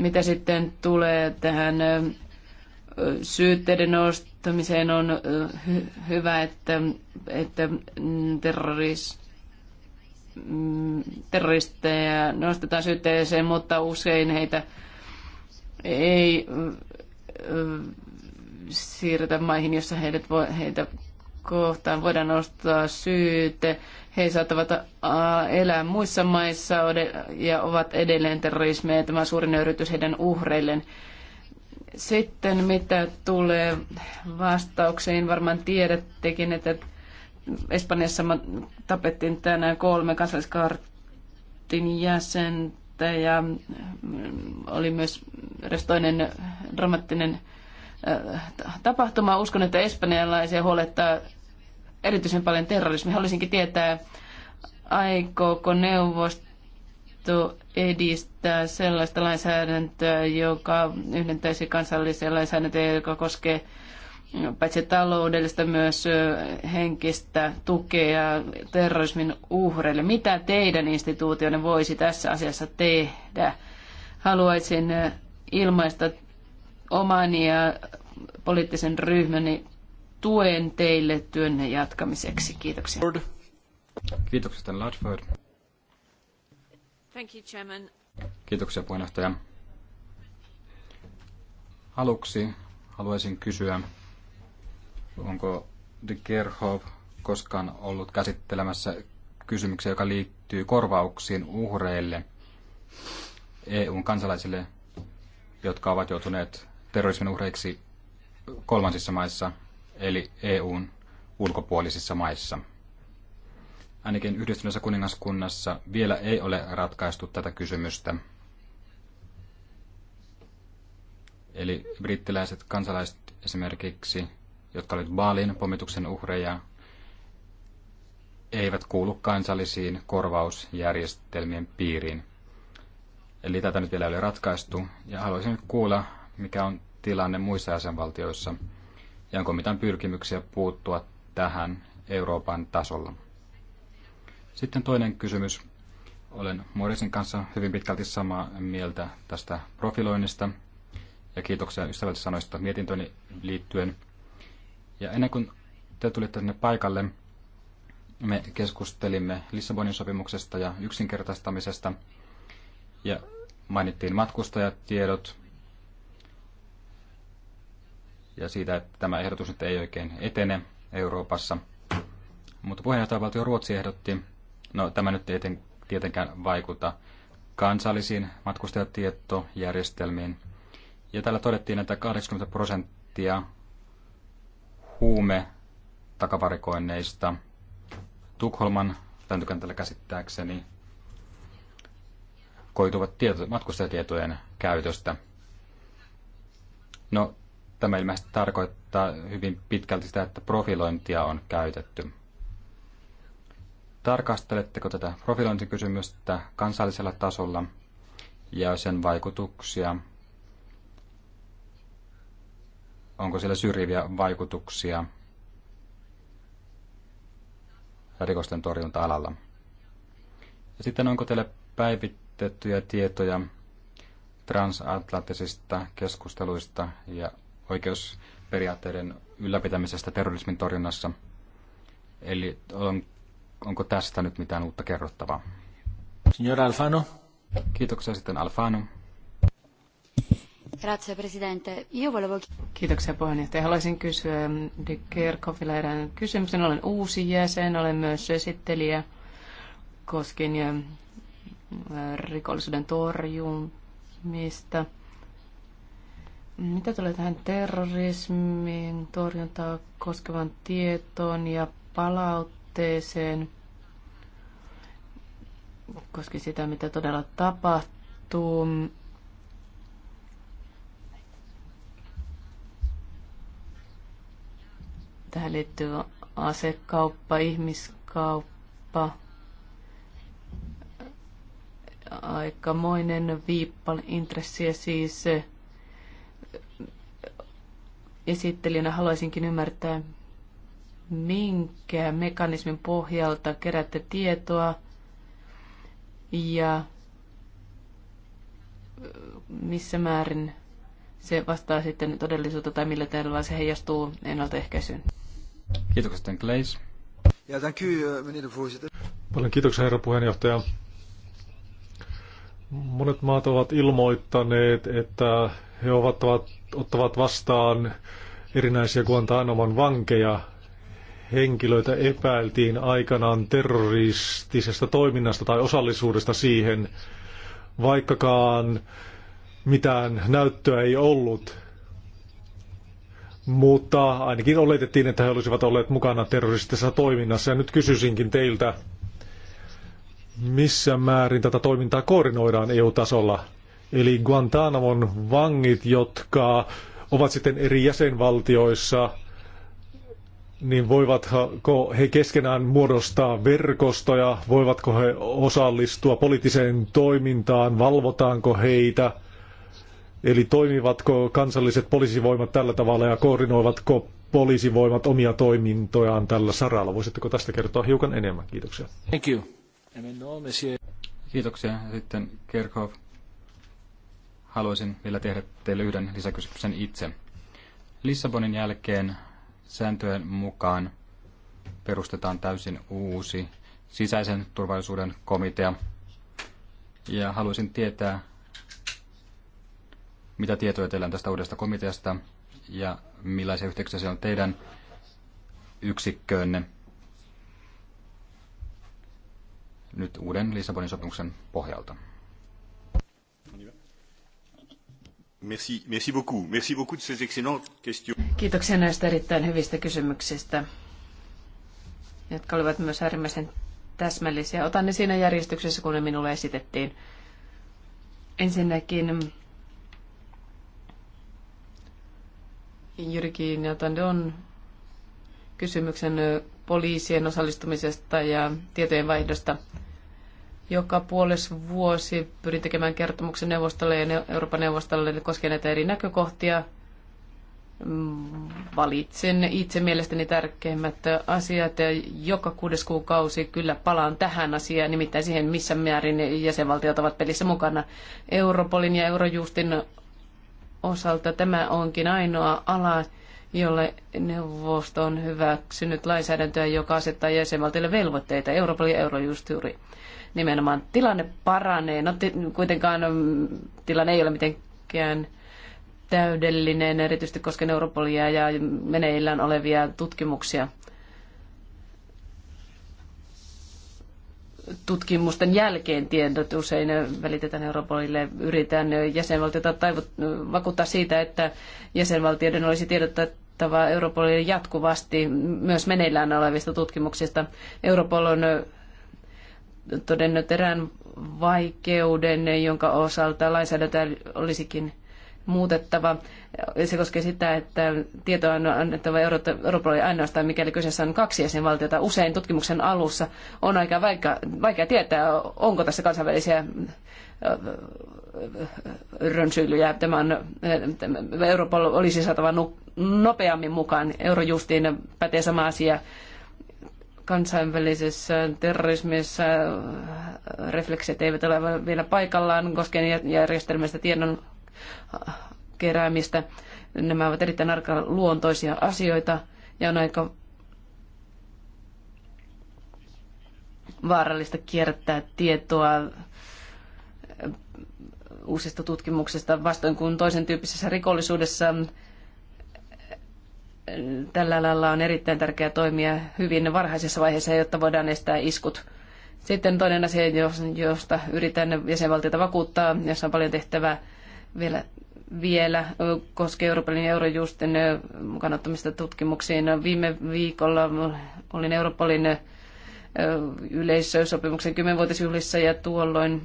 Mitä sitten tulee tähän syytteiden nostamiseen on hy- hyvä, että, että terroris, mm, terroristeja nostetaan syytteeseen, mutta usein heitä ei siirretä maihin, jossa heidät vo, heitä kohtaan voidaan nostaa syyte. He saattavat elää muissa maissa ja ovat edelleen terrorismeja. Tämä suurin suuri heidän uhreilleen. Sitten mitä tulee vastaukseen, varmaan tiedättekin, että Espanjassa tapettiin tänään kolme kansalliskartin jäsentä ja mm, oli myös eräs toinen dramaattinen äh, tapahtuma. Uskon, että espanjalaisia huolettaa erityisen paljon terrorismi. Haluaisinkin tietää, aikooko neuvosto haluttu edistää sellaista lainsäädäntöä, joka yhdentäisi kansallisia lainsäädäntöjä, joka koskee paitsi taloudellista myös henkistä tukea terrorismin uhreille. Mitä teidän instituutioiden voisi tässä asiassa tehdä? Haluaisin ilmaista omani ja poliittisen ryhmäni tuen teille työnne jatkamiseksi. Kiitoksia. Kiitoksia, Ladford. Thank you, Chairman. Kiitoksia puheenjohtaja. Aluksi haluaisin kysyä, onko de Kerhoff koskaan ollut käsittelemässä kysymyksiä, joka liittyy korvauksiin uhreille, EUn kansalaisille, jotka ovat joutuneet terrorismin uhreiksi kolmansissa maissa, eli EUn ulkopuolisissa maissa ainakin yhdistyneessä kuningaskunnassa vielä ei ole ratkaistu tätä kysymystä. Eli brittiläiset kansalaiset esimerkiksi, jotka olivat Baalin pommituksen uhreja, eivät kuulu kansallisiin korvausjärjestelmien piiriin. Eli tätä nyt vielä ei ole ratkaistu, ja haluaisin kuulla, mikä on tilanne muissa jäsenvaltioissa, ja onko mitään pyrkimyksiä puuttua tähän Euroopan tasolla. Sitten toinen kysymys. Olen Morisin kanssa hyvin pitkälti samaa mieltä tästä profiloinnista ja kiitoksia ystävällisistä sanoista mietintöni liittyen. Ja ennen kuin te tulitte tänne paikalle, me keskustelimme Lissabonin sopimuksesta ja yksinkertaistamisesta ja mainittiin matkustajatiedot ja siitä, että tämä ehdotus nyt ei oikein etene Euroopassa. Mutta puheenjohtajavaltio Ruotsi ehdotti, No tämä nyt ei tietenkään vaikuta kansallisiin matkustajatietojärjestelmiin. Ja täällä todettiin, että 80 prosenttia huume takavarikoinneista Tukholman lentokentällä käsittääkseni koituvat tieto, matkustajatietojen käytöstä. No, tämä ilmeisesti tarkoittaa hyvin pitkälti sitä, että profilointia on käytetty tarkasteletteko tätä profilointikysymystä kansallisella tasolla ja sen vaikutuksia? Onko siellä syrjiviä vaikutuksia rikosten torjunta-alalla? Ja sitten onko teille päivitettyjä tietoja transatlanttisista keskusteluista ja oikeusperiaatteiden ylläpitämisestä terrorismin torjunnassa? Eli on, onko tästä nyt mitään uutta kerrottavaa? Signora Alfano. Kiitoksia sitten Alfano. Grazie Presidente. Io volevo... Kiitoksia puheenjohtaja. Haluaisin kysyä ähm, De Kerkhoffilla erään kysymyksen. Olen uusi jäsen, olen myös esittelijä koskien ähm, rikollisuuden torjumista. Mitä tulee tähän terrorismin torjuntaa koskevan tietoon ja palaut tilanteeseen, koski sitä, mitä todella tapahtuu. Tähän liittyy asekauppa, ihmiskauppa, aikamoinen viippal ja siis esittelijänä haluaisinkin ymmärtää, minkä mekanismin pohjalta kerätte tietoa ja missä määrin se vastaa sitten todellisuutta tai millä tavalla se heijastuu ennaltaehkäisyyn. Kiitokset, Glaze. Ja thank you, Paljon kiitoksia, herra puheenjohtaja. Monet maat ovat ilmoittaneet, että he ovat, ottavat vastaan erinäisiä Guantanaman vankeja henkilöitä epäiltiin aikanaan terroristisesta toiminnasta tai osallisuudesta siihen, vaikkakaan mitään näyttöä ei ollut. Mutta ainakin oletettiin, että he olisivat olleet mukana terroristisessa toiminnassa. Ja nyt kysyisinkin teiltä, missä määrin tätä toimintaa koordinoidaan EU-tasolla? Eli Guantanamon vangit, jotka ovat sitten eri jäsenvaltioissa – niin voivatko he keskenään muodostaa verkostoja, voivatko he osallistua poliittiseen toimintaan, valvotaanko heitä, eli toimivatko kansalliset poliisivoimat tällä tavalla ja koordinoivatko poliisivoimat omia toimintojaan tällä saralla. Voisitteko tästä kertoa hiukan enemmän? Kiitoksia. Thank you. Kiitoksia. Sitten Kerkhoff. Haluaisin vielä tehdä teille yhden lisäkysymyksen itse. Lissabonin jälkeen sääntöjen mukaan perustetaan täysin uusi sisäisen turvallisuuden komitea. Ja haluaisin tietää, mitä tietoja teillä on tästä uudesta komiteasta ja millaisia yhteyksiä siellä on teidän yksikköönne nyt uuden Lissabonin sopimuksen pohjalta. Merci, merci beaucoup. Merci beaucoup de ces excellentes questions. Kiitoksia näistä erittäin hyvistä kysymyksistä, jotka olivat myös äärimmäisen täsmällisiä. Otan ne siinä järjestyksessä, kun ne minulle esitettiin. Ensinnäkin Jyrki Natandon kysymyksen poliisien osallistumisesta ja tietojen vaihdosta – joka puoles vuosi pyrin tekemään kertomuksen neuvostolle ja Euroopan neuvostolle koskien näitä eri näkökohtia. Mm, valitsen itse mielestäni tärkeimmät asiat ja joka kuudes kuukausi kyllä palaan tähän asiaan, nimittäin siihen, missä määrin jäsenvaltiot ovat pelissä mukana. Europolin ja Eurojustin osalta tämä onkin ainoa ala, jolle neuvosto on hyväksynyt lainsäädäntöä, joka asettaa jäsenvaltioille velvoitteita Euroopan ja Eurojust juuri nimenomaan tilanne paranee. No kuitenkaan mm, tilanne ei ole mitenkään täydellinen, erityisesti koskien Europolia ja meneillään olevia tutkimuksia. tutkimusten jälkeen tiedot usein välitetään Europolille. Yritetään jäsenvaltiota taivut, vakuuttaa siitä, että jäsenvaltioiden olisi tiedotettava Europolille jatkuvasti myös meneillään olevista tutkimuksista. Europol on todennut erään vaikeuden, jonka osalta lainsäädäntöä olisikin muutettava. Se koskee sitä, että tietoa on annettava Europolille ainoastaan, mikäli kyseessä on kaksi jäsenvaltiota. Usein tutkimuksen alussa on aika vaikea, vaikea tietää, onko tässä kansainvälisiä rönsyilyjä. Tämä on, Europol olisi saatava nopeammin mukaan. Eurojustiin pätee sama asia kansainvälisessä terrorismissa äh, refleksit eivät ole vielä paikallaan koskien järjestelmästä tiedon äh, keräämistä. Nämä ovat erittäin arkaluontoisia asioita ja on aika vaarallista kierrättää tietoa äh, uusista tutkimuksista vastoin kuin toisen tyyppisessä rikollisuudessa tällä alalla on erittäin tärkeää toimia hyvin varhaisessa vaiheessa, jotta voidaan estää iskut. Sitten toinen asia, josta yritän jäsenvaltiota vakuuttaa, jossa on paljon tehtävää vielä, vielä koskee Euroopan ja Eurojustin kannattamista tutkimuksiin. No, viime viikolla olin Euroopan yleissopimuksen kymmenvuotisjuhlissa ja tuolloin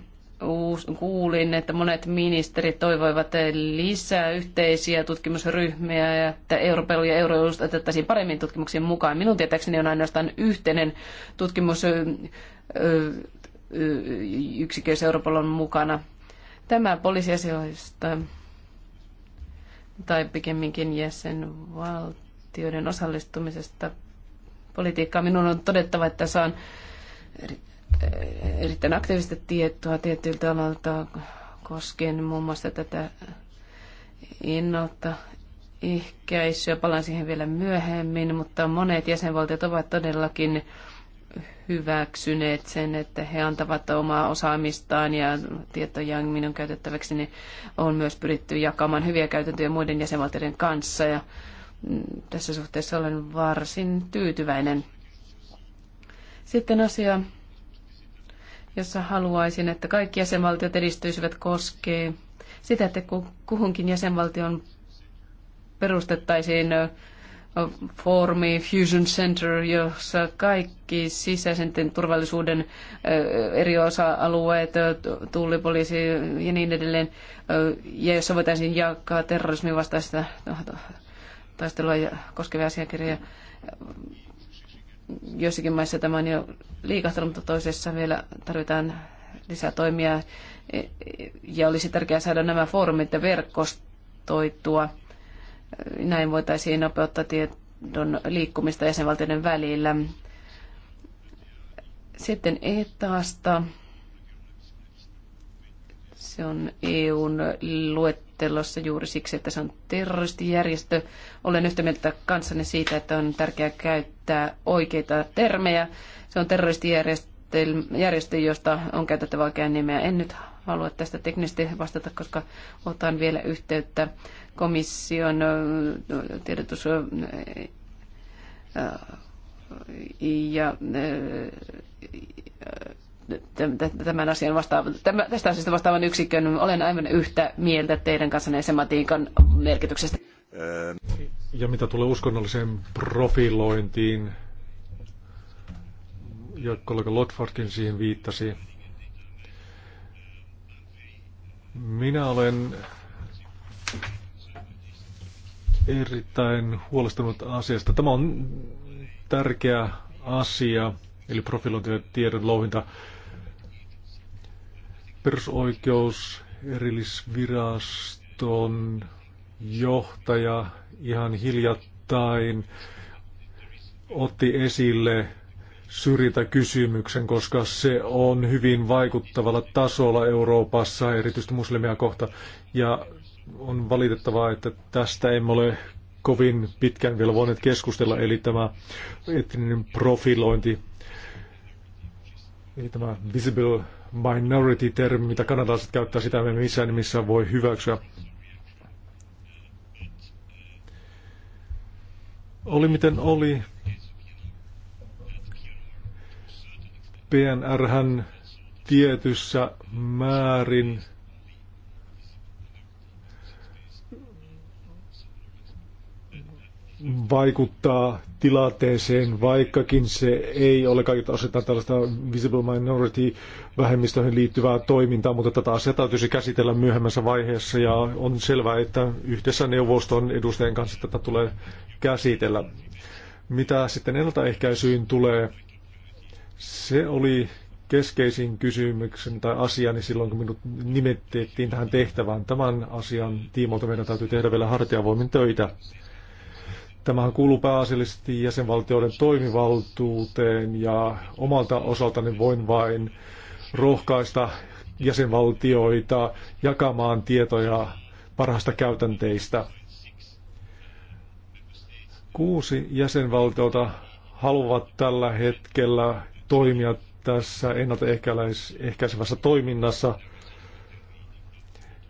kuulin, että monet ministerit toivoivat lisää yhteisiä tutkimusryhmiä ja että Euroopan ja Eurojust otettaisiin paremmin tutkimuksiin mukaan. Minun tietääkseni on ainoastaan yhteinen tutkimusyksikkö, jos Europol on mukana. Tämä poliisiasioista tai pikemminkin jäsenvaltioiden osallistumisesta politiikkaan. Minun on todettava, että saan erittäin aktiivista tietoa tietyiltä alalta koskien muun muassa tätä ennalta ehkäisyä. Palaan siihen vielä myöhemmin, mutta monet jäsenvaltiot ovat todellakin hyväksyneet sen, että he antavat omaa osaamistaan ja tietojaan minun käytettäväksi, niin on myös pyritty jakamaan hyviä käytäntöjä muiden jäsenvaltioiden kanssa. Ja mm, tässä suhteessa olen varsin tyytyväinen. Sitten asia, jossa haluaisin, että kaikki jäsenvaltiot edistyisivät koskee sitä, että kuhunkin jäsenvaltion perustettaisiin foorumi, Fusion Center, jossa kaikki sisäisen turvallisuuden eri osa-alueet, tullipoliisi ja niin edelleen, ja jossa voitaisiin jakaa terrorismin vastaista taistelua koskevia asiakirjoja Joissakin maissa tämä on jo liikahtanut, mutta toisessa vielä tarvitaan lisää toimia. E, ja olisi tärkeää saada nämä foorumit ja verkostoitua. Näin voitaisiin nopeuttaa tiedon liikkumista jäsenvaltioiden välillä. Sitten etaasta. Se on EUn luettelossa juuri siksi, että se on terroristijärjestö. Olen yhtä mieltä kanssanne siitä, että on tärkeää käyttää oikeita termejä. Se on terroristijärjestö, josta on käytettävä oikea nimeä. En nyt halua tästä teknisesti vastata, koska otan vielä yhteyttä komission tiedotus ja tämän asian vastaavan, tästä asiasta vastaavan yksikön. Olen aivan yhtä mieltä teidän kanssanne sematiikan merkityksestä. Ja mitä tulee uskonnolliseen profilointiin, ja kollega Lotfartkin siihen viittasi, minä olen erittäin huolestunut asiasta. Tämä on tärkeä asia, eli profilointi ja tiedon louhinta perusoikeus erillisviraston johtaja ihan hiljattain otti esille syrjintäkysymyksen, koska se on hyvin vaikuttavalla tasolla Euroopassa, erityisesti muslimia kohta. Ja on valitettavaa, että tästä emme ole kovin pitkään vielä voineet keskustella, eli tämä etninen profilointi Eli tämä visible minority-termi, mitä kanadalaiset käyttää, sitä me missään nimissä voi hyväksyä. Oli miten oli. PNR hän tietyssä määrin vaikuttaa tilanteeseen, vaikkakin se ei ole kaikilta osittain tällaista visible minority vähemmistöihin liittyvää toimintaa, mutta tätä asiaa täytyisi käsitellä myöhemmässä vaiheessa ja on selvää, että yhdessä neuvoston edustajien kanssa tätä tulee käsitellä. Mitä sitten ennaltaehkäisyyn tulee, se oli keskeisin kysymyksen tai asiani niin silloin, kun minut nimettiin tähän tehtävään. Tämän asian tiimolta meidän täytyy tehdä vielä hartiavoimin töitä. Tämähän kuuluu pääasiallisesti jäsenvaltioiden toimivaltuuteen ja omalta osaltani voin vain rohkaista jäsenvaltioita jakamaan tietoja parhaista käytänteistä. Kuusi jäsenvaltiota haluavat tällä hetkellä toimia tässä ennaltaehkäisevässä toiminnassa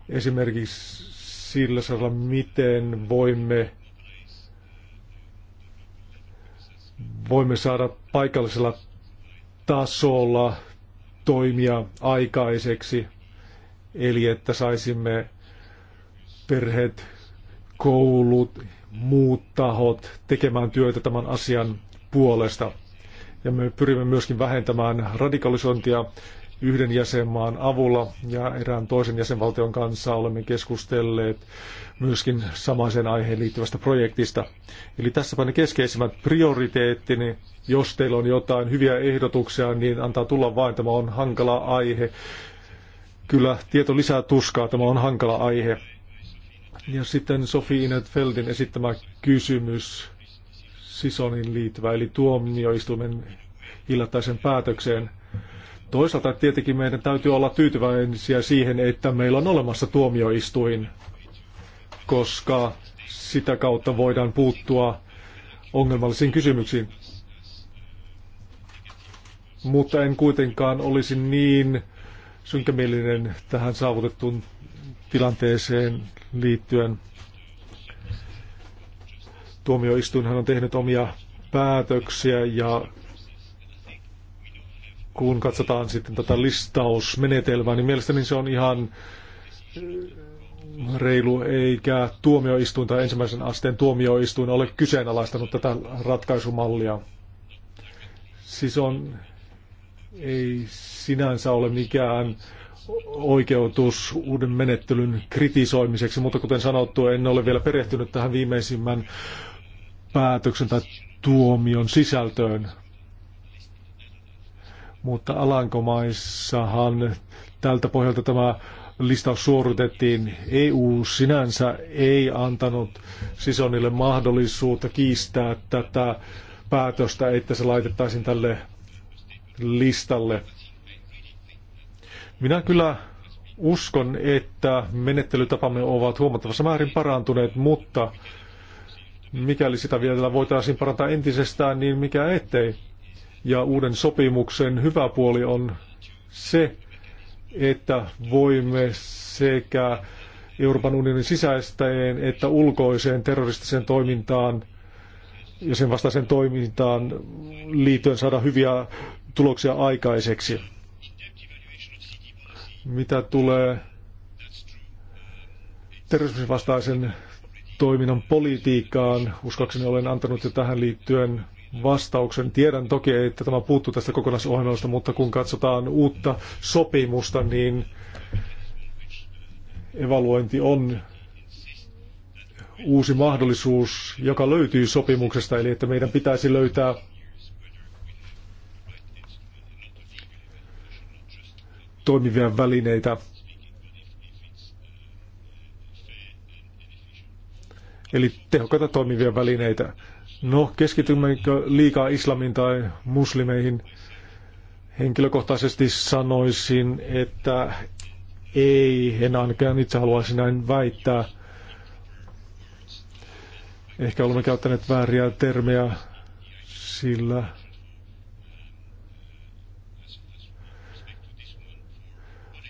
esimerkiksi sillä saralla, miten voimme voimme saada paikallisella tasolla toimia aikaiseksi, eli että saisimme perheet, koulut, muut tahot tekemään työtä tämän asian puolesta. Ja me pyrimme myöskin vähentämään radikalisointia yhden jäsenmaan avulla ja erään toisen jäsenvaltion kanssa olemme keskustelleet myöskin samaiseen aiheen liittyvästä projektista. Eli tässäpä ne keskeisimmät prioriteettini. Jos teillä on jotain hyviä ehdotuksia, niin antaa tulla vain. Tämä on hankala aihe. Kyllä, tieto lisää tuskaa. Tämä on hankala aihe. Ja sitten Sofi Feldin esittämä kysymys Sisonin liittyvä, eli tuomioistuimen hiljattaisen päätökseen – Toisaalta tietenkin meidän täytyy olla tyytyväisiä siihen, että meillä on olemassa tuomioistuin, koska sitä kautta voidaan puuttua ongelmallisiin kysymyksiin. Mutta en kuitenkaan olisi niin synkämielinen tähän saavutettuun tilanteeseen liittyen. Tuomioistuinhan on tehnyt omia päätöksiä ja kun katsotaan sitten tätä listausmenetelmää, niin mielestäni se on ihan reilu, eikä tuomioistuin tai ensimmäisen asteen tuomioistuin ole kyseenalaistanut tätä ratkaisumallia. Siis on, ei sinänsä ole mikään oikeutus uuden menettelyn kritisoimiseksi, mutta kuten sanottu, en ole vielä perehtynyt tähän viimeisimmän päätöksen tai tuomion sisältöön. Mutta Alankomaissahan tältä pohjalta tämä listaus suoritettiin. EU sinänsä ei antanut Sisonille mahdollisuutta kiistää tätä päätöstä, että se laitettaisiin tälle listalle. Minä kyllä uskon, että menettelytapamme ovat huomattavassa määrin parantuneet, mutta mikäli sitä vielä voitaisiin parantaa entisestään, niin mikä ettei. Ja uuden sopimuksen hyvä puoli on se, että voimme sekä Euroopan unionin sisäistäen, että ulkoiseen terroristiseen toimintaan ja sen vastaiseen toimintaan liittyen saada hyviä tuloksia aikaiseksi. Mitä tulee terrorismin vastaisen toiminnan politiikkaan, uskoakseni olen antanut jo tähän liittyen vastauksen. Tiedän toki, että tämä puuttuu tästä kokonaisohjelmasta, mutta kun katsotaan uutta sopimusta, niin evaluointi on uusi mahdollisuus, joka löytyy sopimuksesta, eli että meidän pitäisi löytää toimivia välineitä. Eli tehokkaita toimivia välineitä. No, keskitymmekö liikaa islamiin tai muslimeihin? Henkilökohtaisesti sanoisin, että ei, en ainakaan itse haluaisi näin väittää. Ehkä olemme käyttäneet vääriä termejä, sillä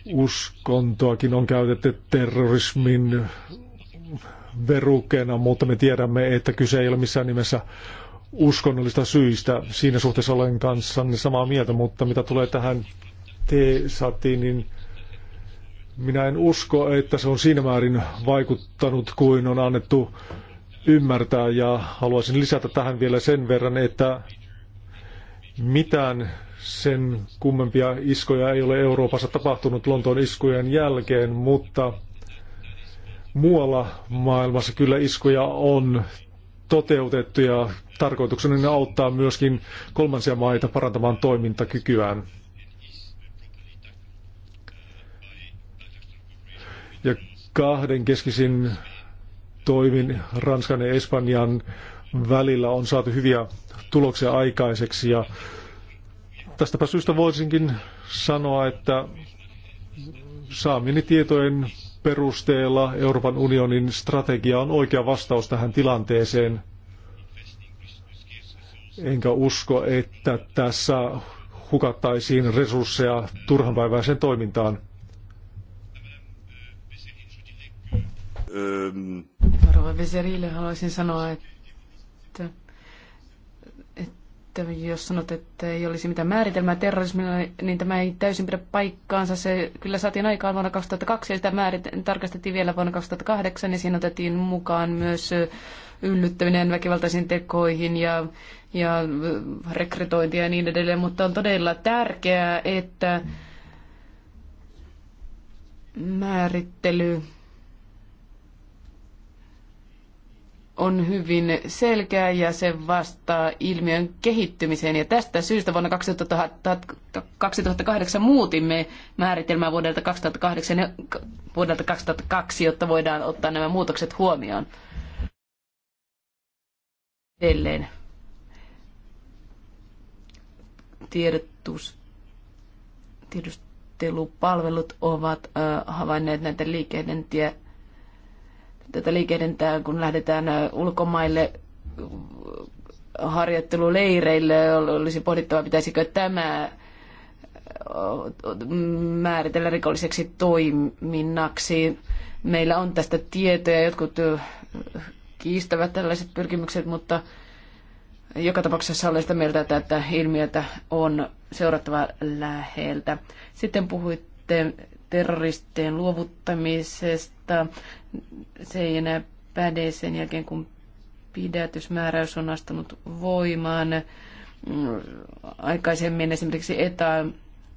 uskontoakin on käytetty terrorismin verukena, mutta me tiedämme, että kyse ei ole missään nimessä uskonnollista syistä. Siinä suhteessa olen kanssanne samaa mieltä, mutta mitä tulee tähän T-satiin, niin minä en usko, että se on siinä määrin vaikuttanut kuin on annettu ymmärtää. Ja haluaisin lisätä tähän vielä sen verran, että mitään sen kummempia iskoja ei ole Euroopassa tapahtunut Lontoon iskujen jälkeen, mutta Muualla maailmassa kyllä iskuja on toteutettu ja tarkoituksena auttaa myöskin kolmansia maita parantamaan toimintakykyään. Ja kahden keskisin toimin Ranskan ja Espanjan välillä on saatu hyviä tuloksia aikaiseksi ja tästäpä syystä voisinkin sanoa, että saamieni tietojen perusteella Euroopan unionin strategia on oikea vastaus tähän tilanteeseen. Enkä usko, että tässä hukattaisiin resursseja turhanpäiväiseen toimintaan. Rova Veserille haluaisin sanoa, että että jos sanot, että ei olisi mitään määritelmää terrorismilla, niin tämä ei täysin pidä paikkaansa. Se kyllä saatiin aikaan vuonna 2002 ja sitä määrit- tarkastettiin vielä vuonna 2008 niin siinä otettiin mukaan myös yllyttäminen väkivaltaisiin tekoihin ja, ja rekrytointia ja niin edelleen, mutta on todella tärkeää, että määrittely on hyvin selkeä ja se vastaa ilmiön kehittymiseen. Ja tästä syystä vuonna 2008 muutimme määritelmää vuodelta 2008 ja vuodelta 2002, jotta voidaan ottaa nämä muutokset huomioon. Edelleen tiedotus, tiedustelupalvelut ovat äh, havainneet näitä liikehdentiä tätä liikehdintää, kun lähdetään ulkomaille harjoitteluleireille, olisi pohdittava, pitäisikö tämä määritellä rikolliseksi toiminnaksi. Meillä on tästä tietoja, jotkut kiistävät tällaiset pyrkimykset, mutta joka tapauksessa olen sitä mieltä, että, että ilmiötä on seurattava läheltä. Sitten puhuitte terroristien luovuttamisesta. Se ei enää päde sen jälkeen, kun pidätysmääräys on astunut voimaan. Aikaisemmin esimerkiksi ETA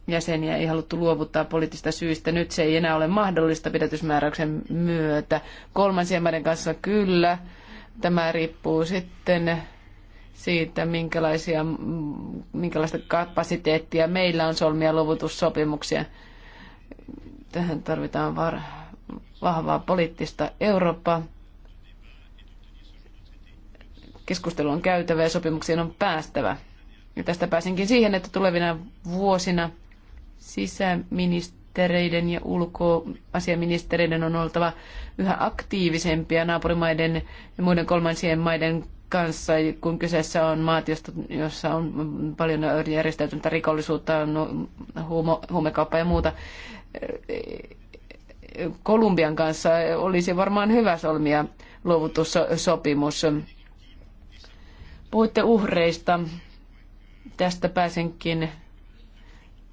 jäseniä ei haluttu luovuttaa poliittista syistä. Nyt se ei enää ole mahdollista pidätysmääräyksen myötä. Kolmansien maiden kanssa kyllä. Tämä riippuu sitten siitä, minkälaisia, minkälaista kapasiteettia meillä on solmia luovutussopimuksia. Tähän tarvitaan var- vahvaa poliittista Eurooppaa. Keskustelu on käytävä ja sopimuksiin on päästävä. Ja tästä pääsinkin siihen, että tulevina vuosina sisäministereiden ja ulkoasiaministereiden on oltava yhä aktiivisempia naapurimaiden ja muiden kolmansien maiden kanssa, kun kyseessä on maat, joissa jossa on paljon järjestäytyntä rikollisuutta, no, huumo, ja muuta. Kolumbian kanssa olisi varmaan hyvä solmia luovutussopimus. Puhutte uhreista. Tästä pääsenkin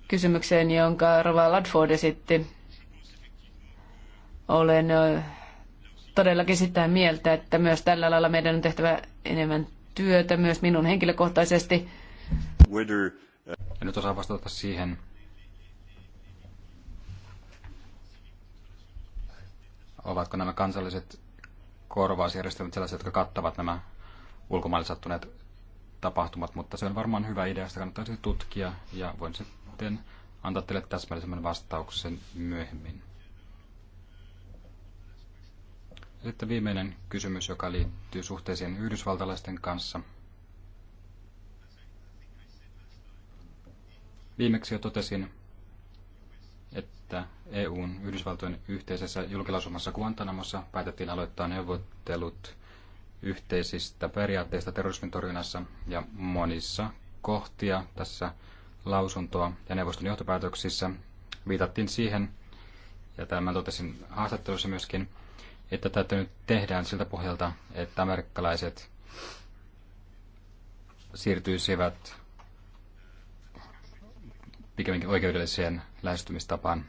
kysymykseen, jonka Rova Ladford esitti. Olen todellakin sitä mieltä, että myös tällä lailla meidän on tehtävä enemmän työtä, myös minun henkilökohtaisesti. En nyt osaa vastata siihen, ovatko nämä kansalliset korvausjärjestelmät sellaiset, jotka kattavat nämä ulkomaille sattuneet tapahtumat, mutta se on varmaan hyvä idea, sitä kannattaisi tutkia ja voin sitten antaa teille täsmällisemmän vastauksen myöhemmin. Sitten viimeinen kysymys, joka liittyy suhteisiin yhdysvaltalaisten kanssa. Viimeksi jo totesin, että EUn Yhdysvaltojen yhteisessä julkilausumassa Guantanamossa päätettiin aloittaa neuvottelut yhteisistä periaatteista terrorismin torjunnassa ja monissa kohtia tässä lausuntoa ja neuvoston johtopäätöksissä viitattiin siihen, ja tämän totesin haastattelussa myöskin, että tätä nyt tehdään siltä pohjalta, että amerikkalaiset siirtyisivät pikemminkin oikeudelliseen lähestymistapaan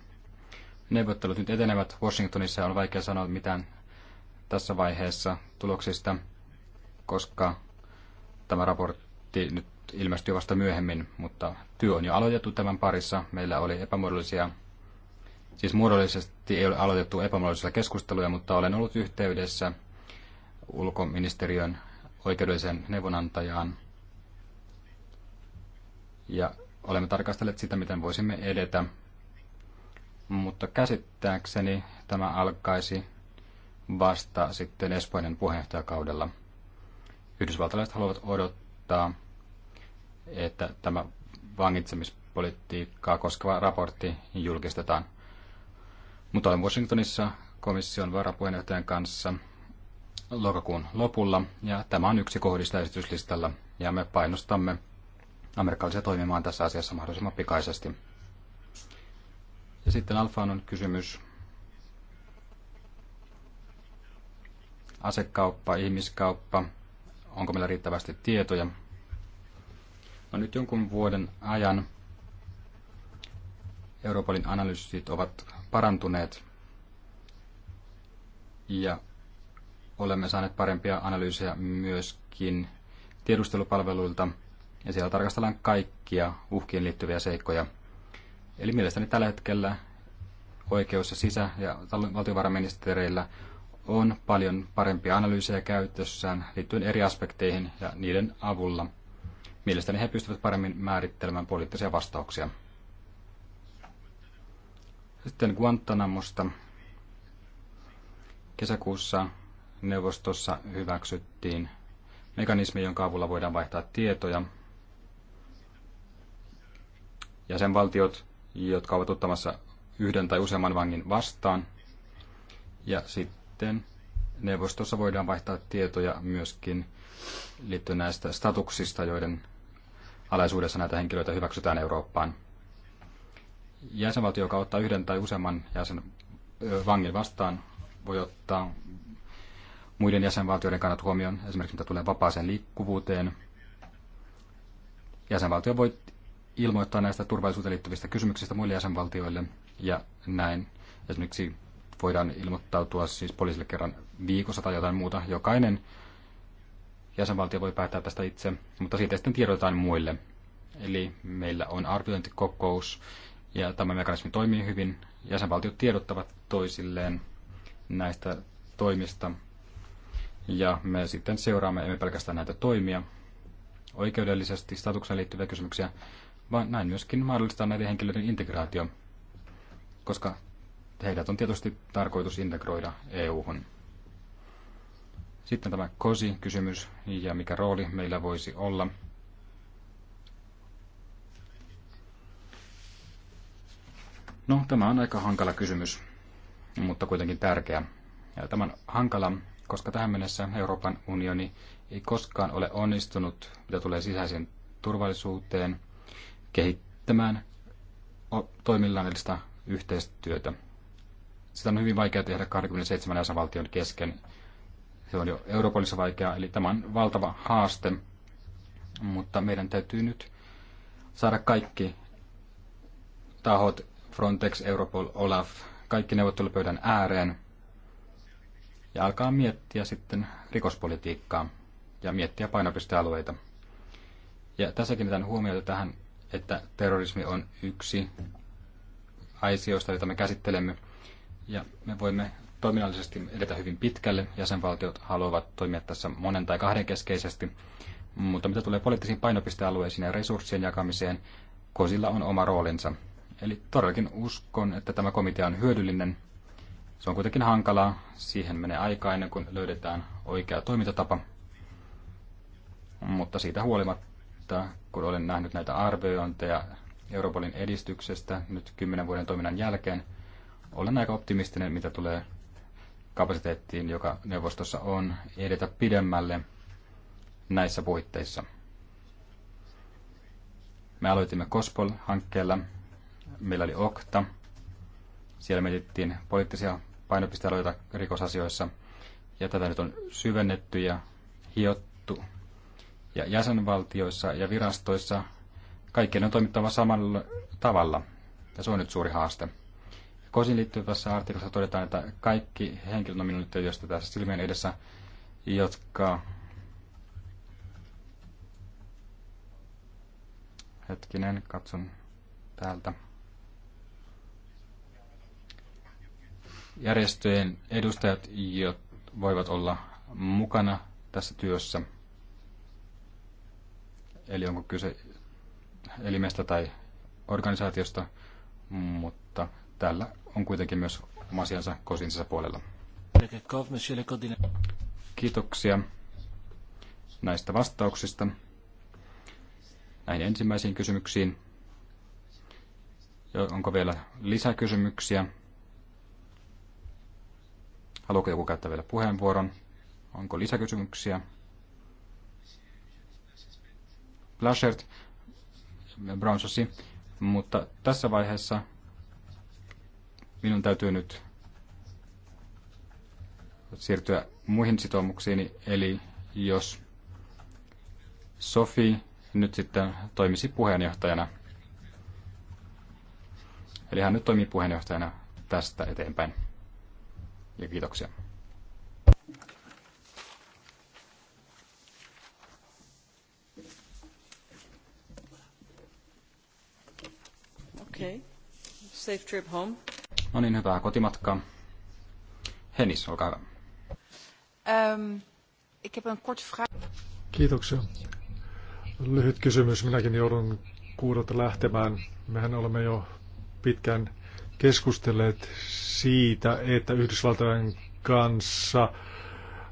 neuvottelut nyt etenevät Washingtonissa, on vaikea sanoa mitään tässä vaiheessa tuloksista, koska tämä raportti nyt ilmestyy vasta myöhemmin, mutta työ on jo aloitettu tämän parissa. Meillä oli epämuodollisia, siis muodollisesti ei ole aloitettu epämuodollisia keskusteluja, mutta olen ollut yhteydessä ulkoministeriön oikeudelliseen neuvonantajaan. Ja olemme tarkastelleet sitä, miten voisimme edetä mutta käsittääkseni tämä alkaisi vasta sitten Espanjan puheenjohtajakaudella. Yhdysvaltalaiset haluavat odottaa, että tämä vangitsemispolitiikkaa koskeva raportti julkistetaan. Mutta olen Washingtonissa komission varapuheenjohtajan kanssa lokakuun lopulla, ja tämä on yksi kohdista esityslistalla, ja me painostamme amerikkalaisia toimimaan tässä asiassa mahdollisimman pikaisesti. Ja sitten Alfaanon kysymys. Asekauppa, ihmiskauppa, onko meillä riittävästi tietoja? No nyt jonkun vuoden ajan Europolin analyysit ovat parantuneet ja olemme saaneet parempia analyysejä myöskin tiedustelupalveluilta ja siellä tarkastellaan kaikkia uhkiin liittyviä seikkoja – Eli mielestäni tällä hetkellä oikeus- ja sisä- ja valtiovarainministereillä on paljon parempia analyysejä käytössään liittyen eri aspekteihin ja niiden avulla. Mielestäni he pystyvät paremmin määrittelemään poliittisia vastauksia. Sitten Guantanamosta. Kesäkuussa neuvostossa hyväksyttiin mekanismi, jonka avulla voidaan vaihtaa tietoja. Jäsenvaltiot jotka ovat ottamassa yhden tai useamman vangin vastaan. Ja sitten neuvostossa voidaan vaihtaa tietoja myöskin liittyen näistä statuksista, joiden alaisuudessa näitä henkilöitä hyväksytään Eurooppaan. Jäsenvaltio, joka ottaa yhden tai useamman jäsen vangin vastaan, voi ottaa muiden jäsenvaltioiden kannat huomioon, esimerkiksi mitä tulee vapaaseen liikkuvuuteen. Jäsenvaltio voi ilmoittaa näistä turvallisuuteen liittyvistä kysymyksistä muille jäsenvaltioille ja näin esimerkiksi voidaan ilmoittautua siis poliisille kerran viikossa tai jotain muuta. Jokainen jäsenvaltio voi päättää tästä itse, mutta siitä sitten tiedotetaan muille. Eli meillä on arviointikokous ja tämä mekanismi toimii hyvin. Jäsenvaltiot tiedottavat toisilleen näistä toimista ja me sitten seuraamme emme pelkästään näitä toimia, oikeudellisesti statuksen liittyviä kysymyksiä, vaan näin myöskin mahdollistaa näiden henkilöiden integraatio, koska heidät on tietysti tarkoitus integroida EU-hun. Sitten tämä COSI-kysymys ja mikä rooli meillä voisi olla. No, tämä on aika hankala kysymys, mutta kuitenkin tärkeä. Ja tämän hankala, koska tähän mennessä Euroopan unioni ei koskaan ole onnistunut, mitä tulee sisäiseen turvallisuuteen – kehittämään toimillaan yhteistyötä. Sitä on hyvin vaikea tehdä 27 jäsenvaltion kesken. Se on jo Euroopassa vaikeaa, eli tämä on valtava haaste, mutta meidän täytyy nyt saada kaikki tahot, Frontex, Europol, Olaf, kaikki neuvottelupöydän ääreen ja alkaa miettiä sitten rikospolitiikkaa ja miettiä painopistealueita. Ja tässäkin kiinnitän huomiota tähän että terrorismi on yksi aisioista, jota me käsittelemme. Ja me voimme toiminnallisesti edetä hyvin pitkälle. Jäsenvaltiot haluavat toimia tässä monen tai kahden keskeisesti. Mutta mitä tulee poliittisiin painopistealueisiin ja resurssien jakamiseen, Kosilla on oma roolinsa. Eli todellakin uskon, että tämä komitea on hyödyllinen. Se on kuitenkin hankalaa. Siihen menee aikaa ennen kuin löydetään oikea toimintatapa. Mutta siitä huolimatta mutta kun olen nähnyt näitä arviointeja Europolin edistyksestä nyt kymmenen vuoden toiminnan jälkeen, olen aika optimistinen, mitä tulee kapasiteettiin, joka neuvostossa on, edetä pidemmälle näissä puitteissa. Me aloitimme COSPOL-hankkeella, meillä oli OKTA, siellä mietittiin poliittisia painopistealoita rikosasioissa, ja tätä nyt on syvennetty ja hiottu ja jäsenvaltioissa ja virastoissa kaikkien on toimittava samalla tavalla. Ja se on nyt suuri haaste. Kosin liittyvässä artiklassa todetaan, että kaikki henkilöt on minun työstä tässä silmien edessä, jotka... Hetkinen, katson täältä. Järjestöjen edustajat voivat olla mukana tässä työssä – eli onko kyse elimestä tai organisaatiosta, mutta tällä on kuitenkin myös oma asiansa kosinsa puolella. Kiitoksia näistä vastauksista näihin ensimmäisiin kysymyksiin. Onko vielä lisäkysymyksiä? Haluatko joku käyttää vielä puheenvuoron? Onko lisäkysymyksiä? Blaschert, Bronsosi, mutta tässä vaiheessa minun täytyy nyt siirtyä muihin sitoumuksiin, eli jos Sofi nyt sitten toimisi puheenjohtajana, eli hän nyt toimii puheenjohtajana tästä eteenpäin. Ja kiitoksia. Okay. Safe trip home. No niin, hyvää kotimatkaa. Henis, olkaa hyvä. Um, ik heb een kort vraag. Kiitoksia. Lyhyt kysymys. Minäkin joudun kuudelta lähtemään. Mehän olemme jo pitkään keskustelleet siitä, että Yhdysvaltojen kanssa –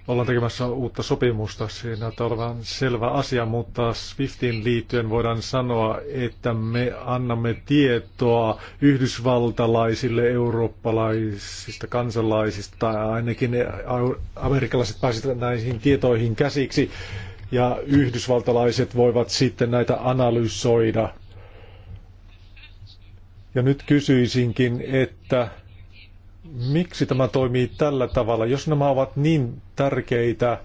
ollaan tekemässä uutta sopimusta. Siinä olevan selvä asia, mutta Swiftin liittyen voidaan sanoa, että me annamme tietoa yhdysvaltalaisille, eurooppalaisista kansalaisista, tai ainakin amerikkalaiset pääsivät näihin tietoihin käsiksi, ja yhdysvaltalaiset voivat sitten näitä analysoida. Ja nyt kysyisinkin, että miksi tämä toimii tällä tavalla, jos nämä ovat niin tärkeitä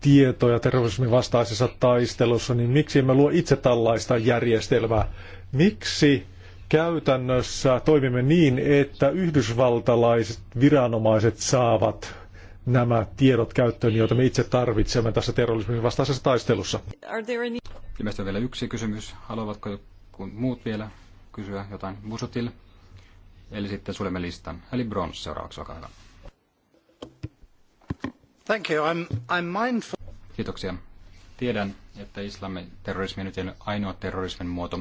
tietoja terrorismin vastaisessa taistelussa, niin miksi emme luo itse tällaista järjestelmää? Miksi käytännössä toimimme niin, että yhdysvaltalaiset viranomaiset saavat nämä tiedot käyttöön, joita me itse tarvitsemme tässä terrorismin vastaisessa taistelussa? Ilmeisesti on vielä yksi kysymys. Haluavatko muut vielä kysyä jotain? Busutil? Eli sitten suljemme listan. Eli Brons seuraavaksi, olkaa hyvä. Thank you. I'm, I'm mindful. Kiitoksia. Tiedän, että islamiterrorismi terrorismi nyt ei ole ainoa terrorismin muoto,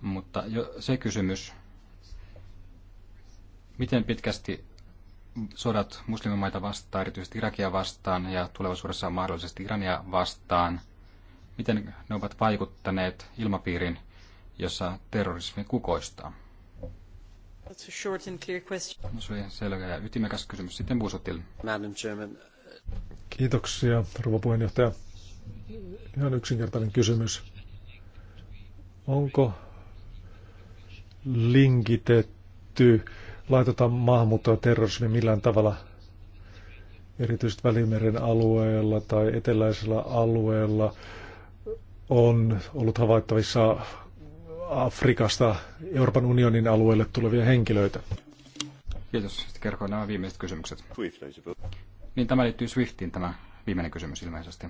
mutta jo se kysymys, miten pitkästi sodat muslimimaita vastaan, erityisesti Irakia vastaan ja tulevaisuudessa mahdollisesti Irania vastaan, miten ne ovat vaikuttaneet ilmapiirin, jossa terrorismi kukoistaa? That's a short and clear question. No, se oli selkeä ja ytimekäs kysymys. Sitten Buusotil. Madam Chairman. Kiitoksia, rouva puheenjohtaja. Ihan yksinkertainen kysymys. Onko linkitetty laitota maahanmuuttoa terrorismi millään tavalla erityisesti Välimeren alueella tai eteläisellä alueella on ollut havaittavissa Afrikasta Euroopan unionin alueelle tulevia henkilöitä. Kiitos. Sitten nämä viimeiset kysymykset. No niin tämä liittyy Swiftiin tämä viimeinen kysymys ilmeisesti.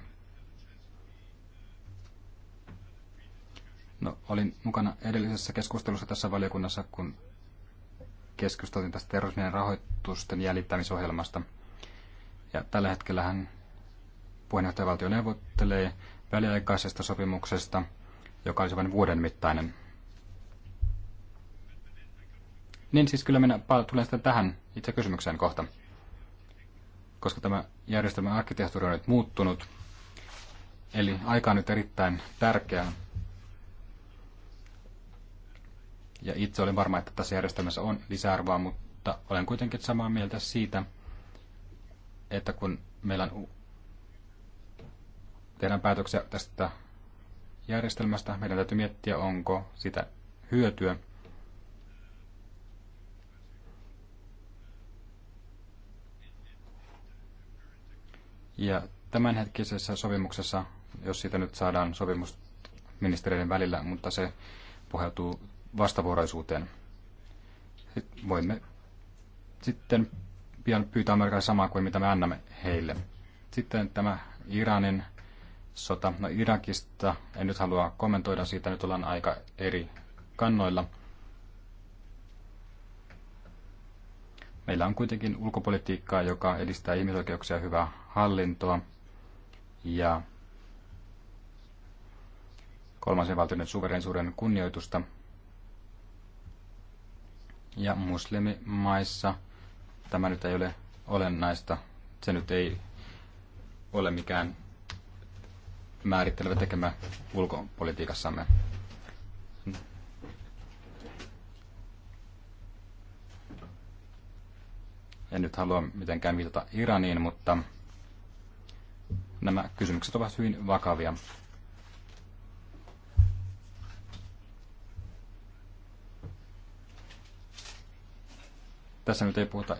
No, olin mukana edellisessä keskustelussa tässä valiokunnassa, kun keskusteltiin tästä terrorismien rahoitusten jäljittämisohjelmasta. Ja tällä hetkellähän puheenjohtajavaltio neuvottelee väliaikaisesta sopimuksesta, joka olisi vain vuoden mittainen. Niin siis kyllä minä tulen sitten tähän itse kysymykseen kohta. Koska tämä järjestelmän arkkitehtuuri on nyt muuttunut, eli aika on nyt erittäin tärkeää. Ja itse olen varma, että tässä järjestelmässä on lisäarvoa, mutta olen kuitenkin samaa mieltä siitä, että kun meillä on tehdään päätöksiä tästä järjestelmästä, meidän täytyy miettiä, onko sitä hyötyä – Ja tämänhetkisessä sopimuksessa, jos siitä nyt saadaan sopimus ministeriöiden välillä, mutta se pohjautuu vastavuoroisuuteen. Sitten voimme sitten pian pyytää Amerikalle samaa kuin mitä me annamme heille. Sitten tämä Iranin sota. No Irakista en nyt halua kommentoida, siitä nyt ollaan aika eri kannoilla. Meillä on kuitenkin ulkopolitiikkaa, joka edistää ihmisoikeuksia ja hyvää hallintoa ja kolmansien valtioiden suverensuuden kunnioitusta. Ja muslimimaissa tämä nyt ei ole olennaista. Se nyt ei ole mikään määrittelevä tekemä ulkopolitiikassamme. En nyt halua mitenkään viitata Iraniin, mutta Nämä kysymykset ovat hyvin vakavia. Tässä nyt ei puhuta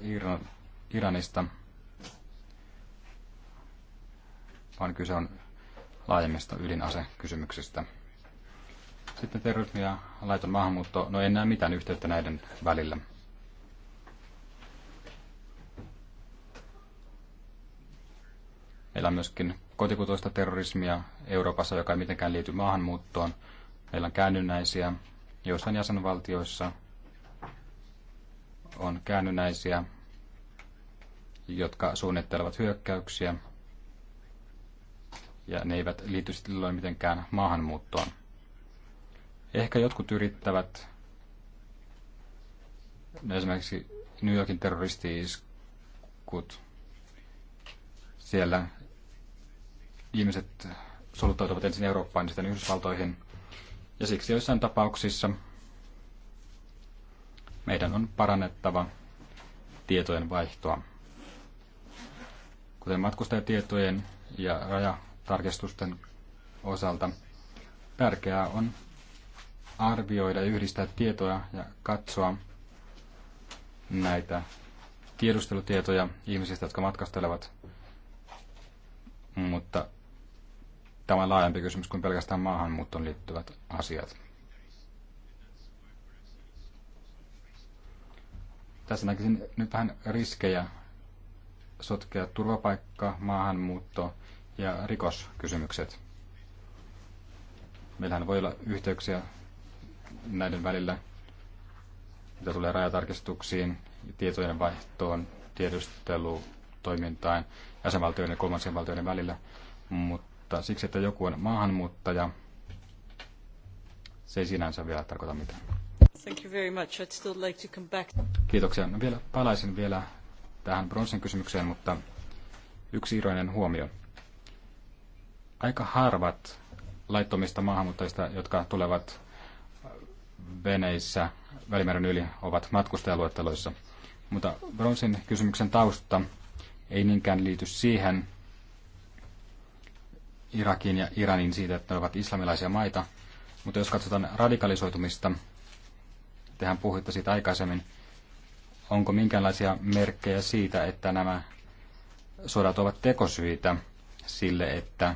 Iranista, vaan kyse on laajemmista ydinasekysymyksistä. Sitten terrorismi ja laiton maahanmuutto, no ei näe mitään yhteyttä näiden välillä. Meillä on myöskin kotikutoista terrorismia Euroopassa, joka ei mitenkään liity maahanmuuttoon. Meillä on käännynnäisiä. Joissain jäsenvaltioissa on käännynnäisiä, jotka suunnittelevat hyökkäyksiä, ja ne eivät liity silloin mitenkään maahanmuuttoon. Ehkä jotkut yrittävät no esimerkiksi New Yorkin terroristi-iskut. Siellä ihmiset soluttautuvat ensin Eurooppaan ja sitten Yhdysvaltoihin. Ja siksi joissain tapauksissa meidän on parannettava tietojen vaihtoa. Kuten matkustajatietojen ja rajatarkistusten osalta, tärkeää on arvioida ja yhdistää tietoja ja katsoa näitä tiedustelutietoja ihmisistä, jotka matkastelevat. Mutta tämä on laajempi kysymys kuin pelkästään maahanmuuttoon liittyvät asiat. Tässä näkisin nyt vähän riskejä sotkea turvapaikka, maahanmuutto ja rikoskysymykset. Meillähän voi olla yhteyksiä näiden välillä, mitä tulee rajatarkistuksiin, tietojen vaihtoon, tiedustelutoimintaan, jäsenvaltioiden ja kolmansien valtioiden välillä, mutta mutta siksi, että joku on maahanmuuttaja, se ei sinänsä vielä tarkoita mitään. Thank you very much. I'd still like to come back. Kiitoksia. No vielä, palaisin vielä tähän Bronsin kysymykseen, mutta yksi iroinen huomio. Aika harvat laittomista maahanmuuttajista, jotka tulevat veneissä Välimeren yli, ovat matkustajaluetteloissa. Mutta Bronsin kysymyksen tausta ei niinkään liity siihen, Irakin ja Iranin siitä, että ne ovat islamilaisia maita. Mutta jos katsotaan radikalisoitumista, tehän puhuitte siitä aikaisemmin, onko minkäänlaisia merkkejä siitä, että nämä sodat ovat tekosyitä sille, että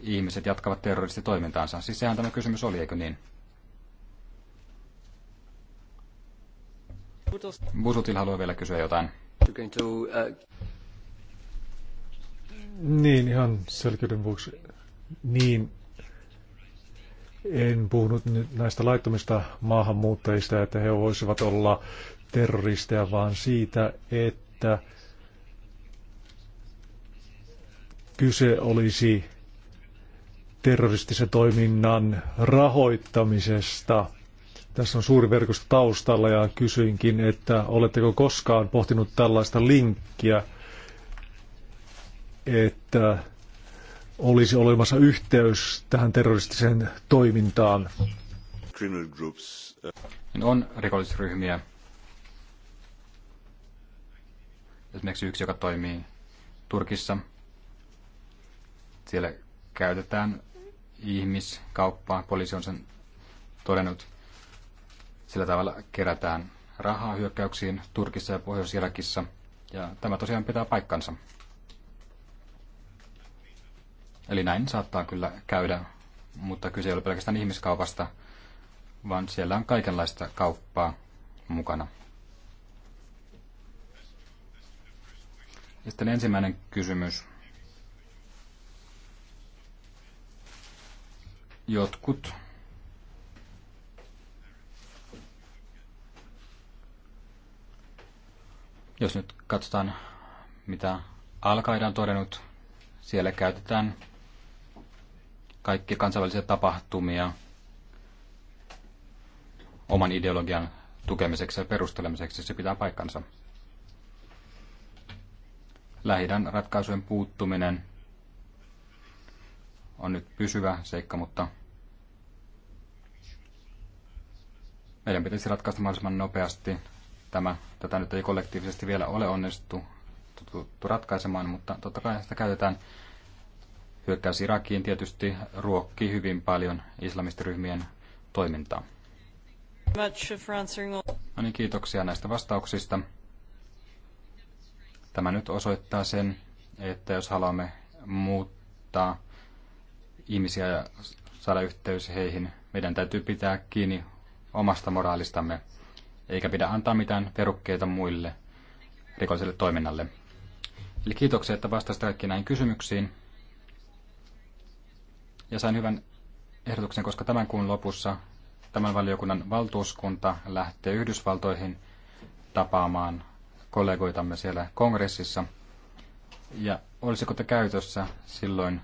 ihmiset jatkavat terroristitoimintaansa? Siis sehän tämä kysymys oli, eikö niin? Busutil haluaa vielä kysyä jotain. Niin, ihan selkeyden vuoksi. Niin, en puhunut nyt näistä laittomista maahanmuuttajista, että he voisivat olla terroristeja, vaan siitä, että kyse olisi terroristisen toiminnan rahoittamisesta. Tässä on suuri verkosto taustalla ja kysyinkin, että oletteko koskaan pohtinut tällaista linkkiä – että olisi olemassa yhteys tähän terroristiseen toimintaan. Niin on rikollisryhmiä, esimerkiksi yksi, joka toimii Turkissa. Siellä käytetään ihmiskauppaa, poliisi on sen todennut. Sillä tavalla kerätään rahaa hyökkäyksiin Turkissa ja Pohjois-Irakissa. Ja tämä tosiaan pitää paikkansa. Eli näin saattaa kyllä käydä, mutta kyse ei ole pelkästään ihmiskaupasta, vaan siellä on kaikenlaista kauppaa mukana. Ja sitten ensimmäinen kysymys. Jotkut Jos nyt katsotaan, mitä al on todennut, siellä käytetään kaikki kansainvälisiä tapahtumia oman ideologian tukemiseksi ja perustelemiseksi, se pitää paikkansa. Lähidän ratkaisujen puuttuminen on nyt pysyvä seikka, mutta meidän pitäisi ratkaista mahdollisimman nopeasti. Tämä, tätä nyt ei kollektiivisesti vielä ole onnistuttu ratkaisemaan, mutta totta kai sitä käytetään Hyökkäys Irakiin tietysti ruokki hyvin paljon islamistiryhmien toimintaa. No niin, kiitoksia näistä vastauksista. Tämä nyt osoittaa sen, että jos haluamme muuttaa ihmisiä ja saada yhteys heihin, meidän täytyy pitää kiinni omasta moraalistamme, eikä pidä antaa mitään verukkeita muille rikolliselle toiminnalle. Eli kiitoksia, että vastasit kaikki näihin kysymyksiin. Ja sain hyvän ehdotuksen, koska tämän kuun lopussa tämän valiokunnan valtuuskunta lähtee Yhdysvaltoihin tapaamaan kollegoitamme siellä kongressissa. Ja olisiko te käytössä silloin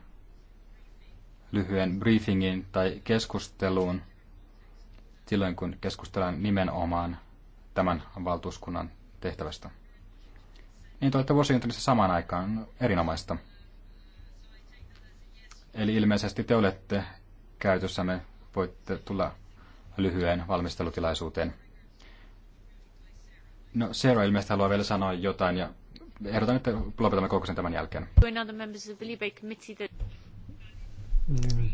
lyhyen briefingin tai keskusteluun silloin, kun keskustellaan nimenomaan tämän valtuuskunnan tehtävästä? Niin te olette Washingtonissa samaan aikaan erinomaista. Eli ilmeisesti te olette käytössämme, voitte tulla lyhyen valmistelutilaisuuteen. No, Sarah ilmeisesti haluaa vielä sanoa jotain ja ehdotan, että lopetamme sen tämän jälkeen.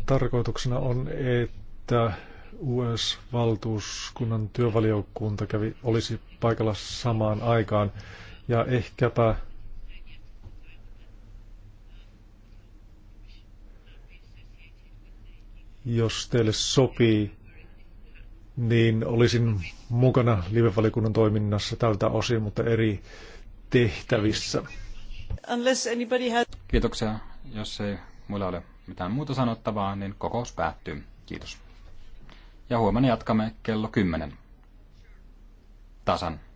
Tarkoituksena on, että US-valtuuskunnan työvaliokunta kävi, olisi paikalla samaan aikaan ja ehkäpä Jos teille sopii, niin olisin mukana live-valikunnan toiminnassa tältä osin, mutta eri tehtävissä. Kiitoksia. Jos ei muilla ole mitään muuta sanottavaa, niin kokous päättyy. Kiitos. Ja huomenna jatkamme kello 10. Tasan.